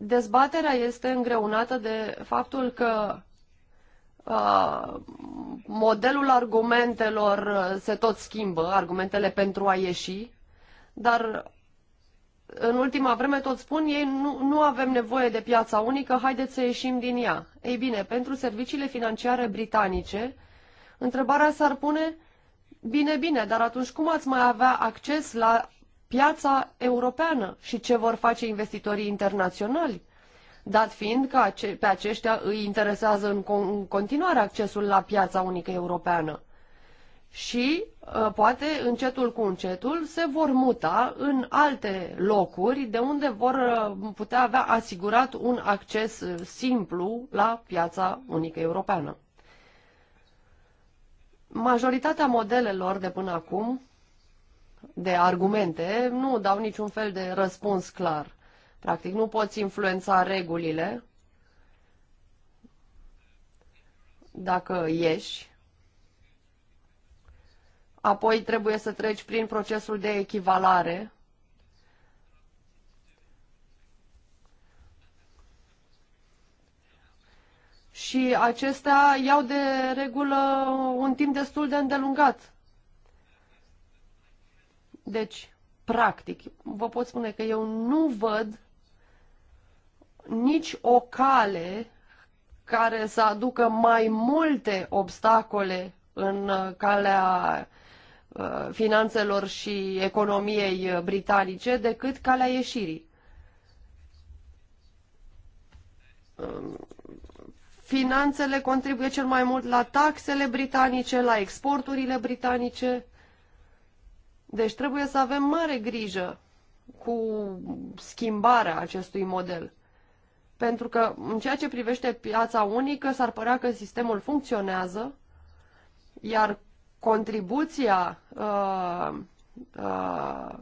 Dezbaterea este îngreunată de faptul că uh, modelul argumentelor se tot schimbă, argumentele pentru a ieși, dar în ultima vreme tot spun ei nu, nu avem nevoie de piața unică, haideți să ieșim din ea. Ei bine, pentru serviciile financiare britanice, întrebarea s-ar pune, bine, bine, dar atunci cum ați mai avea acces la piața europeană și ce vor face investitorii internaționali, dat fiind că pe aceștia îi interesează în continuare accesul la piața unică europeană. Și ă, poate încetul cu încetul se vor muta în alte locuri de unde vor ă, putea avea asigurat un acces ă, simplu la piața unică europeană. Majoritatea modelelor de până acum de argumente nu dau niciun fel de răspuns clar. Practic, nu poți influența regulile dacă ieși. Apoi trebuie să treci prin procesul de echivalare. Și acestea iau de regulă un timp destul de îndelungat. Deci, practic, vă pot spune că eu nu văd nici o cale care să aducă mai multe obstacole în uh, calea uh, finanțelor și economiei uh, britanice decât calea ieșirii. Um, finanțele contribuie cel mai mult la taxele britanice, la exporturile britanice, deci trebuie să avem mare grijă cu schimbarea acestui model. Pentru că în ceea ce privește piața unică s-ar părea că sistemul funcționează, iar contribuția uh, uh,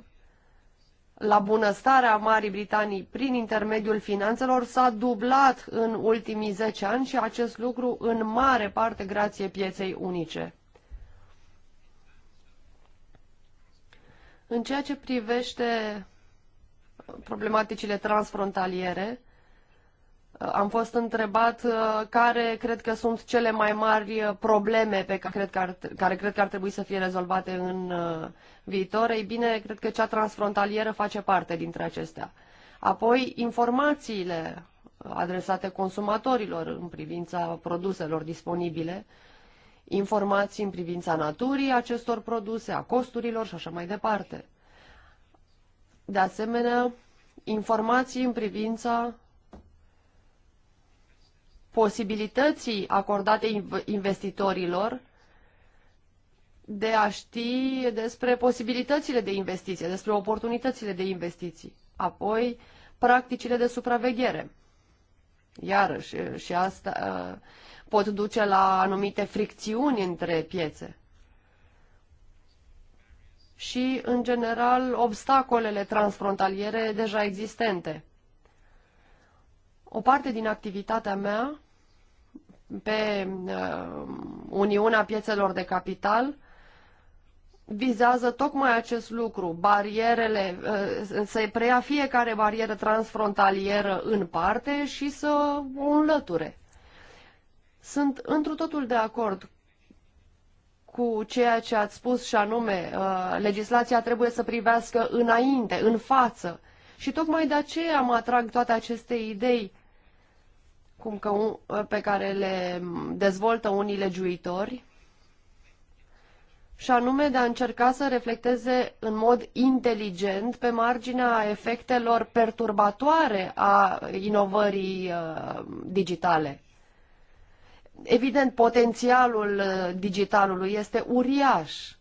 la bunăstarea Marii Britanii prin intermediul finanțelor s-a dublat în ultimii 10 ani și acest lucru în mare parte grație pieței unice. În ceea ce privește problematicile transfrontaliere, am fost întrebat uh, care cred că sunt cele mai mari uh, probleme pe care cred că ar, care cred că ar trebui să fie rezolvate în uh, viitor. Ei bine, cred că cea transfrontalieră face parte dintre acestea. Apoi, informațiile adresate consumatorilor în privința produselor disponibile, informații în privința naturii acestor produse, a costurilor și așa mai departe. De asemenea, informații în privința posibilității acordate investitorilor de a ști despre posibilitățile de investiție, despre oportunitățile de investiții, apoi practicile de supraveghere. Iarăși, și asta pot duce la anumite fricțiuni între piețe. Și, în general, obstacolele transfrontaliere deja existente. O parte din activitatea mea pe uh, Uniunea Piețelor de Capital vizează tocmai acest lucru, barierele, uh, să preia fiecare barieră transfrontalieră în parte și să o înlăture. Sunt întru totul de acord cu ceea ce ați spus și anume, uh, legislația trebuie să privească înainte, în față. Și tocmai de aceea mă atrag toate aceste idei cum că, uh, pe care le dezvoltă unii legiuitori, și anume de a încerca să reflecteze în mod inteligent pe marginea efectelor perturbatoare a inovării uh, digitale. Evident, potențialul uh, digitalului este uriaș.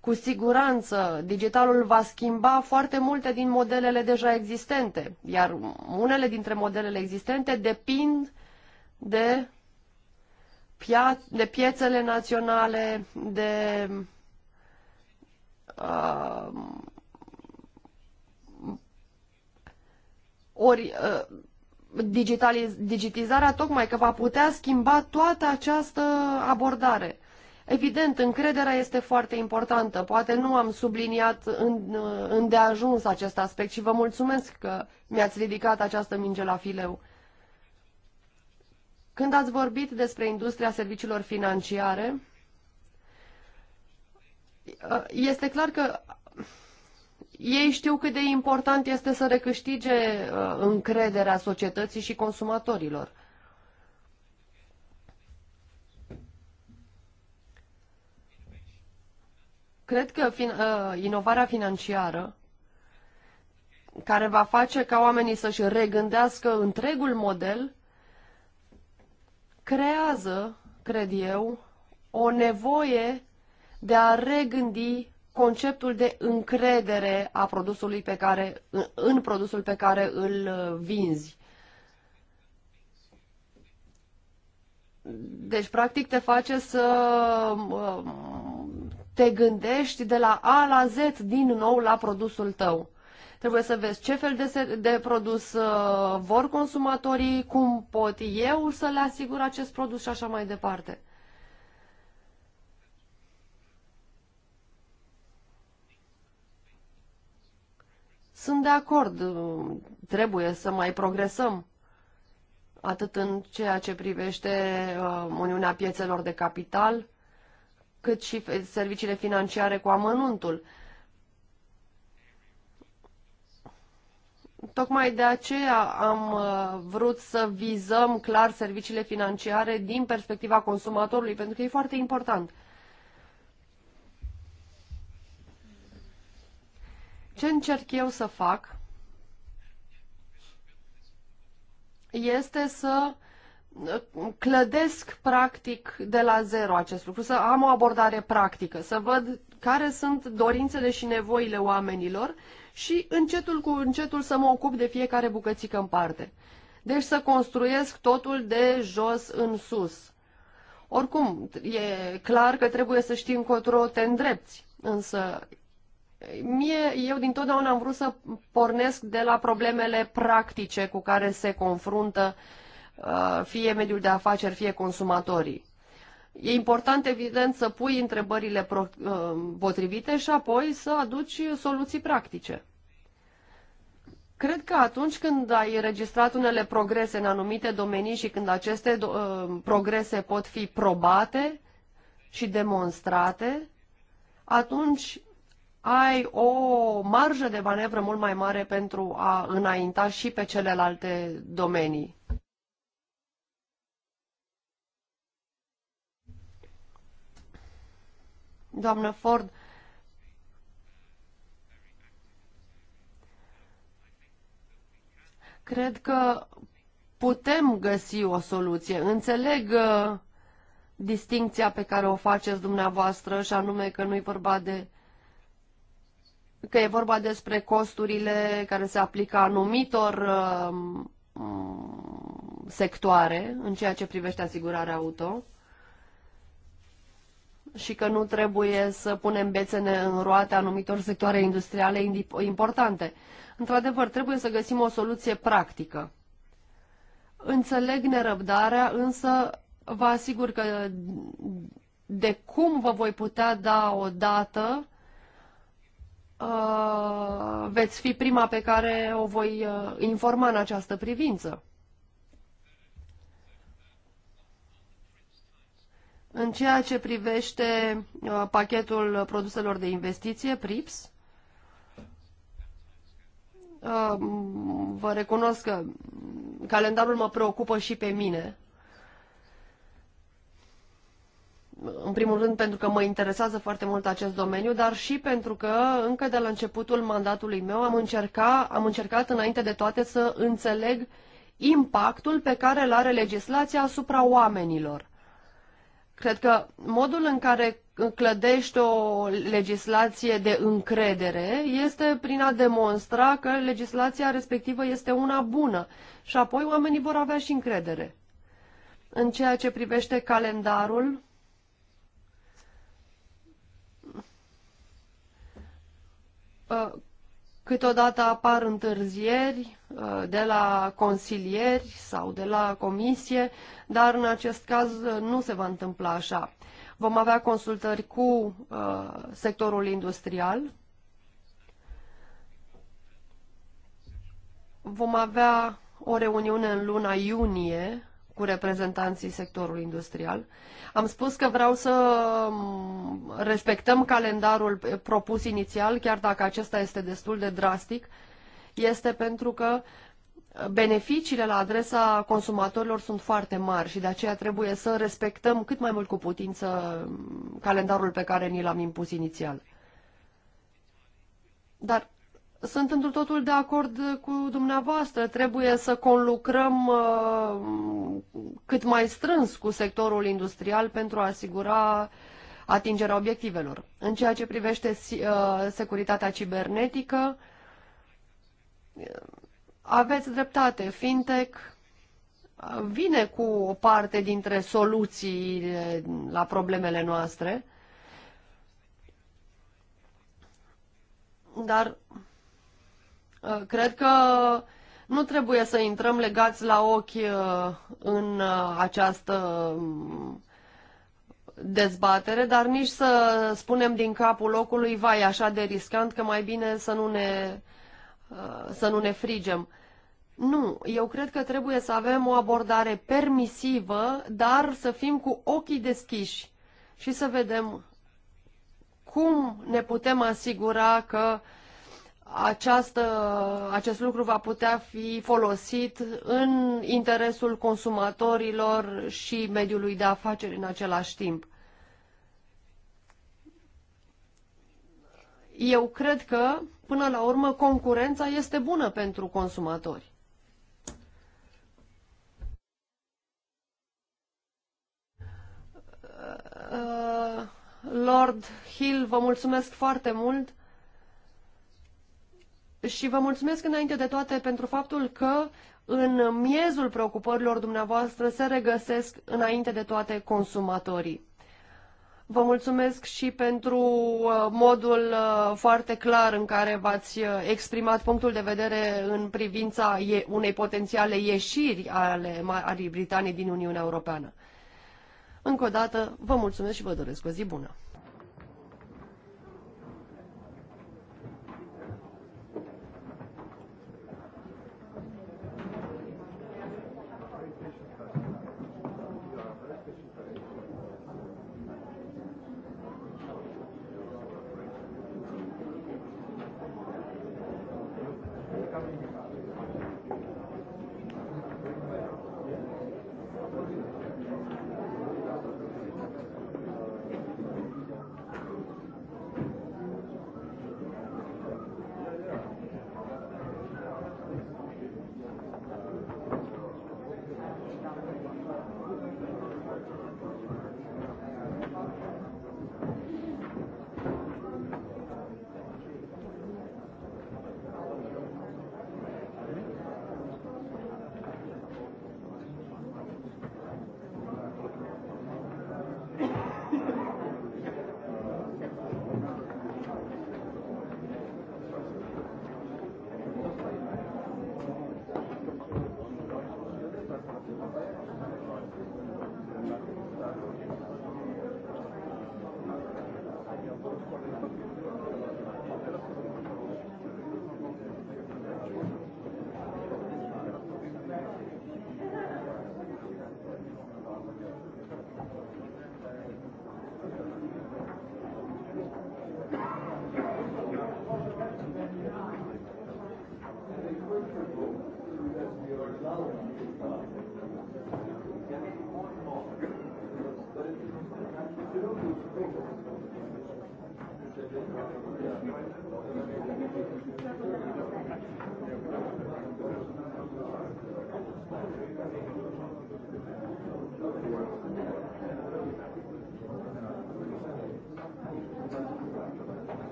Cu siguranță, digitalul va schimba foarte multe din modelele deja existente, iar unele dintre modelele existente depind de, pia- de piețele naționale, de uh, ori, uh, digitizarea tocmai că va putea schimba toată această abordare. Evident, încrederea este foarte importantă. Poate nu am subliniat în, îndeajuns acest aspect și vă mulțumesc că mi-ați ridicat această minge la fileu. Când ați vorbit despre industria serviciilor financiare, este clar că ei știu cât de important este să recâștige uh, încrederea societății și consumatorilor. Cred că fin uh, inovarea financiară care va face ca oamenii să-și regândească întregul model, creează, cred eu, o nevoie de a regândi conceptul de încredere a produsului pe care, în produsul pe care îl vinzi. Deci, practic, te face să te gândești de la A la Z din nou la produsul tău. Trebuie să vezi ce fel de, de produs uh, vor consumatorii, cum pot eu să le asigur acest produs și așa mai departe. Sunt de acord, trebuie să mai progresăm, atât în ceea ce privește uh, Uniunea Piețelor de Capital, cât și serviciile financiare cu amănuntul. Tocmai de aceea am uh, vrut să vizăm clar serviciile financiare din perspectiva consumatorului, pentru că e foarte important. Ce încerc eu să fac este să uh, clădesc practic de la zero acest lucru, să am o abordare practică, să văd care sunt dorințele și nevoile oamenilor și încetul cu încetul să mă ocup de fiecare bucățică în parte. Deci să construiesc totul de jos în sus. Oricum, e clar că trebuie să știi încotro te îndrepți, însă Mie, eu din totdeauna am vrut să pornesc de la problemele practice cu care se confruntă uh, fie mediul de afaceri, fie consumatorii. E important, evident, să pui întrebările uh, potrivite și apoi să aduci soluții practice. Cred că atunci când ai registrat unele progrese în anumite domenii și când aceste uh, progrese pot fi probate și demonstrate, atunci ai o marjă de manevră mult mai mare pentru a înainta și pe celelalte domenii. Doamnă Ford, cred că putem găsi o soluție. Înțeleg uh, distincția distinția pe care o faceți dumneavoastră și anume că nu-i vorba de că e vorba despre costurile care se aplică anumitor um, um, sectoare în ceea ce privește asigurarea auto și că nu trebuie să punem bețene în roate anumitor sectoare industriale importante. Într-adevăr, trebuie să găsim o soluție practică. Înțeleg nerăbdarea, însă vă asigur că de cum vă voi putea da o dată Uh, veți fi prima pe care o voi uh, informa în această privință. În ceea ce privește uh, pachetul produselor de investiție, PRIPS, vă recunosc că calendarul mă preocupă și pe mine. în primul rând pentru că mă interesează foarte mult acest domeniu, dar și pentru că încă de la începutul mandatului meu am încercat, am încercat înainte de toate să înțeleg impactul pe care îl are legislația asupra oamenilor. Cred că modul în care clădești o legislație de încredere este prin a demonstra că legislația respectivă este una bună și apoi oamenii vor avea și încredere. În ceea ce privește calendarul, Uh, câteodată apar întârzieri uh, de la consilieri sau de la comisie, dar în acest caz uh, nu se va întâmpla așa. Vom avea consultări cu sectorul industrial, vom avea o reuniune în luna iunie cu reprezentanții sectorului industrial. Am spus că vreau să mm, respectăm calendarul propus inițial, chiar dacă acesta este destul de drastic, este pentru că beneficiile la adresa consumatorilor sunt foarte mari și de aceea trebuie să respectăm cât mai mult cu putință mm, calendarul pe care ni l-am impus inițial. Dar sunt într totul de acord cu dumneavoastră. Trebuie să conlucrăm uh, cât mai strâns cu sectorul industrial pentru a asigura atingerea obiectivelor. În ceea ce privește uh, securitatea cibernetică, aveți dreptate. Fintech vine cu o parte dintre soluțiile la problemele noastre, dar Uh, cred că nu trebuie să intrăm legați la ochi uh, în uh, această um, dezbatere, dar nici să spunem din capul locului, vai, așa de riscant că mai bine să nu ne, să nu ne frigem. Nu, eu cred că trebuie să avem o abordare permisivă, dar să fim cu ochii deschiși și să vedem cum ne putem asigura că uh, această, acest lucru va putea fi folosit în interesul consumatorilor și mediului de afaceri în același timp. Eu cred că, până la urmă, concurența este bună pentru consumatori. Uh, Lord Hill, vă mulțumesc foarte mult și vă mulțumesc înainte de toate pentru faptul că în miezul preocupărilor dumneavoastră se regăsesc înainte de toate consumatorii. Vă mulțumesc și pentru uh, modul uh, foarte clar în care v-ați uh, exprimat punctul de vedere în privința unei potențiale ieșiri ale Marii Britanii din Uniunea Europeană. Încă o dată, vă mulțumesc și vă doresc o zi bună!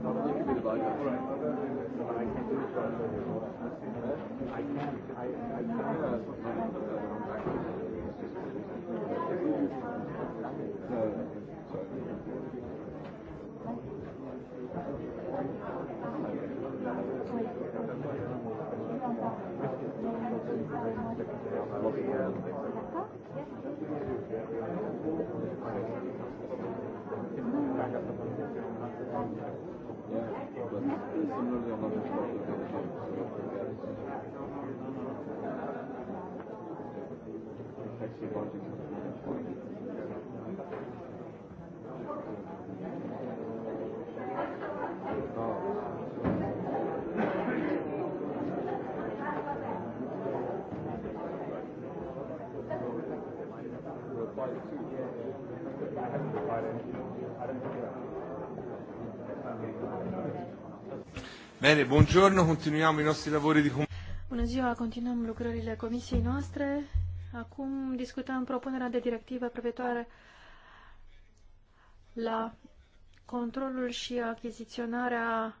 I can. I, I can. Bene, buongiorno, continuiamo i nostri lavori di Bună ziua, continuăm lucrările comisiei noastre. Acum discutăm propunerea de directivă privitoare la controlul și achiziționarea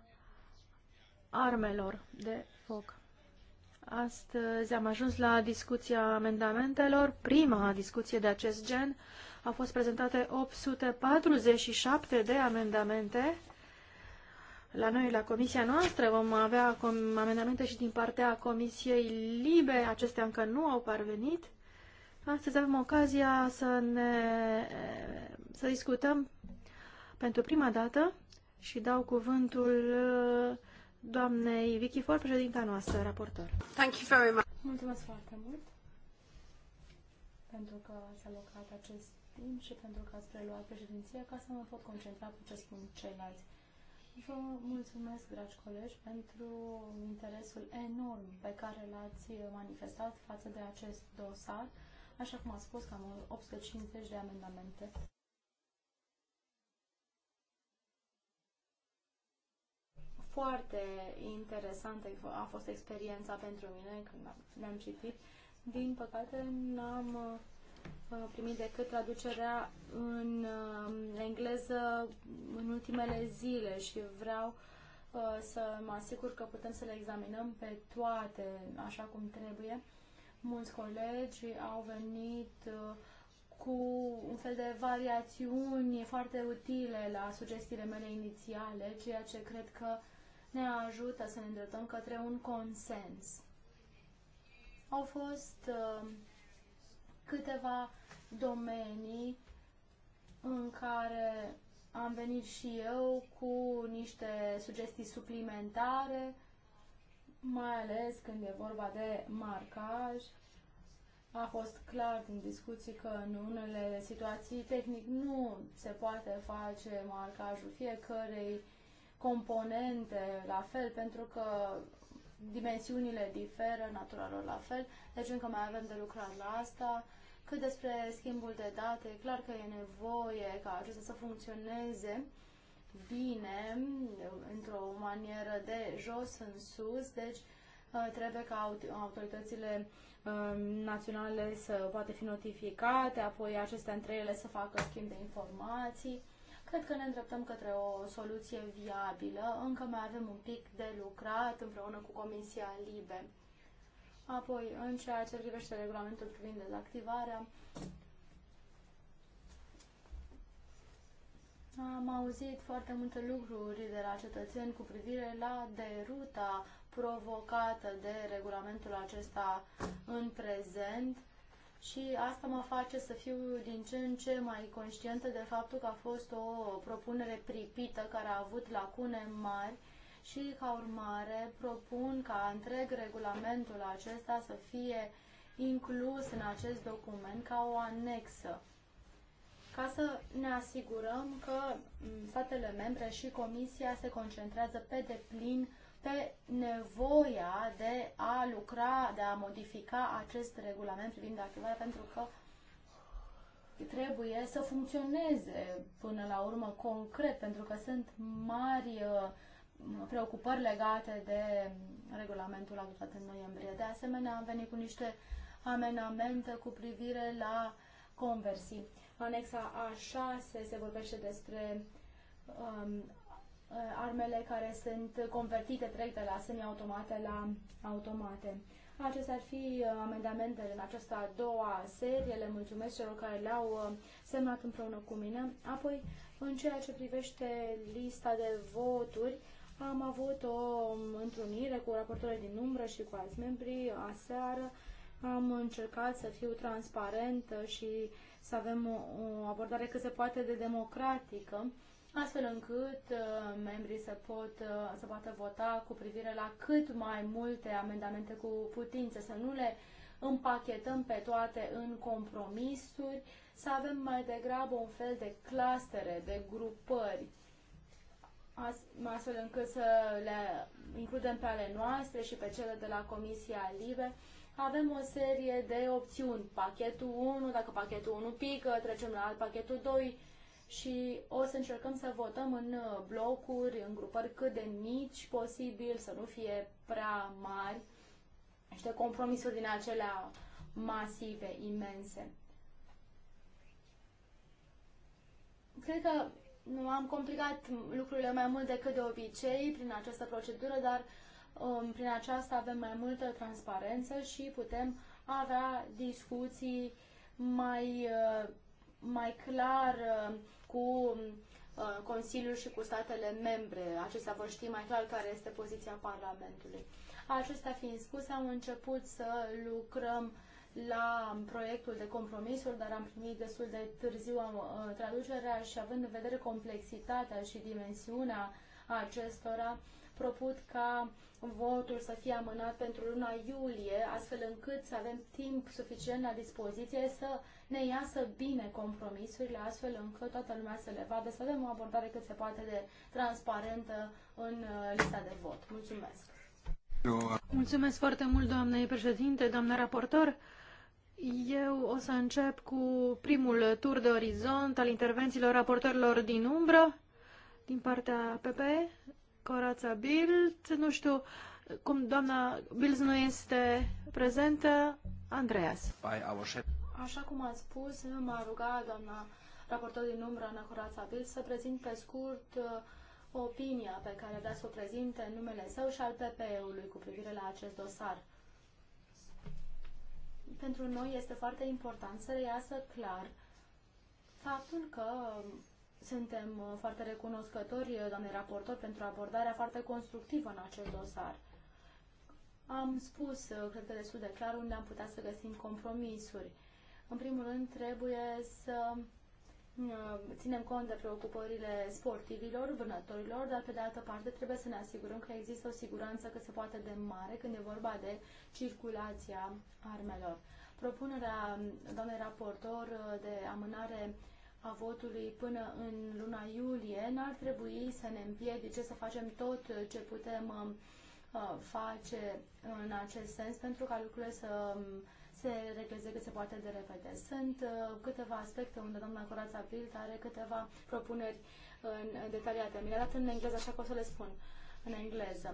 armelor de foc. Astăzi am ajuns la discuția amendamentelor. Prima discuție de acest gen a fost prezentate 847 de amendamente la noi, la comisia noastră, vom avea amendamente și din partea comisiei libe, acestea încă nu au parvenit. Astăzi avem ocazia să, ne, să discutăm pentru prima dată și dau cuvântul uh, doamnei Vicky Ford, președinta noastră, raportor. Thank you very much. Mulțumesc foarte mult pentru că ați alocat acest timp și pentru că ați preluat președinția ca să mă pot concentra pe ce spun ceilalți. Vă mulțumesc, dragi colegi, pentru interesul enorm pe care l-ați manifestat față de acest dosar. Așa cum am spus, cam 850 de amendamente. Foarte interesantă a fost experiența pentru mine când le-am citit. Din păcate, n-am Uh, primit decât traducerea în uh, engleză în ultimele zile și vreau uh, să mă asigur că putem să le examinăm pe toate așa cum trebuie. Mulți colegi au venit cu un fel de variațiuni foarte utile la sugestiile mele inițiale, ceea ce cred că ne ajută să ne îndreptăm către un consens. Au fost uh, câteva domenii în care am venit și eu cu niște sugestii suplimentare, mai ales când e vorba de marcaj. A fost clar din discuții că în unele situații tehnic nu se poate face marcajul fiecărei componente la fel, pentru că dimensiunile diferă, natural la fel, deci încă mai avem de lucrat la asta. Cât despre schimbul de date, e clar că e nevoie ca acesta să funcționeze bine, într-o manieră de jos în sus, deci uh, trebuie ca autoritățile uh, naționale să poate fi notificate, apoi acestea între ele să facă schimb de informații. Cred că ne îndreptăm către o soluție viabilă. Încă mai avem un pic de lucrat împreună cu Comisia Libe. Apoi, în ceea ce privește regulamentul privind dezactivarea, am auzit foarte multe lucruri de la cetățeni cu privire la deruta provocată de regulamentul acesta în prezent și asta mă face să fiu din ce în ce mai conștientă de faptul că a fost o propunere pripită care a avut lacune mari și, ca urmare, propun ca întreg regulamentul acesta să fie inclus în acest document ca o anexă, ca să ne asigurăm că statele membre și Comisia se concentrează pe deplin pe nevoia de a lucra, de a modifica acest regulament privind activarea, pentru că trebuie să funcționeze până la urmă concret, pentru că sunt mari uh, preocupări legate de regulamentul adoptat în noiembrie. De asemenea, am venit cu niște amenamente cu privire la conversii. Anexa A6 se vorbește despre um, armele care sunt convertite trec de la semiautomate la automate. Acestea ar fi uh, amendamentele în această a doua serie. Le mulțumesc celor care le-au uh, semnat împreună cu mine. Apoi, în ceea ce privește lista de voturi, am avut o întâlnire cu raportorul din umbră și cu alți membri aseară. Am încercat să fiu transparentă și să avem o, abordare cât se poate de democratică, astfel încât uh, membrii să, pot, uh, să poată vota cu privire la cât mai multe amendamente cu putință, să nu le împachetăm pe toate în compromisuri, să avem mai degrabă un fel de clastere, de grupări astfel încât să le includem pe ale noastre și pe cele de la Comisia Libe. Avem o serie de opțiuni. Pachetul 1, dacă pachetul 1 pică, trecem la alt pachetul 2 și o să încercăm să votăm în blocuri, în grupări cât de mici posibil, să nu fie prea mari, niște compromisuri din acelea masive, imense. Cred că nu am complicat lucrurile mai mult decât de obicei prin această procedură, dar um, prin aceasta avem mai multă transparență și putem avea discuții mai, uh, mai clar uh, cu uh, Consiliul și cu statele membre. Acestea vor ști mai clar care este poziția Parlamentului. Acestea fiind spuse, am început să lucrăm uh, la proiectul de compromisuri, dar am primit destul de târziu uh, traducerea și având în vedere complexitatea și dimensiunea acestora, propun ca votul să fie amânat pentru luna iulie, astfel încât să avem timp suficient la dispoziție să ne iasă bine compromisurile, astfel încât toată lumea să le vadă, să avem o abordare cât se poate de transparentă în uh, lista de vot. Mulțumesc! Mulțumesc foarte mult, doamnei președinte, doamna raportor. Eu o să încep cu primul tur de orizont al intervențiilor raportorilor din umbră, din partea PP, Corața Bild, nu știu cum doamna Bild nu este prezentă, Andreas. Așa cum a spus, m-a rugat doamna raportor din umbră, Ana Corața Bild, să prezint pe scurt uh, opinia pe care vrea să o prezinte în numele său și al pp ului cu privire la acest dosar pentru noi este foarte important să reiasă clar faptul că suntem uh, foarte recunoscători, uh, doamne raportor, pentru abordarea foarte constructivă în acest dosar. Am spus, uh, cred că destul de clar, unde am putea să găsim compromisuri. În primul rând, trebuie să Uh, ținem cont de preocupările sportivilor, vânătorilor, dar pe de altă parte trebuie să ne asigurăm că există o siguranță cât se poate de mare când e vorba de circulația armelor. Propunerea um, doamnei raportor uh, de amânare a votului până în luna iulie n-ar trebui să ne împiedice să facem tot ce putem uh, face în acest sens pentru ca lucrurile să um, se regleze cât se poate de repede. Sunt uh, câteva aspecte unde doamna Corața Bilt are câteva propuneri în, în detaliate. Mi le-a dat în engleză, așa că o să le spun în engleză.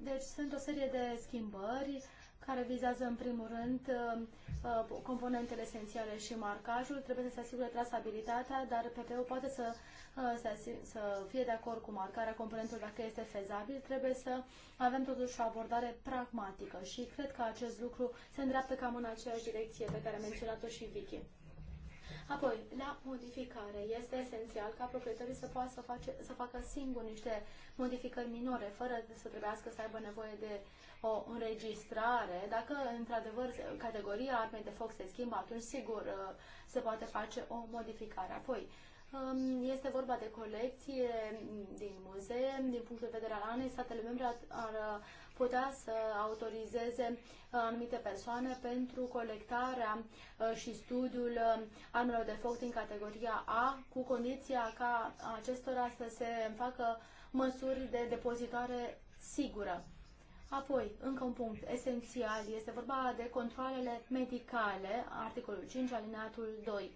Deci sunt o serie de schimbări care vizează în primul rând uh, uh, componentele esențiale și marcajul. Trebuie să se asigure trasabilitatea, dar PPO poate să, uh, să, să fie de acord cu marcarea componentului dacă este fezabil. Trebuie să avem totuși o abordare pragmatică și cred că acest lucru se îndreaptă cam în aceeași direcție pe care a menționat-o și Vicky. Apoi, la modificare, este esențial ca proprietarii să poată să, face, să facă singur niște modificări minore, fără să trebuiască să aibă nevoie de o înregistrare. Dacă, într-adevăr, categoria armei de foc se schimbă, atunci, sigur, uh, se poate face o modificare. Apoi, um, este vorba de colecție mm, din muzee, din punctul de vedere al anei, statele membre ar putea să autorizeze uh, anumite persoane pentru colectarea uh, și studiul uh, armelor de foc din categoria A, cu condiția ca acestora să se facă măsuri de depozitare sigură. Apoi, încă un punct esențial, este vorba de controlele medicale, articolul 5, alineatul 2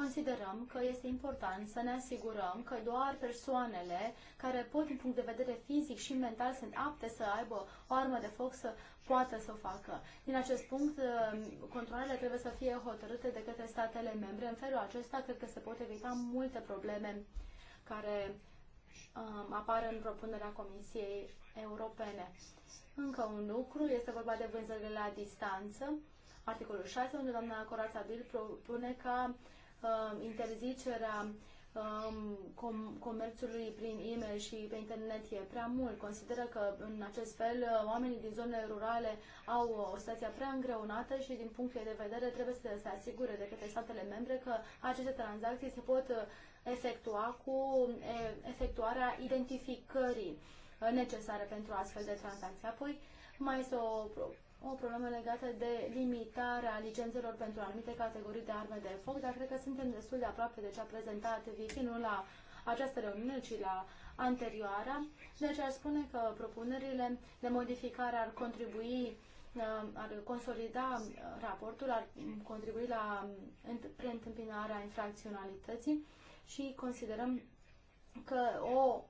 considerăm că este important să ne asigurăm că doar persoanele care pot, din punct de vedere fizic și mental, sunt apte să aibă o armă de foc să poată să o facă. Din acest punct, uh, controlele trebuie să fie hotărâte de către statele membre. În felul acesta, cred că se pot evita multe probleme care um, apar în propunerea Comisiei Europene. Încă un lucru, este vorba de vânzările la distanță. Articolul 6, unde doamna Corața Bil propune ca uh, interzicerea um, com- comerțului prin e-mail și pe internet e prea mult. Consideră că în acest fel oamenii din zonele rurale au o situație prea îngreunată și din punctul de vedere trebuie să se asigure de către statele membre că aceste tranzacții se pot uh, efectua cu efectuarea identificării necesare pentru astfel de tranzacții. Apoi mai este o o problemă legată de limitarea licențelor pentru anumite categorii de arme de foc, dar cred că suntem destul de aproape de ce a prezentat Vicky, nu la această reuniune, ci la anterioara. Deci aș spune că propunerile de modificare ar contribui uh, ar consolida uh, raportul, ar contribui la uh, preîntâmpinarea infracționalității și considerăm că o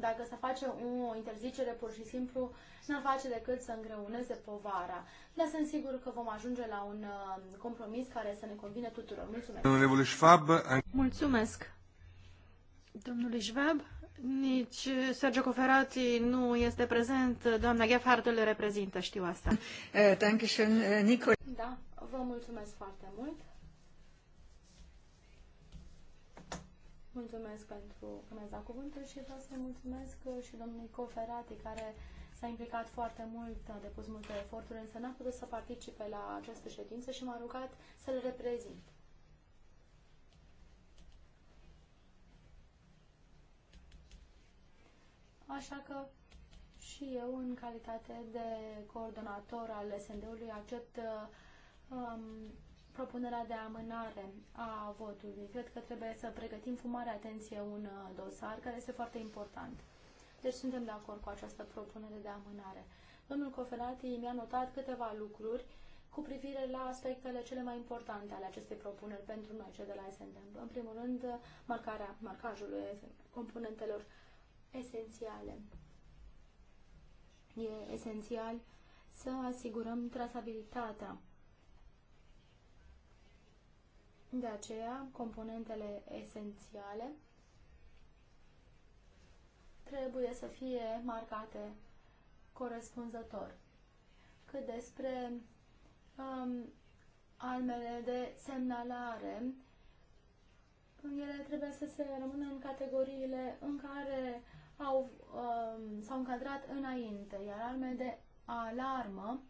dacă se face o interzicere pur și simplu, n-ar face decât să îngreuneze povara. Dar sunt sigur că vom ajunge la un uh, compromis care să ne convine tuturor. Mulțumesc! Domnule Schwab, Mulțumesc! Domnule Schwab, nici Sergio Coferati nu este prezent, doamna Gephardt îl reprezintă, știu asta. Thank eh, you, eh, Nicole. Da, vă mulțumesc foarte mult. Mulțumesc pentru că mi-ați dat cuvântul și vreau să mulțumesc uh, și domnului Coferati, care s-a implicat foarte mult, a depus multe eforturi, însă n-a putut să participe la această ședință și m-a rugat să-l reprezint. Așa că și eu, în calitate de coordonator al SND-ului, accept uh, um, propunerea de amânare a votului. Cred că trebuie să pregătim cu mare atenție un uh, dosar care este foarte important. Deci suntem de acord cu această propunere de amânare. Domnul Coferati mi-a notat câteva lucruri cu privire la aspectele cele mai importante ale acestei propuneri pentru noi, cei de la SND. În primul rând, marcarea marcajului componentelor esențiale. E esențial să asigurăm trasabilitatea de aceea, componentele esențiale trebuie să fie marcate corespunzător. Cât despre um, almele de semnalare, ele trebuie să se rămână în categoriile în care au, um, s-au încadrat înainte, iar arme de alarmă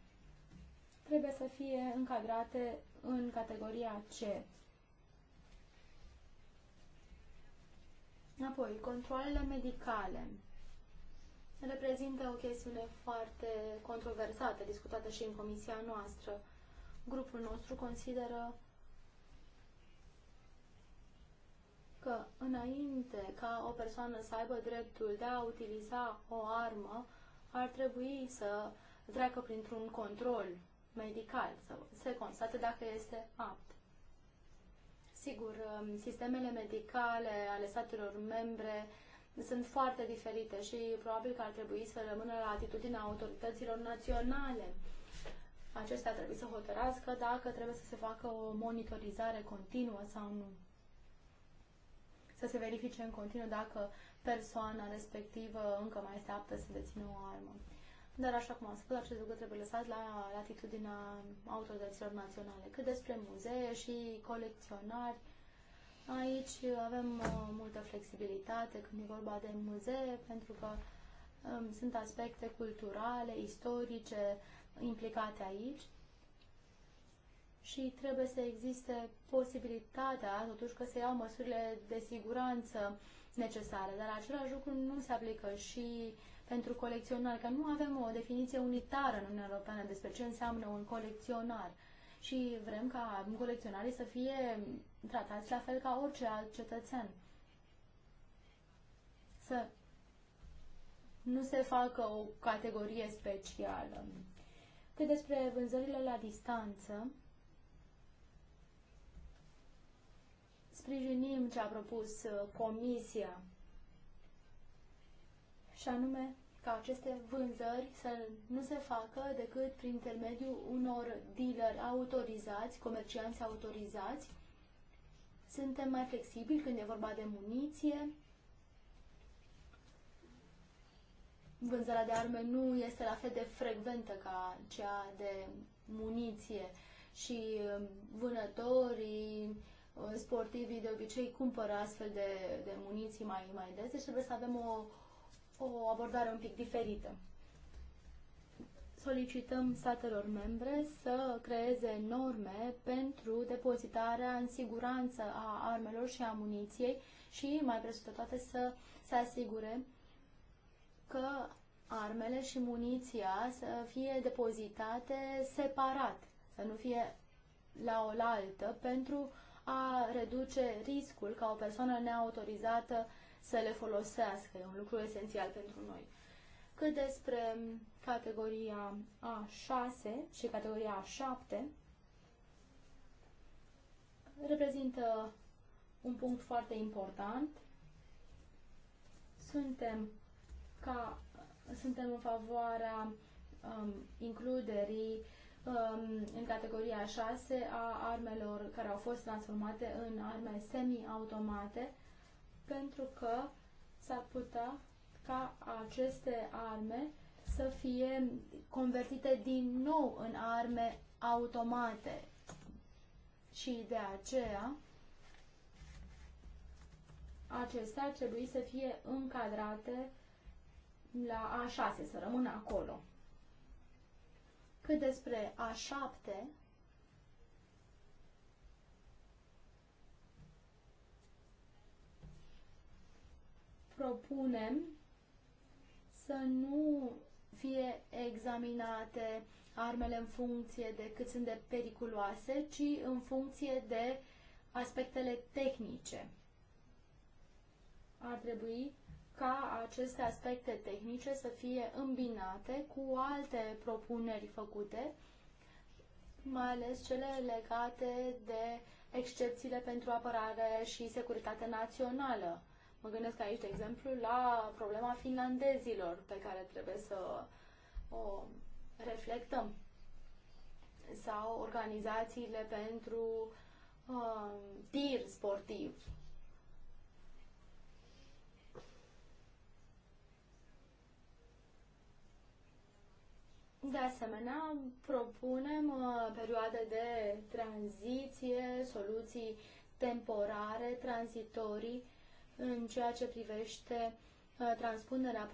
trebuie să fie încadrate în categoria C. Apoi, controlele medicale reprezintă o chestiune foarte controversată, discutată și în comisia noastră. Grupul nostru consideră că înainte ca o persoană să aibă dreptul de a utiliza o armă, ar trebui să treacă printr-un control medical, să se constate dacă este apt. Sigur, um, sistemele medicale ale statelor membre sunt foarte diferite și probabil că ar trebui să rămână la atitudinea autorităților naționale. Acestea trebuie să hotărască dacă trebuie să se facă o monitorizare continuă sau nu. Să se verifice în continuu dacă persoana respectivă încă mai este aptă să dețină o armă. Dar, așa cum am spus, acest lucru trebuie lăsat la latitudinea autorităților naționale. Cât despre muzee și colecționari, aici avem uh, multă flexibilitate când e vorba de muzee, pentru că um, sunt aspecte culturale, istorice implicate aici și trebuie să existe posibilitatea, totuși, că se iau măsurile de siguranță necesare, dar același lucru nu se aplică și pentru colecționar, că nu avem o definiție unitară în Uniunea Europeană despre ce înseamnă un colecționar și vrem ca colecționarii să fie tratați la fel ca orice alt cetățean. Să nu se facă o categorie specială. Cât despre vânzările la distanță, sprijinim ce a propus uh, Comisia și anume ca aceste vânzări să nu se facă decât prin intermediul unor dealeri autorizați, comercianți autorizați. Suntem mai flexibili când e vorba de muniție. Vânzarea de arme nu este la fel de frecventă ca cea de muniție și um, vânătorii Uh, sportivii de obicei cumpără astfel de, de muniții mai, mai des, deci trebuie să avem o, o abordare un pic diferită. Solicităm statelor membre să creeze norme pentru depozitarea în siguranță a armelor și a muniției și, mai presus de toate, să se asigure că armele și muniția să fie depozitate separat, să nu fie la oaltă, pentru a reduce riscul ca o persoană neautorizată să le folosească. E un lucru esențial pentru noi. Cât despre categoria A6 și categoria A7, reprezintă un punct foarte important. Suntem, ca, suntem în favoarea um, includerii Um, în categoria 6 a armelor care au fost transformate în arme semi-automate, pentru că s-ar putea ca aceste arme să fie convertite din nou în arme automate. Și de aceea acestea ar trebui să fie încadrate la A6, să rămână acolo. Cât despre A7, propunem să nu fie examinate armele în funcție de cât sunt de periculoase, ci în funcție de aspectele tehnice. Ar trebui ca aceste aspecte tehnice să fie îmbinate cu alte propuneri făcute, mai ales cele legate de excepțiile pentru apărare și securitate națională. Mă gândesc aici, de exemplu, la problema finlandezilor pe care trebuie să o reflectăm sau organizațiile pentru uh, tir sportiv De asemenea, propunem uh, perioade de tranziție, soluții temporare, tranzitorii, în ceea ce privește uh, transpunerea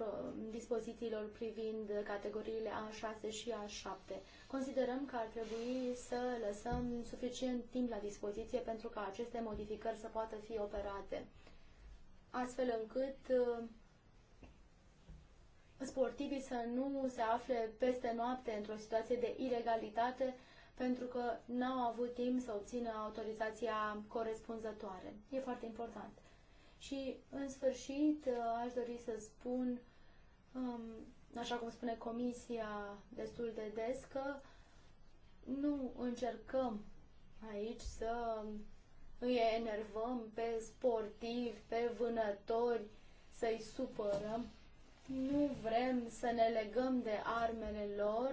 dispozițiilor privind categoriile A6 și A7. Considerăm că ar trebui să lăsăm suficient timp la dispoziție pentru ca aceste modificări să poată fi operate, astfel încât uh, sportivii să nu se afle peste noapte într-o situație de ilegalitate pentru că n-au avut timp să obțină autorizația corespunzătoare. E foarte important. Și, în sfârșit, uh, aș dori să spun, um, așa cum spune Comisia destul de des, că nu încercăm aici să um, îi enervăm pe sportivi, pe vânători, să-i supărăm nu vrem să ne legăm de armele lor,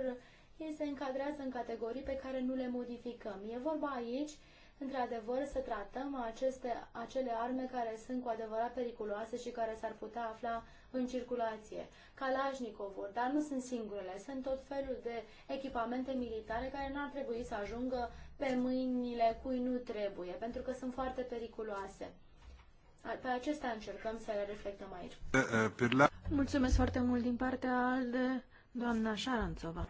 ei se încadrează în categorii pe care nu le modificăm. E vorba aici, într-adevăr, să tratăm aceste, acele arme care sunt cu adevărat periculoase și care s-ar putea afla în circulație. Kalashnikovuri, dar nu sunt singurele, sunt tot felul de echipamente militare care nu ar trebui să ajungă pe mâinile cui nu trebuie, pentru că sunt foarte periculoase. Pe acestea încercăm să le reflectăm aici. Eh, eh, mulțumesc foarte mult din partea ALDE, doamna Șaranțova.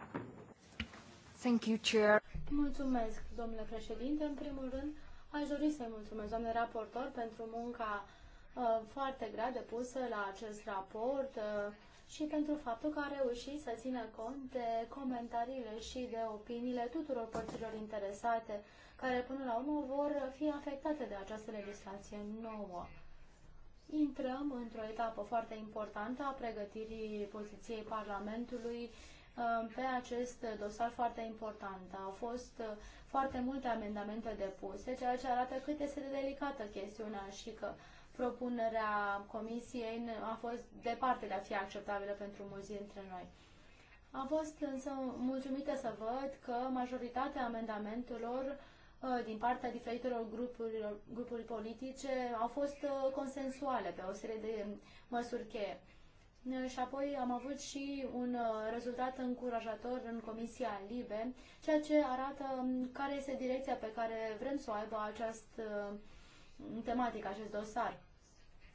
Thank you, Chair. Mulțumesc, domnule președinte. În primul rând, aș dori să-i mulțumesc, doamne raportor, pentru munca uh, foarte grea depusă la acest raport uh, și pentru faptul că a reușit să țină cont de comentariile și de opiniile tuturor părților interesate, care până la urmă vor fi afectate de această legislație nouă intrăm într-o etapă foarte importantă a pregătirii poziției Parlamentului uh, pe acest dosar foarte important. Au fost uh, foarte multe amendamente depuse, ceea ce arată cât este de delicată chestiunea și că propunerea Comisiei a fost departe de a fi acceptabilă pentru mulți dintre noi. Am fost însă mulțumită să văd că majoritatea amendamentelor Uh, din partea diferitelor grupurilor, grupuri politice au fost uh, consensuale pe o serie de măsuri cheie. Și apoi am avut și un uh, rezultat încurajator în Comisia Libe, ceea ce arată um, care este direcția pe care vrem să o aibă această tematică, acest dosar.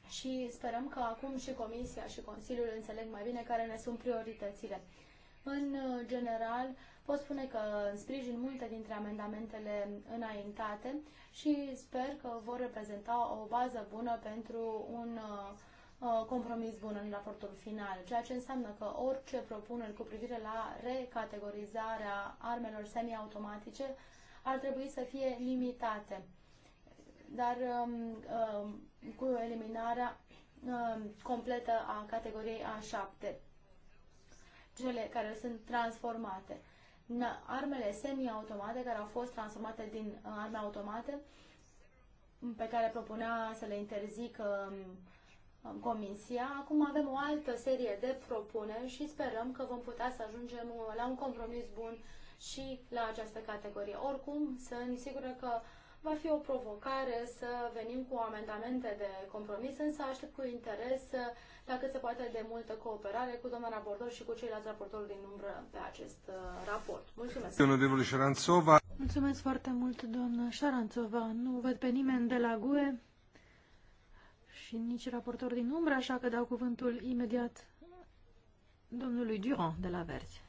Și sperăm că acum și Comisia și Consiliul înțeleg mai bine care ne sunt prioritățile. În general, Pot spune că sprijin multe dintre amendamentele înaintate și sper că vor reprezenta o bază bună pentru un uh, uh, compromis bun în raportul final, ceea ce înseamnă că orice propuneri cu privire la recategorizarea armelor semiautomatice ar trebui să fie limitate, dar um, um cu eliminarea um, completă a categoriei A7, cele care sunt transformate armele semi-automate care au fost transformate din uh, arme automate mm, pe care propunea să le interzică mm, mm, Comisia. Acum avem o altă serie de propuneri și sperăm că vom putea să ajungem uh, la un compromis bun și la această categorie. Oricum, sunt sigură că va fi o provocare să venim cu amendamente de compromis, însă aștept cu interes uh, la cât se poate de multă cooperare cu domnul raportor și cu ceilalți raportori din umbră pe acest uh, raport. Mulțumesc! Domnul Șaranțova. Mulțumesc foarte mult, doamnă Șaranțova. Nu văd pe nimeni de la GUE și nici raportor din umbră, așa că dau cuvântul imediat domnului Durand de la Verzi.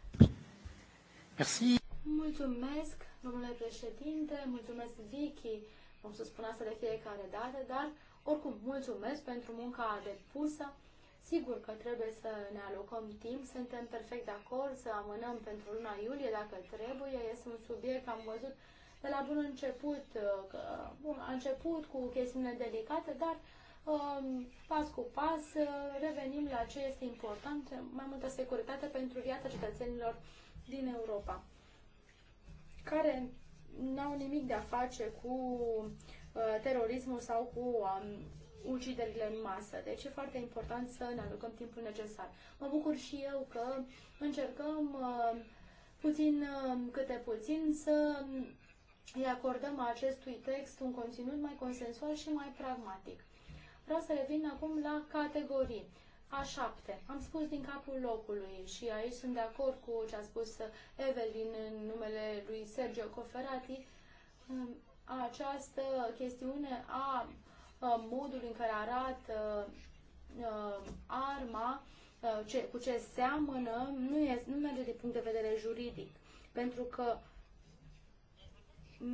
Merci. Mulțumesc, domnule președinte, mulțumesc, Vicky, o să spun asta de fiecare dată, dar oricum mulțumesc pentru munca depusă. Sigur că trebuie să ne alocăm timp, suntem perfect de acord să amânăm pentru luna iulie dacă trebuie. Este un subiect, am văzut de la bun început, uh, că, bun, a început cu chestiune delicate, dar um, pas cu pas uh, revenim la ce este important, mai multă securitate pentru viața cetățenilor din Europa, care n-au nimic de a face cu uh, terorismul sau cu um, uciderile în masă. Deci e foarte important să ne alocăm timpul necesar. Mă bucur și eu că încercăm uh, puțin uh, câte puțin să îi acordăm acestui text un conținut mai consensual și mai pragmatic. Vreau să revin acum la categorii. A șapte. Am spus din capul locului și aici sunt de acord cu ce a spus Evelyn în numele lui Sergio Coferati. Această chestiune a Uh, modul în care arată uh, uh, arma, ce, cu ce seamănă, nu, e, nu merge din punct de vedere juridic. Pentru că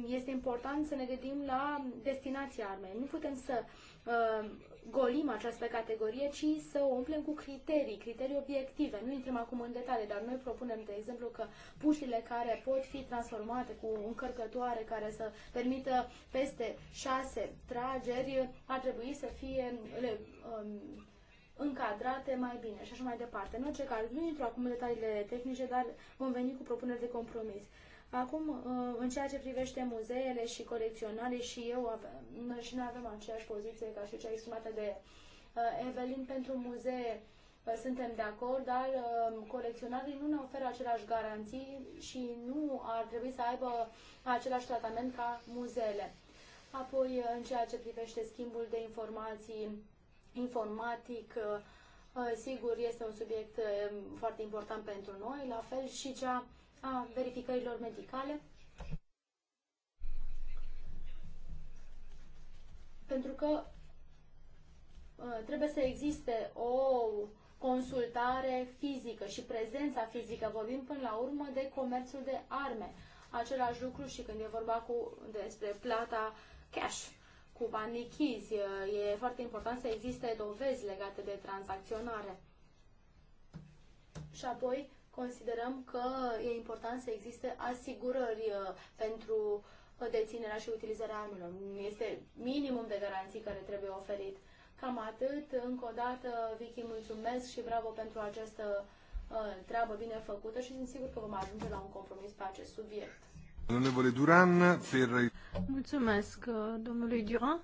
este important să ne gândim la destinația armei. Nu putem să uh, golim această categorie, ci să o umplem cu criterii, criterii obiective. Nu intrăm acum în detalii, dar noi propunem, de exemplu, că puștile care pot fi transformate cu încărcătoare care să permită peste șase trageri ar trebui să fie le, um, încadrate mai bine și așa mai departe. În orice caz, nu intru acum în detaliile tehnice, dar vom veni cu propuneri de compromis. Acum, uh, în ceea ce privește muzeele și colecționarii și eu avem, și noi avem aceeași poziție ca și cea exprimată de uh, Evelyn pentru muzee uh, suntem de acord, dar colecționarii nu ne oferă aceleași garanții și nu ar trebui să aibă același tratament ca muzeele. Apoi, în ceea ce privește schimbul de informații informatic, sigur, este un subiect foarte important pentru noi, la fel și cea a verificărilor medicale, pentru că uh, trebuie să existe o consultare fizică și prezența fizică. Vorbim până la urmă de comerțul de arme. Același lucru și când e vorba cu, despre plata cash cu banii chizi. E foarte important să existe dovezi legate de tranzacționare. Și apoi considerăm că e important să existe asigurări uh, pentru uh, deținerea și utilizarea armelor. Este minimum de garanții care trebuie oferit. Cam atât. Încă o dată, Vicky, mulțumesc și bravo pentru această uh, treabă bine făcută și sunt sigur că vom ajunge la un compromis pe acest subiect. Domnule Duran, per... Mulțumesc, domnului Duran.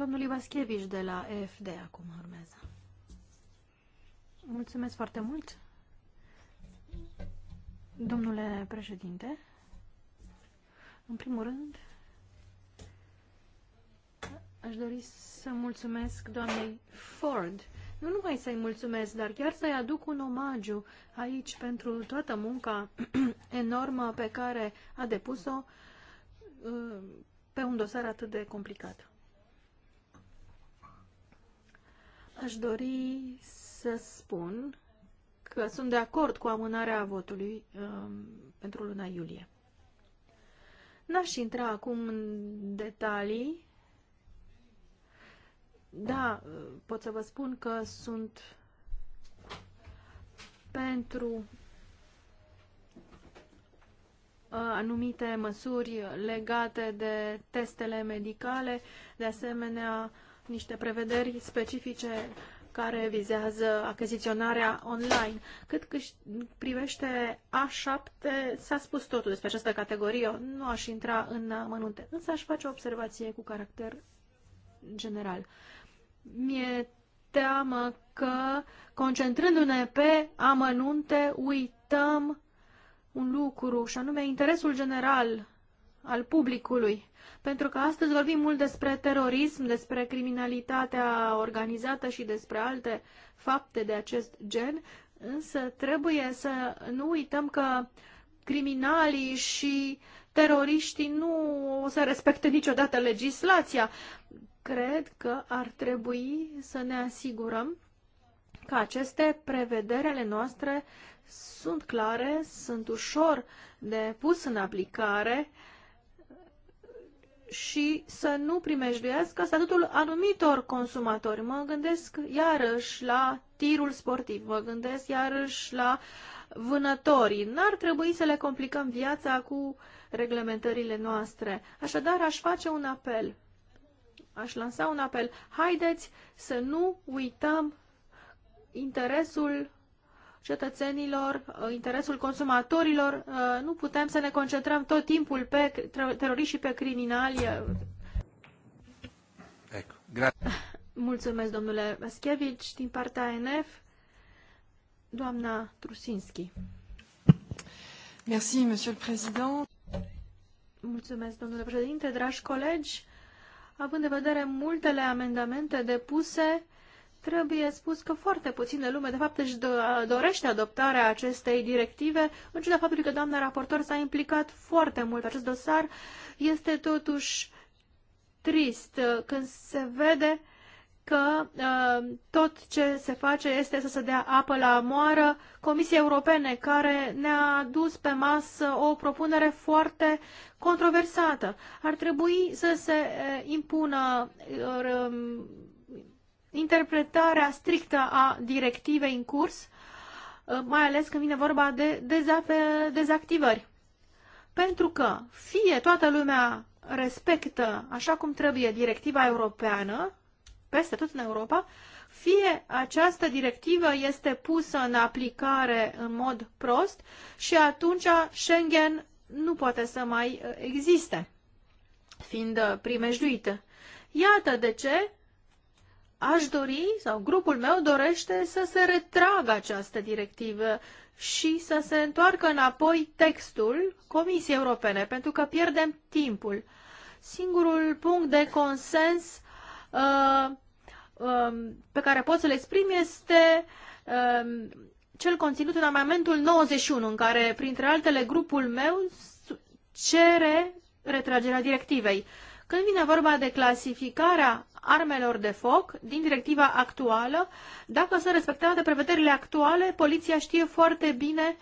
Domnul Ivaschevici de la EFD acum urmează. Mulțumesc foarte mult. Domnule președinte, în primul rând, aș dori să mulțumesc doamnei Ford. Nu numai să-i mulțumesc, dar chiar să-i aduc un omagiu aici pentru toată munca enormă pe care a depus-o uh, pe un dosar atât de complicat. Aș dori să spun că sunt de acord cu amânarea votului um, pentru luna iulie. N-aș intra acum în detalii. Da, pot să vă spun că sunt pentru uh, anumite măsuri legate de testele medicale, de asemenea niște prevederi specifice care vizează achiziționarea online. Cât privește A7, s-a spus totul despre această categorie, nu aș intra în mănunte, însă aș face o observație cu caracter general. Mi-e teamă că, concentrându-ne pe amănunte, uităm un lucru, și anume interesul general al publicului. Pentru că astăzi vorbim mult despre terorism, despre criminalitatea organizată și despre alte fapte de acest gen, însă trebuie să nu uităm că criminalii și teroriștii nu o să respecte niciodată legislația. Cred că ar trebui să ne asigurăm că aceste prevederi ale noastre sunt clare, sunt ușor de pus în aplicare și să nu primejduiască statutul anumitor consumatori. Mă gândesc iarăși la tirul sportiv, mă gândesc iarăși la vânătorii. N-ar trebui să le complicăm viața cu reglementările noastre. Așadar, aș face un apel. Aș lansa un apel. Haideți să nu uităm interesul cetățenilor, uh, interesul consumatorilor. Uh, nu putem să ne concentrăm tot timpul pe teroriști și pe criminali. Mulțumesc, domnule Vaschevici, din partea ANF, doamna Trusinski. Merci, monsieur le président. Mulțumesc, domnule președinte, dragi colegi. Având în vedere multele amendamente depuse, Trebuie spus că foarte puțină lume, de fapt, își dorește adoptarea acestei directive, în ciuda faptului că doamna raportor s-a implicat foarte mult acest dosar. Este totuși trist uh, când se vede că uh, tot ce se face este să se dea apă la moară Comisiei Europene, care ne-a dus pe masă o propunere foarte controversată. Ar trebui să se uh, impună uh, interpretarea strictă a directivei în curs, uh, mai ales când vine vorba de dezactivări. Pentru că fie toată lumea respectă așa cum trebuie directiva europeană, peste tot în Europa, fie această directivă este pusă în aplicare în mod prost și atunci Schengen nu poate să mai uh, existe, fiind uh, primejduită. Iată de ce aș dori, sau grupul meu dorește să se retragă această directivă și să se întoarcă înapoi textul Comisiei Europene, pentru că pierdem timpul. Singurul punct de consens uh, uh, pe care pot să-l exprim este uh, cel conținut în amendamentul 91, în care, printre altele, grupul meu cere retragerea directivei. Când vine vorba de clasificarea armelor de foc din directiva actuală. Dacă sunt respectate prevederile actuale, poliția știe foarte bine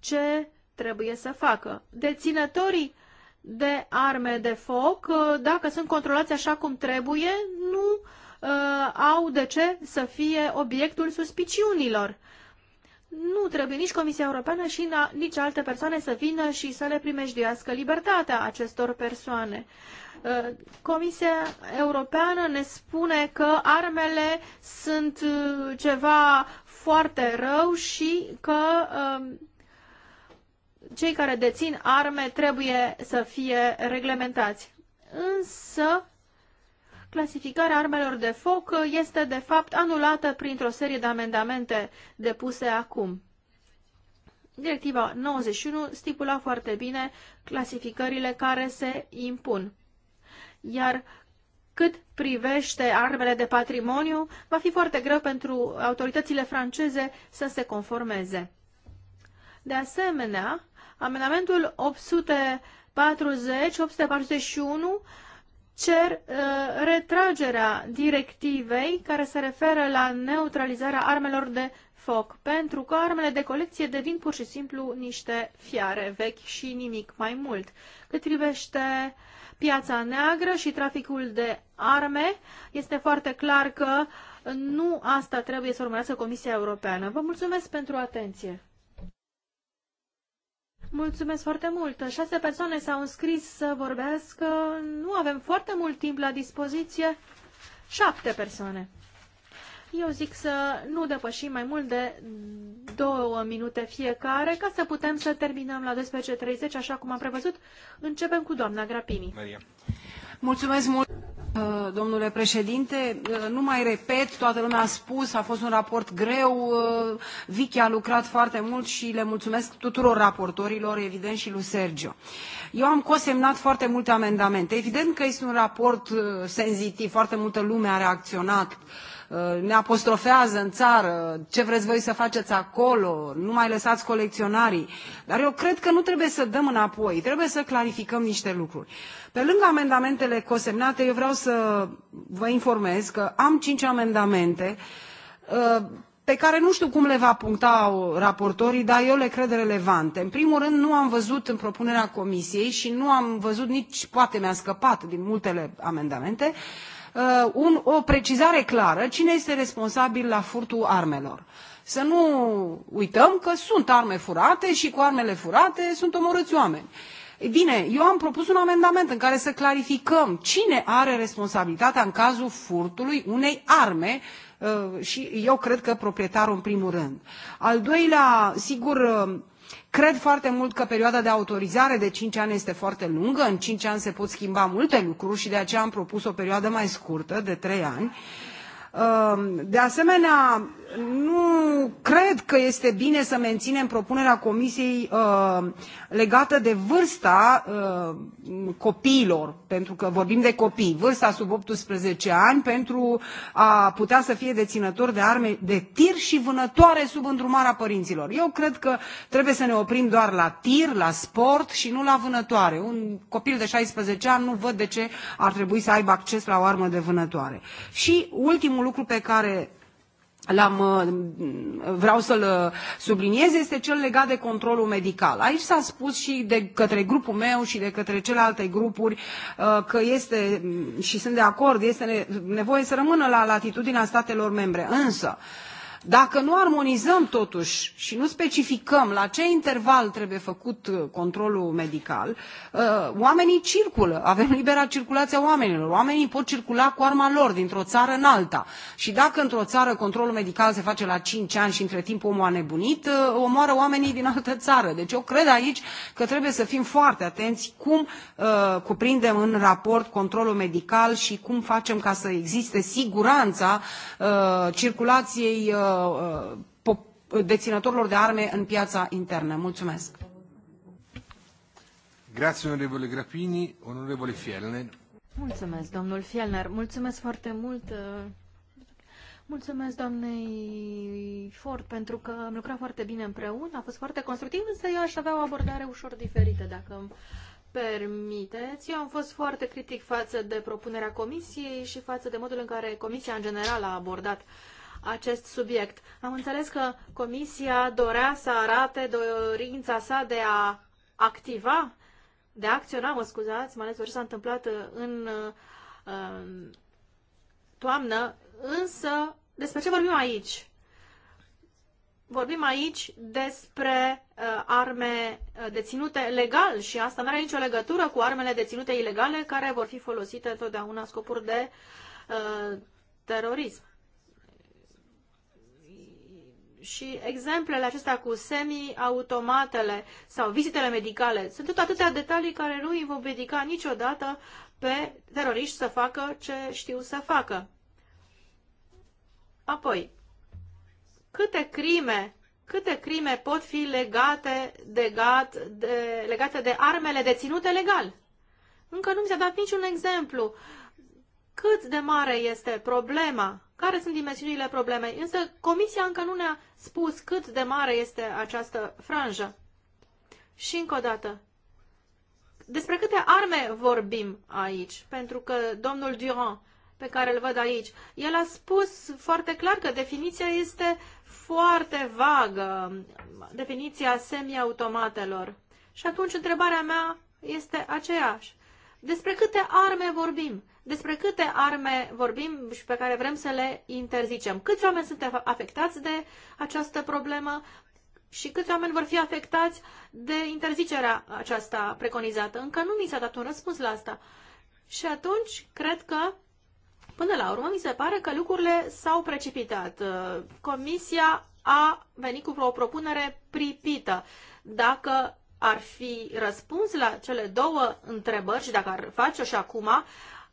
ce trebuie să facă. Deținătorii de arme de foc, uh, dacă sunt controlați așa cum trebuie, nu uh, au de ce să fie obiectul suspiciunilor. Nu trebuie nici Comisia Europeană și nici alte persoane să vină și să le primejduiască libertatea acestor persoane. Uh, Uh, Comisia Europeană ne spune că armele sunt uh, ceva foarte rău și că um, cei care dețin arme trebuie să fie reglementați. Însă, clasificarea armelor de foc este de fapt anulată printr-o serie de amendamente depuse acum. Directiva 91 stipula foarte bine clasificările care se impun iar cât privește armele de patrimoniu, va fi foarte greu pentru autoritățile franceze să se conformeze. De asemenea, amendamentul 840, 841 cer uh, retragerea directivei care se referă la neutralizarea armelor de foc, pentru că armele de colecție devin pur și simplu niște fiare vechi și nimic mai mult. Cât privește uh, piața neagră și traficul de arme. Este foarte clar că nu asta trebuie să urmărească Comisia Europeană. Vă mulțumesc pentru atenție! Mulțumesc foarte mult! Șase persoane s-au înscris să vorbească. Nu avem foarte mult timp la dispoziție. Șapte persoane. Eu zic să nu depășim mai mult de două minute fiecare ca să putem să terminăm la 12.30, așa cum am prevăzut. Începem cu doamna Grapini. Maria. Mulțumesc mult, uh, domnule președinte. Uh, nu mai repet, toată lumea a spus, a fost un raport greu. Uh, Vicky a lucrat foarte mult și le mulțumesc tuturor raportorilor, evident și lui Sergio. Eu am cosemnat foarte multe amendamente. Evident că este un raport senzitiv, foarte multă lume a reacționat uh, Uh, ne apostrofează în țară, ce vreți voi să faceți acolo, nu mai lăsați colecționarii. Dar eu cred că nu trebuie să dăm înapoi, trebuie să clarificăm niște lucruri. Pe lângă amendamentele cosemnate, eu vreau să vă informez că am cinci amendamente uh, pe care nu știu cum le va puncta raportorii, dar eu le cred relevante. În primul rând, nu am văzut în propunerea comisiei și nu am văzut nici, poate mi-a scăpat din multele amendamente, uh, Uh, o precizare clară cine este responsabil la furtul armelor. Să nu uităm că sunt arme furate și cu armele furate sunt omorâți oameni. Ei bine, eu am propus un amendament în care să clarificăm cine are responsabilitatea în cazul furtului unei arme uh, și eu cred că proprietarul în primul rând. Al doilea, sigur, uh, Cred foarte mult că perioada de autorizare de cinci ani este foarte lungă. În cinci ani se pot schimba multe lucruri și de aceea am propus o perioadă mai scurtă, de trei ani. Ehm, de asemenea, nu cred că este bine să menținem propunerea Comisiei ehm, legată de vârsta ehm, copiilor, pentru că vorbim de copii, vârsta sub 18 ani pentru a putea să fie deținător de arme de tir și vânătoare sub îndrumarea părinților. Eu cred că trebuie să ne oprim doar la tir, la sport și nu la vânătoare. Un copil de 16 ani nu văd de ce ar trebui să aibă acces la o armă de vânătoare. Și ultimul ultimul lucru pe care uh, vreau să l uh, subliniez este cel legat de controlul medical. Aici s-a spus și de către grupul meu și de către celelalte grupuri uh, că este, mm, și sunt de acord, este nevoie să rămână la latitudinea statelor membre. Însă, dacă nu armonizăm totuși și nu specificăm la ce interval trebuie făcut uh, controlul medical uh, oamenii circulă avem libera circulație a oamenilor oamenii pot circula cu arma lor dintr o țară în alta și dacă într o țară controlul medical se face la cinci ani și între timp omul a nebunit uh, omoară oamenii din altă țară deci eu cred aici că trebuie să fim foarte atenți cum cuprindem în raport controlul medical și cum facem ca să existe siguranța circulației Uh, uh, deținătorilor de arme în piața internă. Mulțumesc! Grazie, onorevole Grapini, onorevole Fielner. Mulțumesc, domnul Fielner. Mulțumesc foarte mult. Mulțumesc doamnei Ford pentru că am lucrat foarte bine împreună, a fost foarte constructiv, însă eu aș avea o abordare ușor diferită, dacă îmi permiteți. Eu am fost foarte critic față de propunerea comisiei și față de modul în care comisia în general a abordat uh, acest subiect. Am înțeles că Comisia dorea să arate dorința sa de a activa, de a acționa, mă scuzați, mai ales ce s-a întâmplat în toamnă, însă despre ce vorbim aici? Vorbim aici despre uh, arme uh, deținute legal și asta nu are nicio legătură cu armele deținute ilegale care vor fi folosite întotdeauna scopuri de uh, terorism și exemplele acestea cu semi-automatele sau vizitele medicale sunt tot atâtea detalii care nu îi vom ridica niciodată pe teroriști să facă ce știu să facă. Apoi, câte crime, câte crime pot fi legate, gat, de, legate de armele deținute legal? Încă nu mi s-a dat niciun exemplu. Cât de mare este problema? care sunt dimensiunile problemei. Însă Comisia încă nu ne-a spus cât de mare este această franjă. Și încă o dată, despre câte arme vorbim aici? Pentru că domnul Durand, pe care îl văd aici, el a spus foarte clar că definiția este foarte vagă, definiția semiautomatelor. Și atunci întrebarea mea este aceeași. Despre câte arme vorbim? despre câte arme vorbim și pe care vrem să le interzicem. Câți oameni sunt afectați de această problemă și câți oameni vor fi afectați de interzicerea aceasta preconizată. Încă nu mi s-a dat un răspuns la asta. Și atunci, cred că, până la urmă, mi se pare că lucrurile s-au precipitat. Comisia a venit cu o propunere pripită. Dacă ar fi răspuns la cele două întrebări și dacă ar face-o și acum,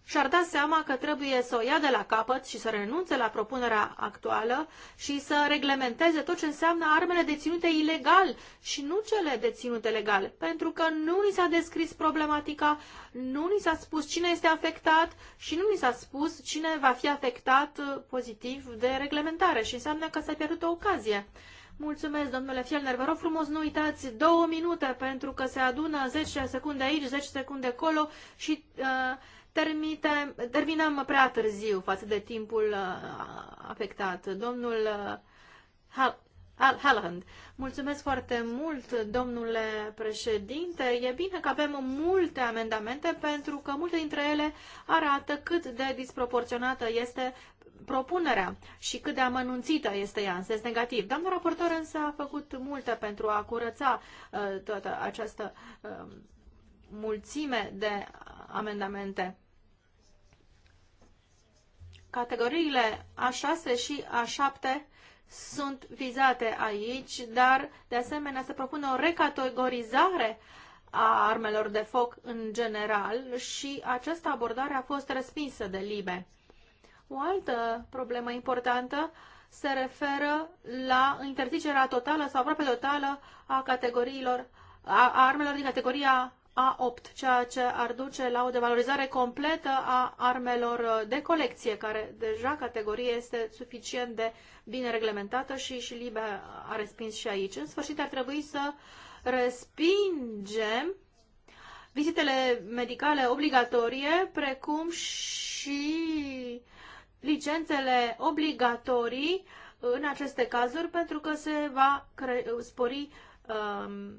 și-ar da seama că trebuie să o ia de la capăt și să renunțe la propunerea actuală și să reglementeze tot ce înseamnă armele deținute ilegal și nu cele deținute legal, pentru că nu ni s-a descris problematica, nu ni s-a spus cine este afectat și nu ni s-a spus cine va fi afectat uh, pozitiv de reglementare și înseamnă că s-a pierdut o ocazie. Mulțumesc, domnule Fielner. Vă rog frumos, nu uitați două minute, pentru că se adună 10 secunde aici, 10 secunde acolo și uh, termite, terminăm prea târziu față de timpul uh, afectat. Domnul uh, Halland, mulțumesc foarte mult, domnule președinte. E bine că avem multe amendamente pentru că multe dintre ele arată cât de disproporționată este propunerea și cât de amănunțită este ea în sens negativ. Doamna raportor însă a făcut multe pentru a curăța uh, toată această uh, mulțime de amendamente. Categoriile A6 și A7 sunt vizate aici, dar de asemenea se propune o recategorizare a armelor de foc în general și această abordare a fost respinsă de LIBE. O altă problemă importantă se referă la interzicerea totală sau aproape totală a categoriilor a armelor din categoria a8, ceea ce ar duce la o devalorizare completă a armelor de colecție, care deja categorie este suficient de bine reglementată și, și Libe a respins și aici. În sfârșit ar trebui să respingem vizitele medicale obligatorie, precum și licențele obligatorii în aceste cazuri, pentru că se va spori um,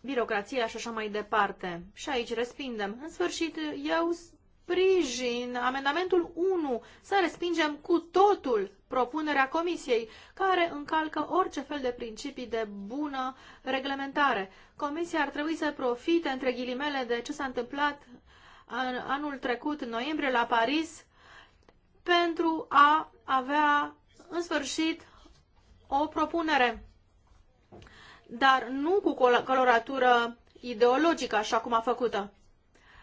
birocrația și așa mai departe. Și aici respindem. În sfârșit, eu sprijin amendamentul 1 să respingem cu totul propunerea Comisiei, care încalcă orice fel de principii de bună reglementare. Comisia ar trebui să profite, între ghilimele, de ce s-a întâmplat în anul trecut, în noiembrie, la Paris, pentru a avea, în sfârșit, o propunere dar nu cu coloratură ideologică, așa cum a făcut-o.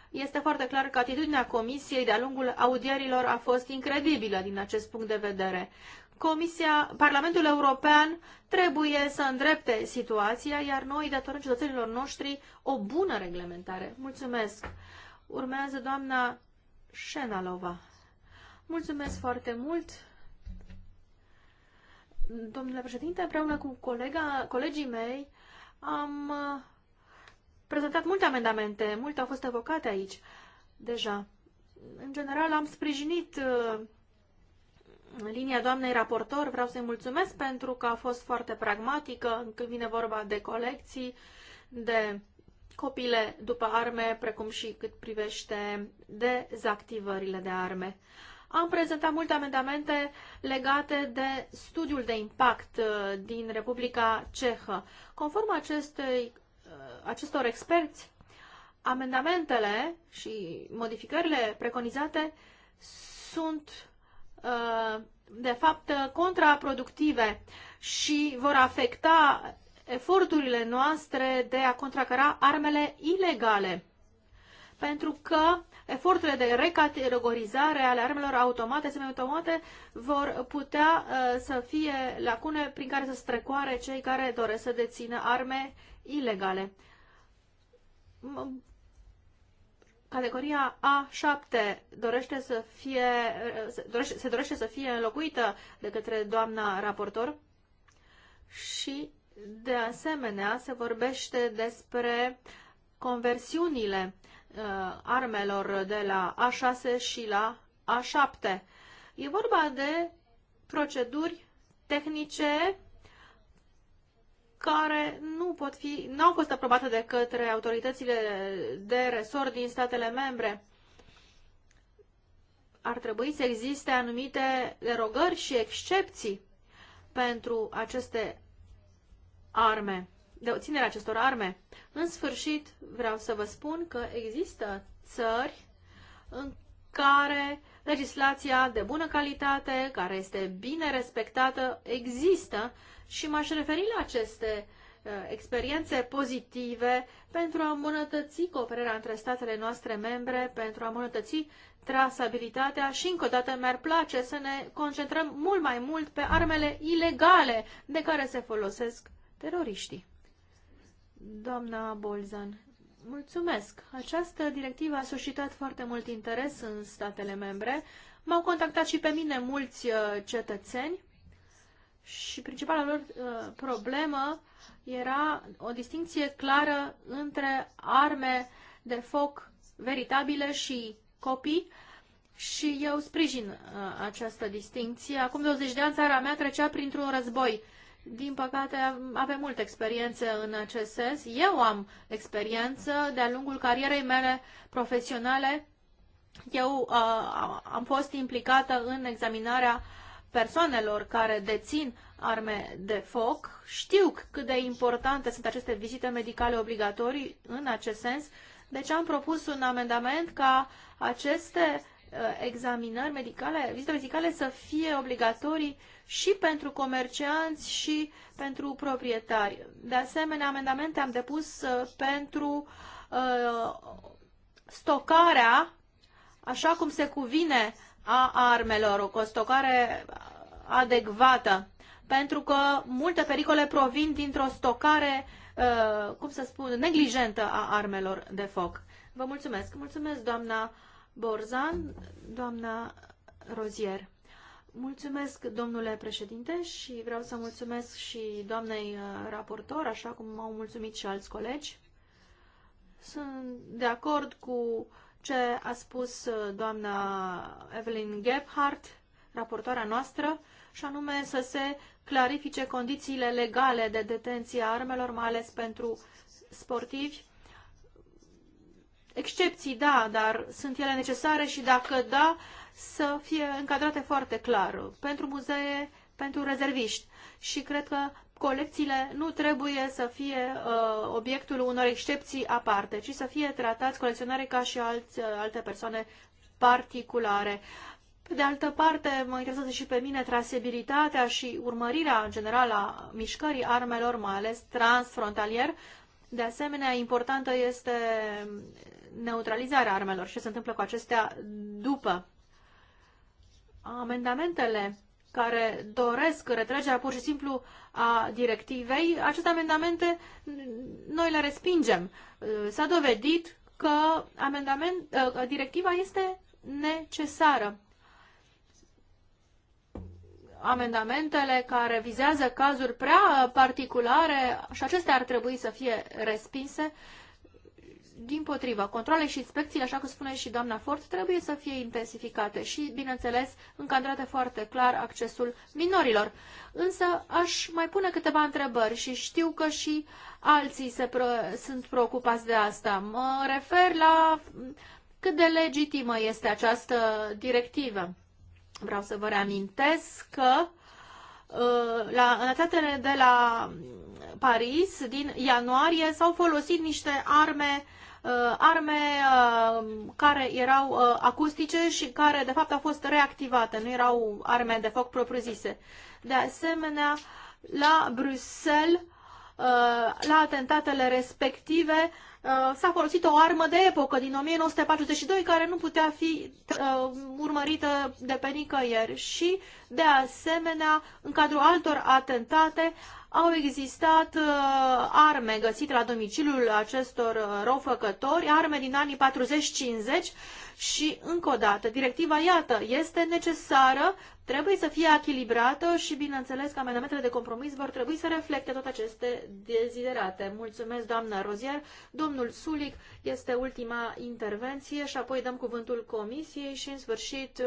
Este foarte clar că atitudinea Comisiei de-a lungul audierilor a fost incredibilă din acest punct de vedere. Comisia, Parlamentul European trebuie să îndrepte situația, iar noi datorând cetățenilor noștri o bună reglementare. Mulțumesc! Urmează doamna Șenalova. Mulțumesc foarte mult! domnule președinte, împreună cu colega, colegii mei am uh, prezentat multe amendamente, multe au fost evocate aici deja. În general am sprijinit uh, linia doamnei raportor, vreau să-i mulțumesc pentru că a fost foarte pragmatică când vine vorba de colecții, de copile după arme, precum și cât privește dezactivările de arme. Am prezentat multe amendamente legate de studiul de impact uh, din Republica Cehă. Conform acestei, uh, acestor experți, amendamentele și modificările preconizate sunt uh, de fapt contraproductive și vor afecta eforturile noastre de a contracara armele ilegale. Pentru că eforturile de recategorizare ale armelor automate, automate vor putea uh, să fie lacune prin care să strecoare cei care doresc să dețină arme ilegale. Categoria A7 dorește să fie, uh, se, dorește, se dorește să fie înlocuită de către doamna raportor și, de asemenea, se vorbește despre conversiunile Uh, armelor de la A6 și la A7. E vorba de proceduri tehnice care nu pot fi, nu au fost aprobate de către autoritățile de resort din statele membre. Ar trebui să existe anumite derogări și excepții pentru aceste arme de obținerea acestor arme. În sfârșit, vreau să vă spun că există țări în care legislația de bună calitate, care este bine respectată, există și m-aș referi la aceste uh, experiențe pozitive pentru a îmbunătăți cooperarea între statele noastre membre, pentru a îmbunătăți trasabilitatea și încă o dată mi-ar place să ne concentrăm mult mai mult pe armele ilegale de care se folosesc teroriștii. Doamna Bolzan, mulțumesc! Această directivă a suscitat foarte mult interes în statele membre. M-au contactat și pe mine mulți uh, cetățeni și principala lor uh, problemă era o distinție clară între arme de foc veritabile și copii și eu sprijin uh, această distinție. Acum 20 de ani țara mea trecea printr-un război din păcate, avem multă experiență în acest sens. Eu am experiență de-a lungul carierei mele profesionale. Eu uh, am fost implicată în examinarea persoanelor care dețin arme de foc. Știu cât de importante sunt aceste vizite medicale obligatorii în acest sens. Deci am propus un amendament ca aceste uh, examinări medicale, vizite medicale să fie obligatorii și pentru comercianți și pentru proprietari. De asemenea, amendamente am depus uh, pentru uh, stocarea, așa cum se cuvine, a armelor, o stocare adecvată, pentru că multe pericole provin dintr-o stocare, uh, cum să spun, neglijentă a armelor de foc. Vă mulțumesc. Mulțumesc, doamna Borzan, doamna Rozier. Mulțumesc, domnule președinte, și vreau să mulțumesc și doamnei uh, raportor, așa cum m-au mulțumit și alți colegi. Sunt de acord cu ce a spus uh, doamna Evelyn Gebhardt, raportoarea noastră, și anume să se clarifice condițiile legale de detenție a armelor, mai ales pentru sportivi. Excepții, da, dar sunt ele necesare și dacă da, să fie încadrate foarte clar pentru muzee, pentru rezerviști. Și cred că colecțiile nu trebuie să fie uh, obiectul unor excepții aparte, ci să fie tratați colecționare ca și alți, uh, alte persoane particulare. Pe de altă parte, mă interesează și pe mine trasabilitatea și urmărirea în general a mișcării armelor, mai ales transfrontalier. De asemenea, importantă este neutralizarea armelor și ce se întâmplă cu acestea după amendamentele care doresc retragerea pur și simplu a directivei, aceste amendamente noi le respingem. S-a dovedit că amendament, ă, directiva este necesară. Amendamentele care vizează cazuri prea particulare și acestea ar trebui să fie respinse din potrivă, controle și inspecțiile, așa cum spune și doamna Ford, trebuie să fie intensificate și, bineînțeles, încadrate foarte clar accesul minorilor. Însă aș mai pune câteva întrebări și știu că și alții se pro- sunt preocupați de asta. Mă refer la cât de legitimă este această directivă. Vreau să vă reamintesc că uh, la, în atatele de la Paris din ianuarie s-au folosit niște arme Uh, arme uh, care erau uh, acustice și care de fapt au fost reactivate, nu erau arme de foc propriu-zise. De asemenea, la Bruxelles, la atentatele respective, Uh, s-a folosit o armă de epocă din 1942 care nu putea fi uh, urmărită de pe nicăieri și, de asemenea, în cadrul altor atentate au existat uh, arme găsite la domiciliul acestor răufăcători, arme din anii 40-50 și, încă o dată, directiva, iată, este necesară trebuie să fie echilibrată și, bineînțeles, că amendamentele de compromis vor trebui să reflecte toate aceste deziderate. Mulțumesc, doamna Rozier. Domnul Sulic este ultima intervenție și apoi dăm cuvântul comisiei și, în sfârșit,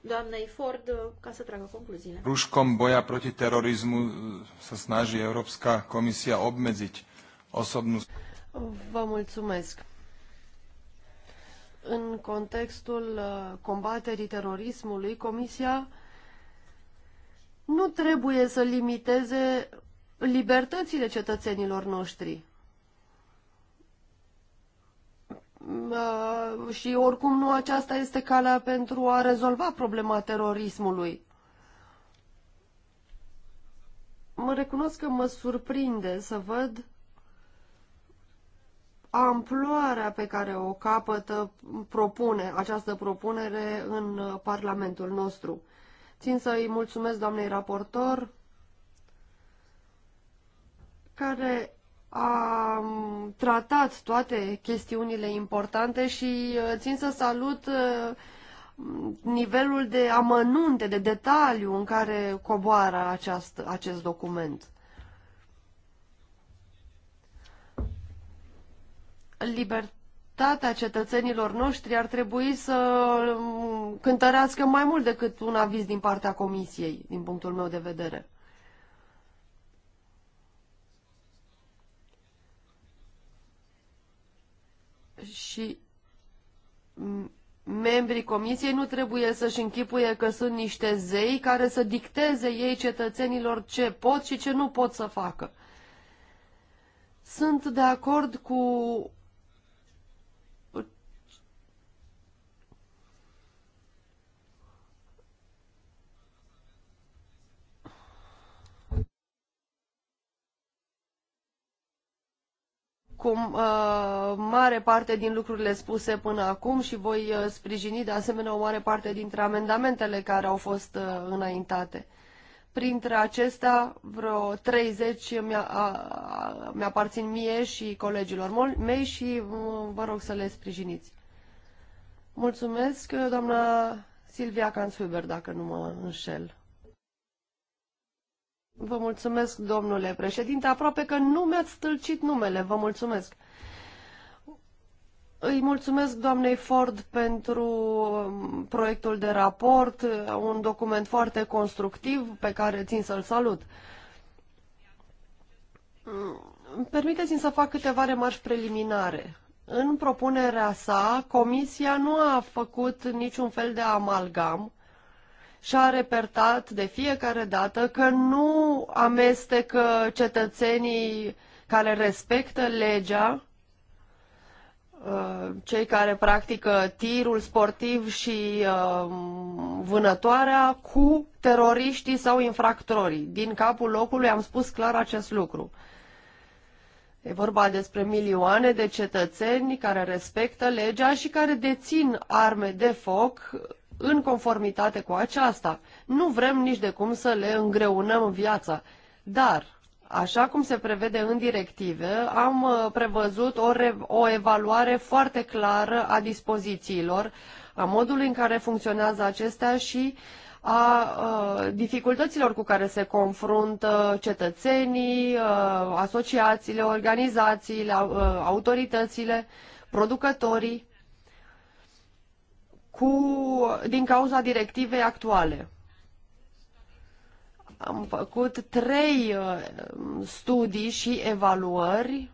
doamnei Ford ca să tragă concluziile. Rușkom boja proti terorismu uh, să snaži Europska Comisia obmedziť osobnu... Vă mulțumesc în contextul uh, combaterii terorismului, Comisia nu trebuie să limiteze libertățile cetățenilor noștri. Și oricum nu aceasta este calea pentru a rezolva problema terorismului. Mă recunosc că mă surprinde să văd amploarea pe care o capătă propune această propunere în uh, Parlamentul nostru. Țin să îi mulțumesc doamnei raportor, care a mm, tratat toate chestiunile importante și uh, țin să salut uh, mm, nivelul de amănunte, de detaliu în care coboară aceast, acest document. Libert, majoritatea cetățenilor noștri ar trebui să mm, cântărească mai mult decât un aviz din partea comisiei, din punctul meu de vedere. Și mm, membrii comisiei nu trebuie să-și închipuie că sunt niște zei care să dicteze ei cetățenilor ce pot și ce nu pot să facă. Sunt de acord cu cu uh, mare parte din lucrurile spuse până acum și voi uh, sprijini de asemenea o mare parte dintre amendamentele care au fost uh, înaintate. Printre acestea, vreo 30 mi-aparțin mi mie și colegilor mei și uh, vă rog să le sprijiniți. Mulțumesc, doamna Silvia Canshuber, dacă nu mă înșel. Vă mulțumesc, domnule președinte. Aproape că nu mi-ați stâlcit numele. Vă mulțumesc. Îi mulțumesc doamnei Ford pentru um, proiectul de raport, un document foarte constructiv pe care țin să-l salut. Mm, permiteți-mi să fac câteva remarci preliminare. În propunerea sa, Comisia nu a făcut niciun fel de amalgam și-a repertat de fiecare dată că nu amestecă cetățenii care respectă legea, uh, cei care practică tirul sportiv și uh, vânătoarea cu teroriștii sau infractorii. Din capul locului am spus clar acest lucru. E vorba despre milioane de cetățeni care respectă legea și care dețin arme de foc în conformitate cu aceasta. Nu vrem nici de cum să le îngreunăm viața, dar Așa cum se prevede în directive, am uh, prevăzut o, o evaluare foarte clară a dispozițiilor, a modului în care funcționează acestea și a, a uh, dificultăților cu care se confruntă cetățenii, a, uh, asociațiile, organizațiile, a, autoritățile, producătorii cu, din cauza directivei actuale. Am făcut trei uh, studii și evaluări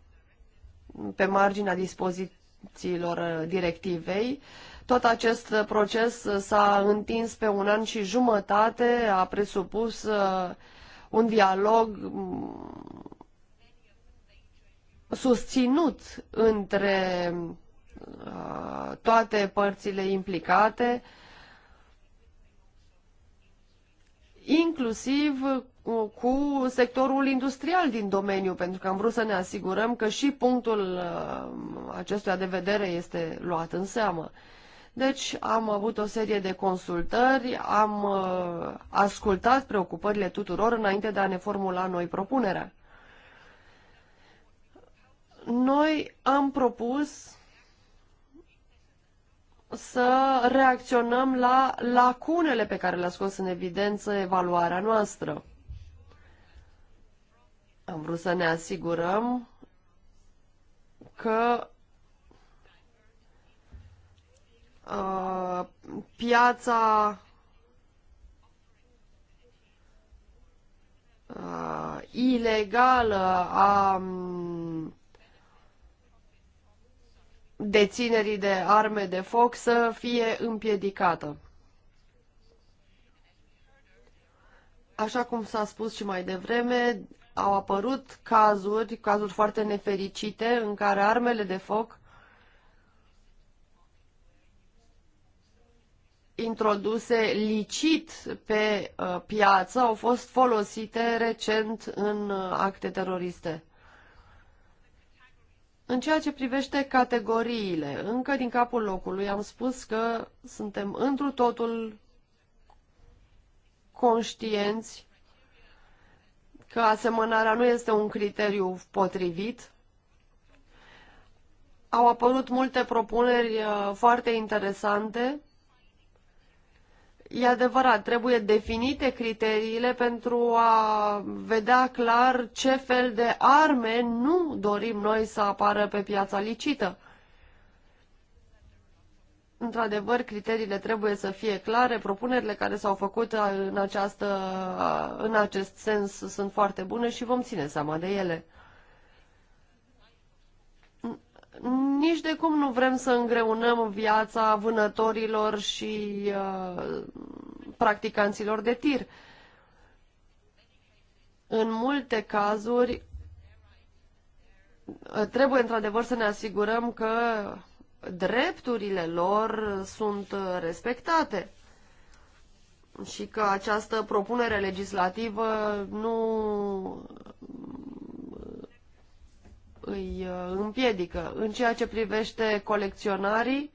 pe marginea dispozițiilor uh, directivei. Tot acest proces s-a întins pe un an și jumătate, a presupus uh, un dialog mm, susținut între toate părțile implicate, inclusiv cu sectorul industrial din domeniu, pentru că am vrut să ne asigurăm că și punctul uh, acestuia de vedere este luat în seamă. Deci am avut o serie de consultări, am uh, ascultat preocupările tuturor înainte de a ne formula noi propunerea. Noi am propus să reacționăm la lacunele pe care le-a scos în evidență evaluarea noastră. Am vrut să ne asigurăm că uh, piața uh, ilegală a um, deținerii de arme de foc să fie împiedicată. Așa cum s-a spus și mai devreme, au apărut cazuri, cazuri foarte nefericite, în care armele de foc introduse licit pe uh, piață au fost folosite recent în uh, acte teroriste. În ceea ce privește categoriile, încă din capul locului am spus că suntem întru totul conștienți că asemănarea nu este un criteriu potrivit. Au apărut multe propuneri uh, foarte interesante E adevărat, trebuie definite criteriile pentru a vedea clar ce fel de arme nu dorim noi să apară pe piața licită. Într-adevăr, criteriile trebuie să fie clare, propunerile care s-au făcut în, această, în acest sens sunt foarte bune și vom ține seama de ele. nici de cum nu vrem să îngreunăm viața vânătorilor și uh, practicanților de tir. În multe cazuri, uh, trebuie într-adevăr să ne asigurăm că drepturile lor sunt uh, respectate și că această propunere legislativă nu îi uh, împiedică. În ceea ce privește colecționarii,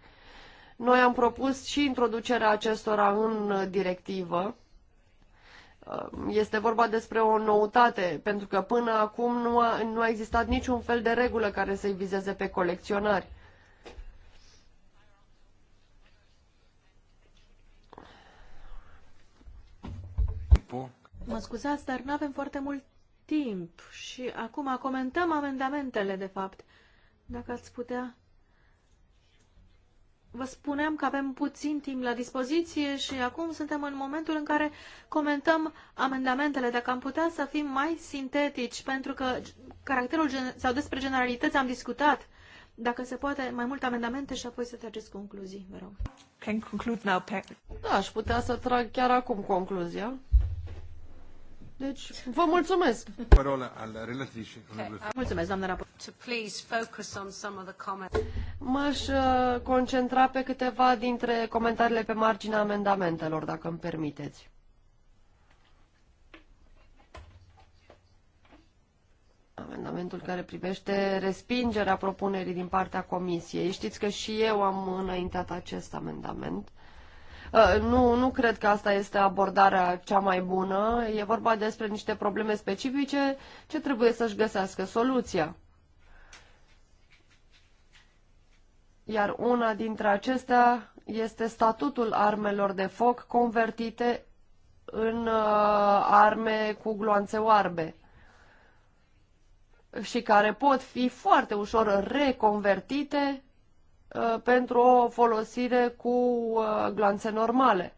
noi am propus și introducerea acestora în uh, directivă. Uh, este vorba despre o noutate, pentru că până acum nu a, nu a existat niciun fel de regulă care să-i vizeze pe colecționari. Mă scuzați, dar nu avem foarte mult timp și acum comentăm amendamentele, de fapt. Dacă ați putea... Vă spuneam că avem puțin timp la dispoziție și acum suntem în momentul în care comentăm amendamentele. Dacă am putea să fim mai sintetici, pentru că caracterul sau despre generalități am discutat, dacă se poate, mai multe amendamente și apoi să trageți concluzii, vă rog. Can conclude now, Da, aș putea să trag chiar acum concluzia. Deci, vă mulțumesc. Parola al relatrice. Mulțumesc, doamna raportor. M-aș uh, concentra pe câteva dintre comentariile pe marginea amendamentelor, dacă îmi permiteți. amendamentul care privește respingerea propunerii din partea Comisiei. Știți că și eu am înaintat acest amendament. Uh, nu, nu cred că asta este abordarea cea mai bună. E vorba despre niște probleme specifice ce trebuie să-și găsească soluția. Iar una dintre acestea este statutul armelor de foc convertite în uh, arme cu gloanțe oarbe și care pot fi foarte ușor reconvertite Uh, pentru o folosire cu uh, glanțe normale.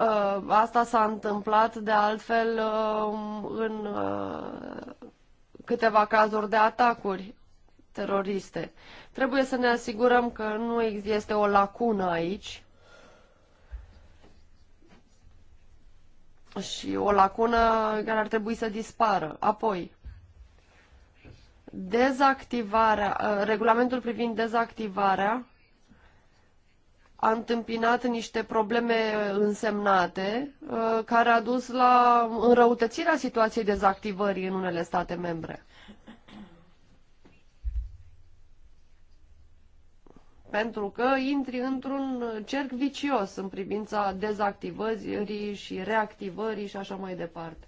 Uh, asta s-a întâmplat de altfel în câteva cazuri de atacuri teroriste. Trebuie să ne asigurăm că nu există o lacună aici și o lacună care ar trebui să dispară. Apoi, dezactivarea, uh, regulamentul privind dezactivarea a întâmpinat niște probleme însemnate uh, care a dus la înrăutățirea situației dezactivării în unele state membre. Pentru că intri într-un cerc vicios în privința dezactivării și reactivării și așa mai departe.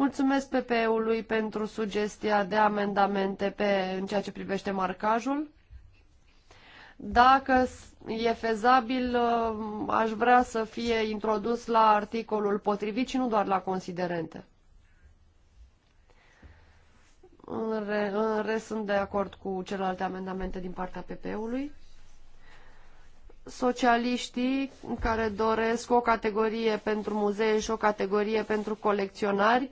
Mulțumesc PPE-ului pentru sugestia de amendamente pe, în ceea ce privește marcajul. Dacă e fezabil, uh, aș vrea să fie introdus la articolul potrivit și nu doar la considerente. În, re, în rest sunt de acord cu celelalte amendamente din partea PP-ului. Socialiștii care doresc o categorie pentru muzee și o categorie pentru colecționari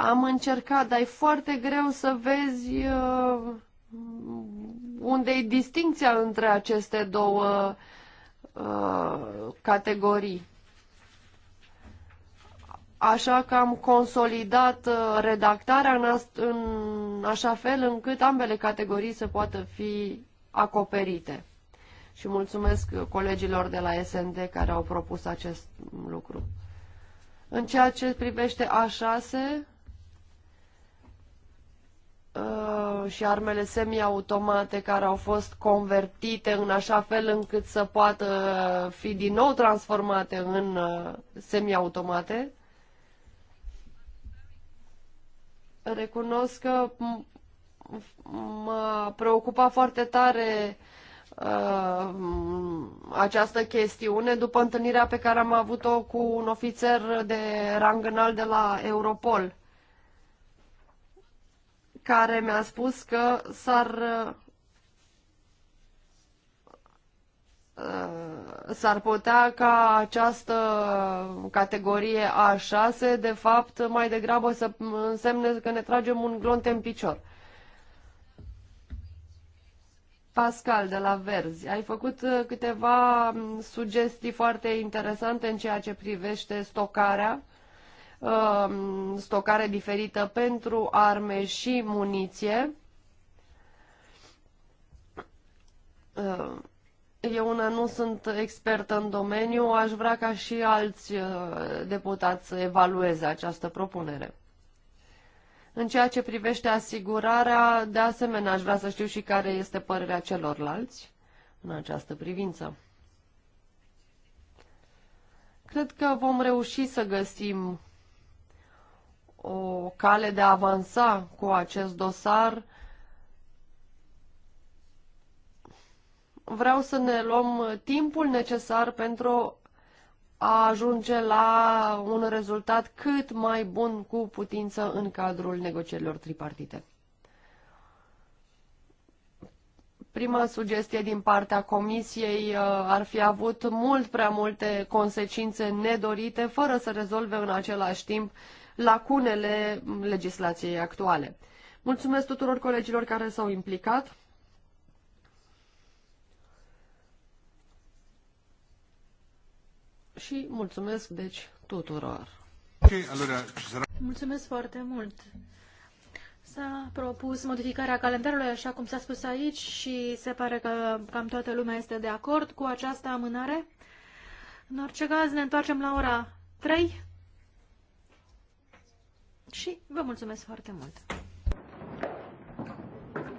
am încercat, dar e foarte greu să vezi uh, unde e distinția între aceste două uh, categorii. Așa că am consolidat uh, redactarea în, în așa fel încât ambele categorii să poată fi acoperite. Și mulțumesc colegilor de la SND care au propus acest lucru. În ceea ce privește A6, Uh, și armele semiautomate care au fost convertite în așa fel încât să poată fi din nou transformate în uh, semiautomate. Recunosc că m-a preocupat foarte tare uh, această chestiune după întâlnirea pe care am avut-o cu un ofițer de rang înalt de la Europol care mi-a spus că s-ar uh, s-ar putea ca această categorie A6 de fapt mai degrabă să însemne că ne tragem un glonț în picior. Pascal de la Verzi, ai făcut uh, câteva mm, sugestii foarte interesante în ceea ce privește stocarea Um, stocare diferită pentru arme și muniție. Uh, eu una nu sunt expertă în domeniu, aș vrea ca și alți uh, deputați să evalueze această propunere. În ceea ce privește asigurarea, de asemenea, aș vrea să știu și care este părerea celorlalți în această privință. Cred că vom reuși să găsim o cale de a avansa cu acest dosar, vreau să ne luăm timpul necesar pentru a ajunge la un rezultat cât mai bun cu putință în cadrul negocierilor tripartite. Prima sugestie din partea Comisiei uh, ar fi avut mult prea multe consecințe nedorite, fără să rezolve în același timp lacunele legislației actuale. Mulțumesc tuturor colegilor care s-au implicat. Și mulțumesc, deci, tuturor. Mulțumesc foarte mult. S-a propus modificarea calendarului, așa cum s-a spus aici, și se pare că cam toată lumea este de acord cu această amânare. În orice caz, ne întoarcem la ora 3 și vă mulțumesc foarte mult!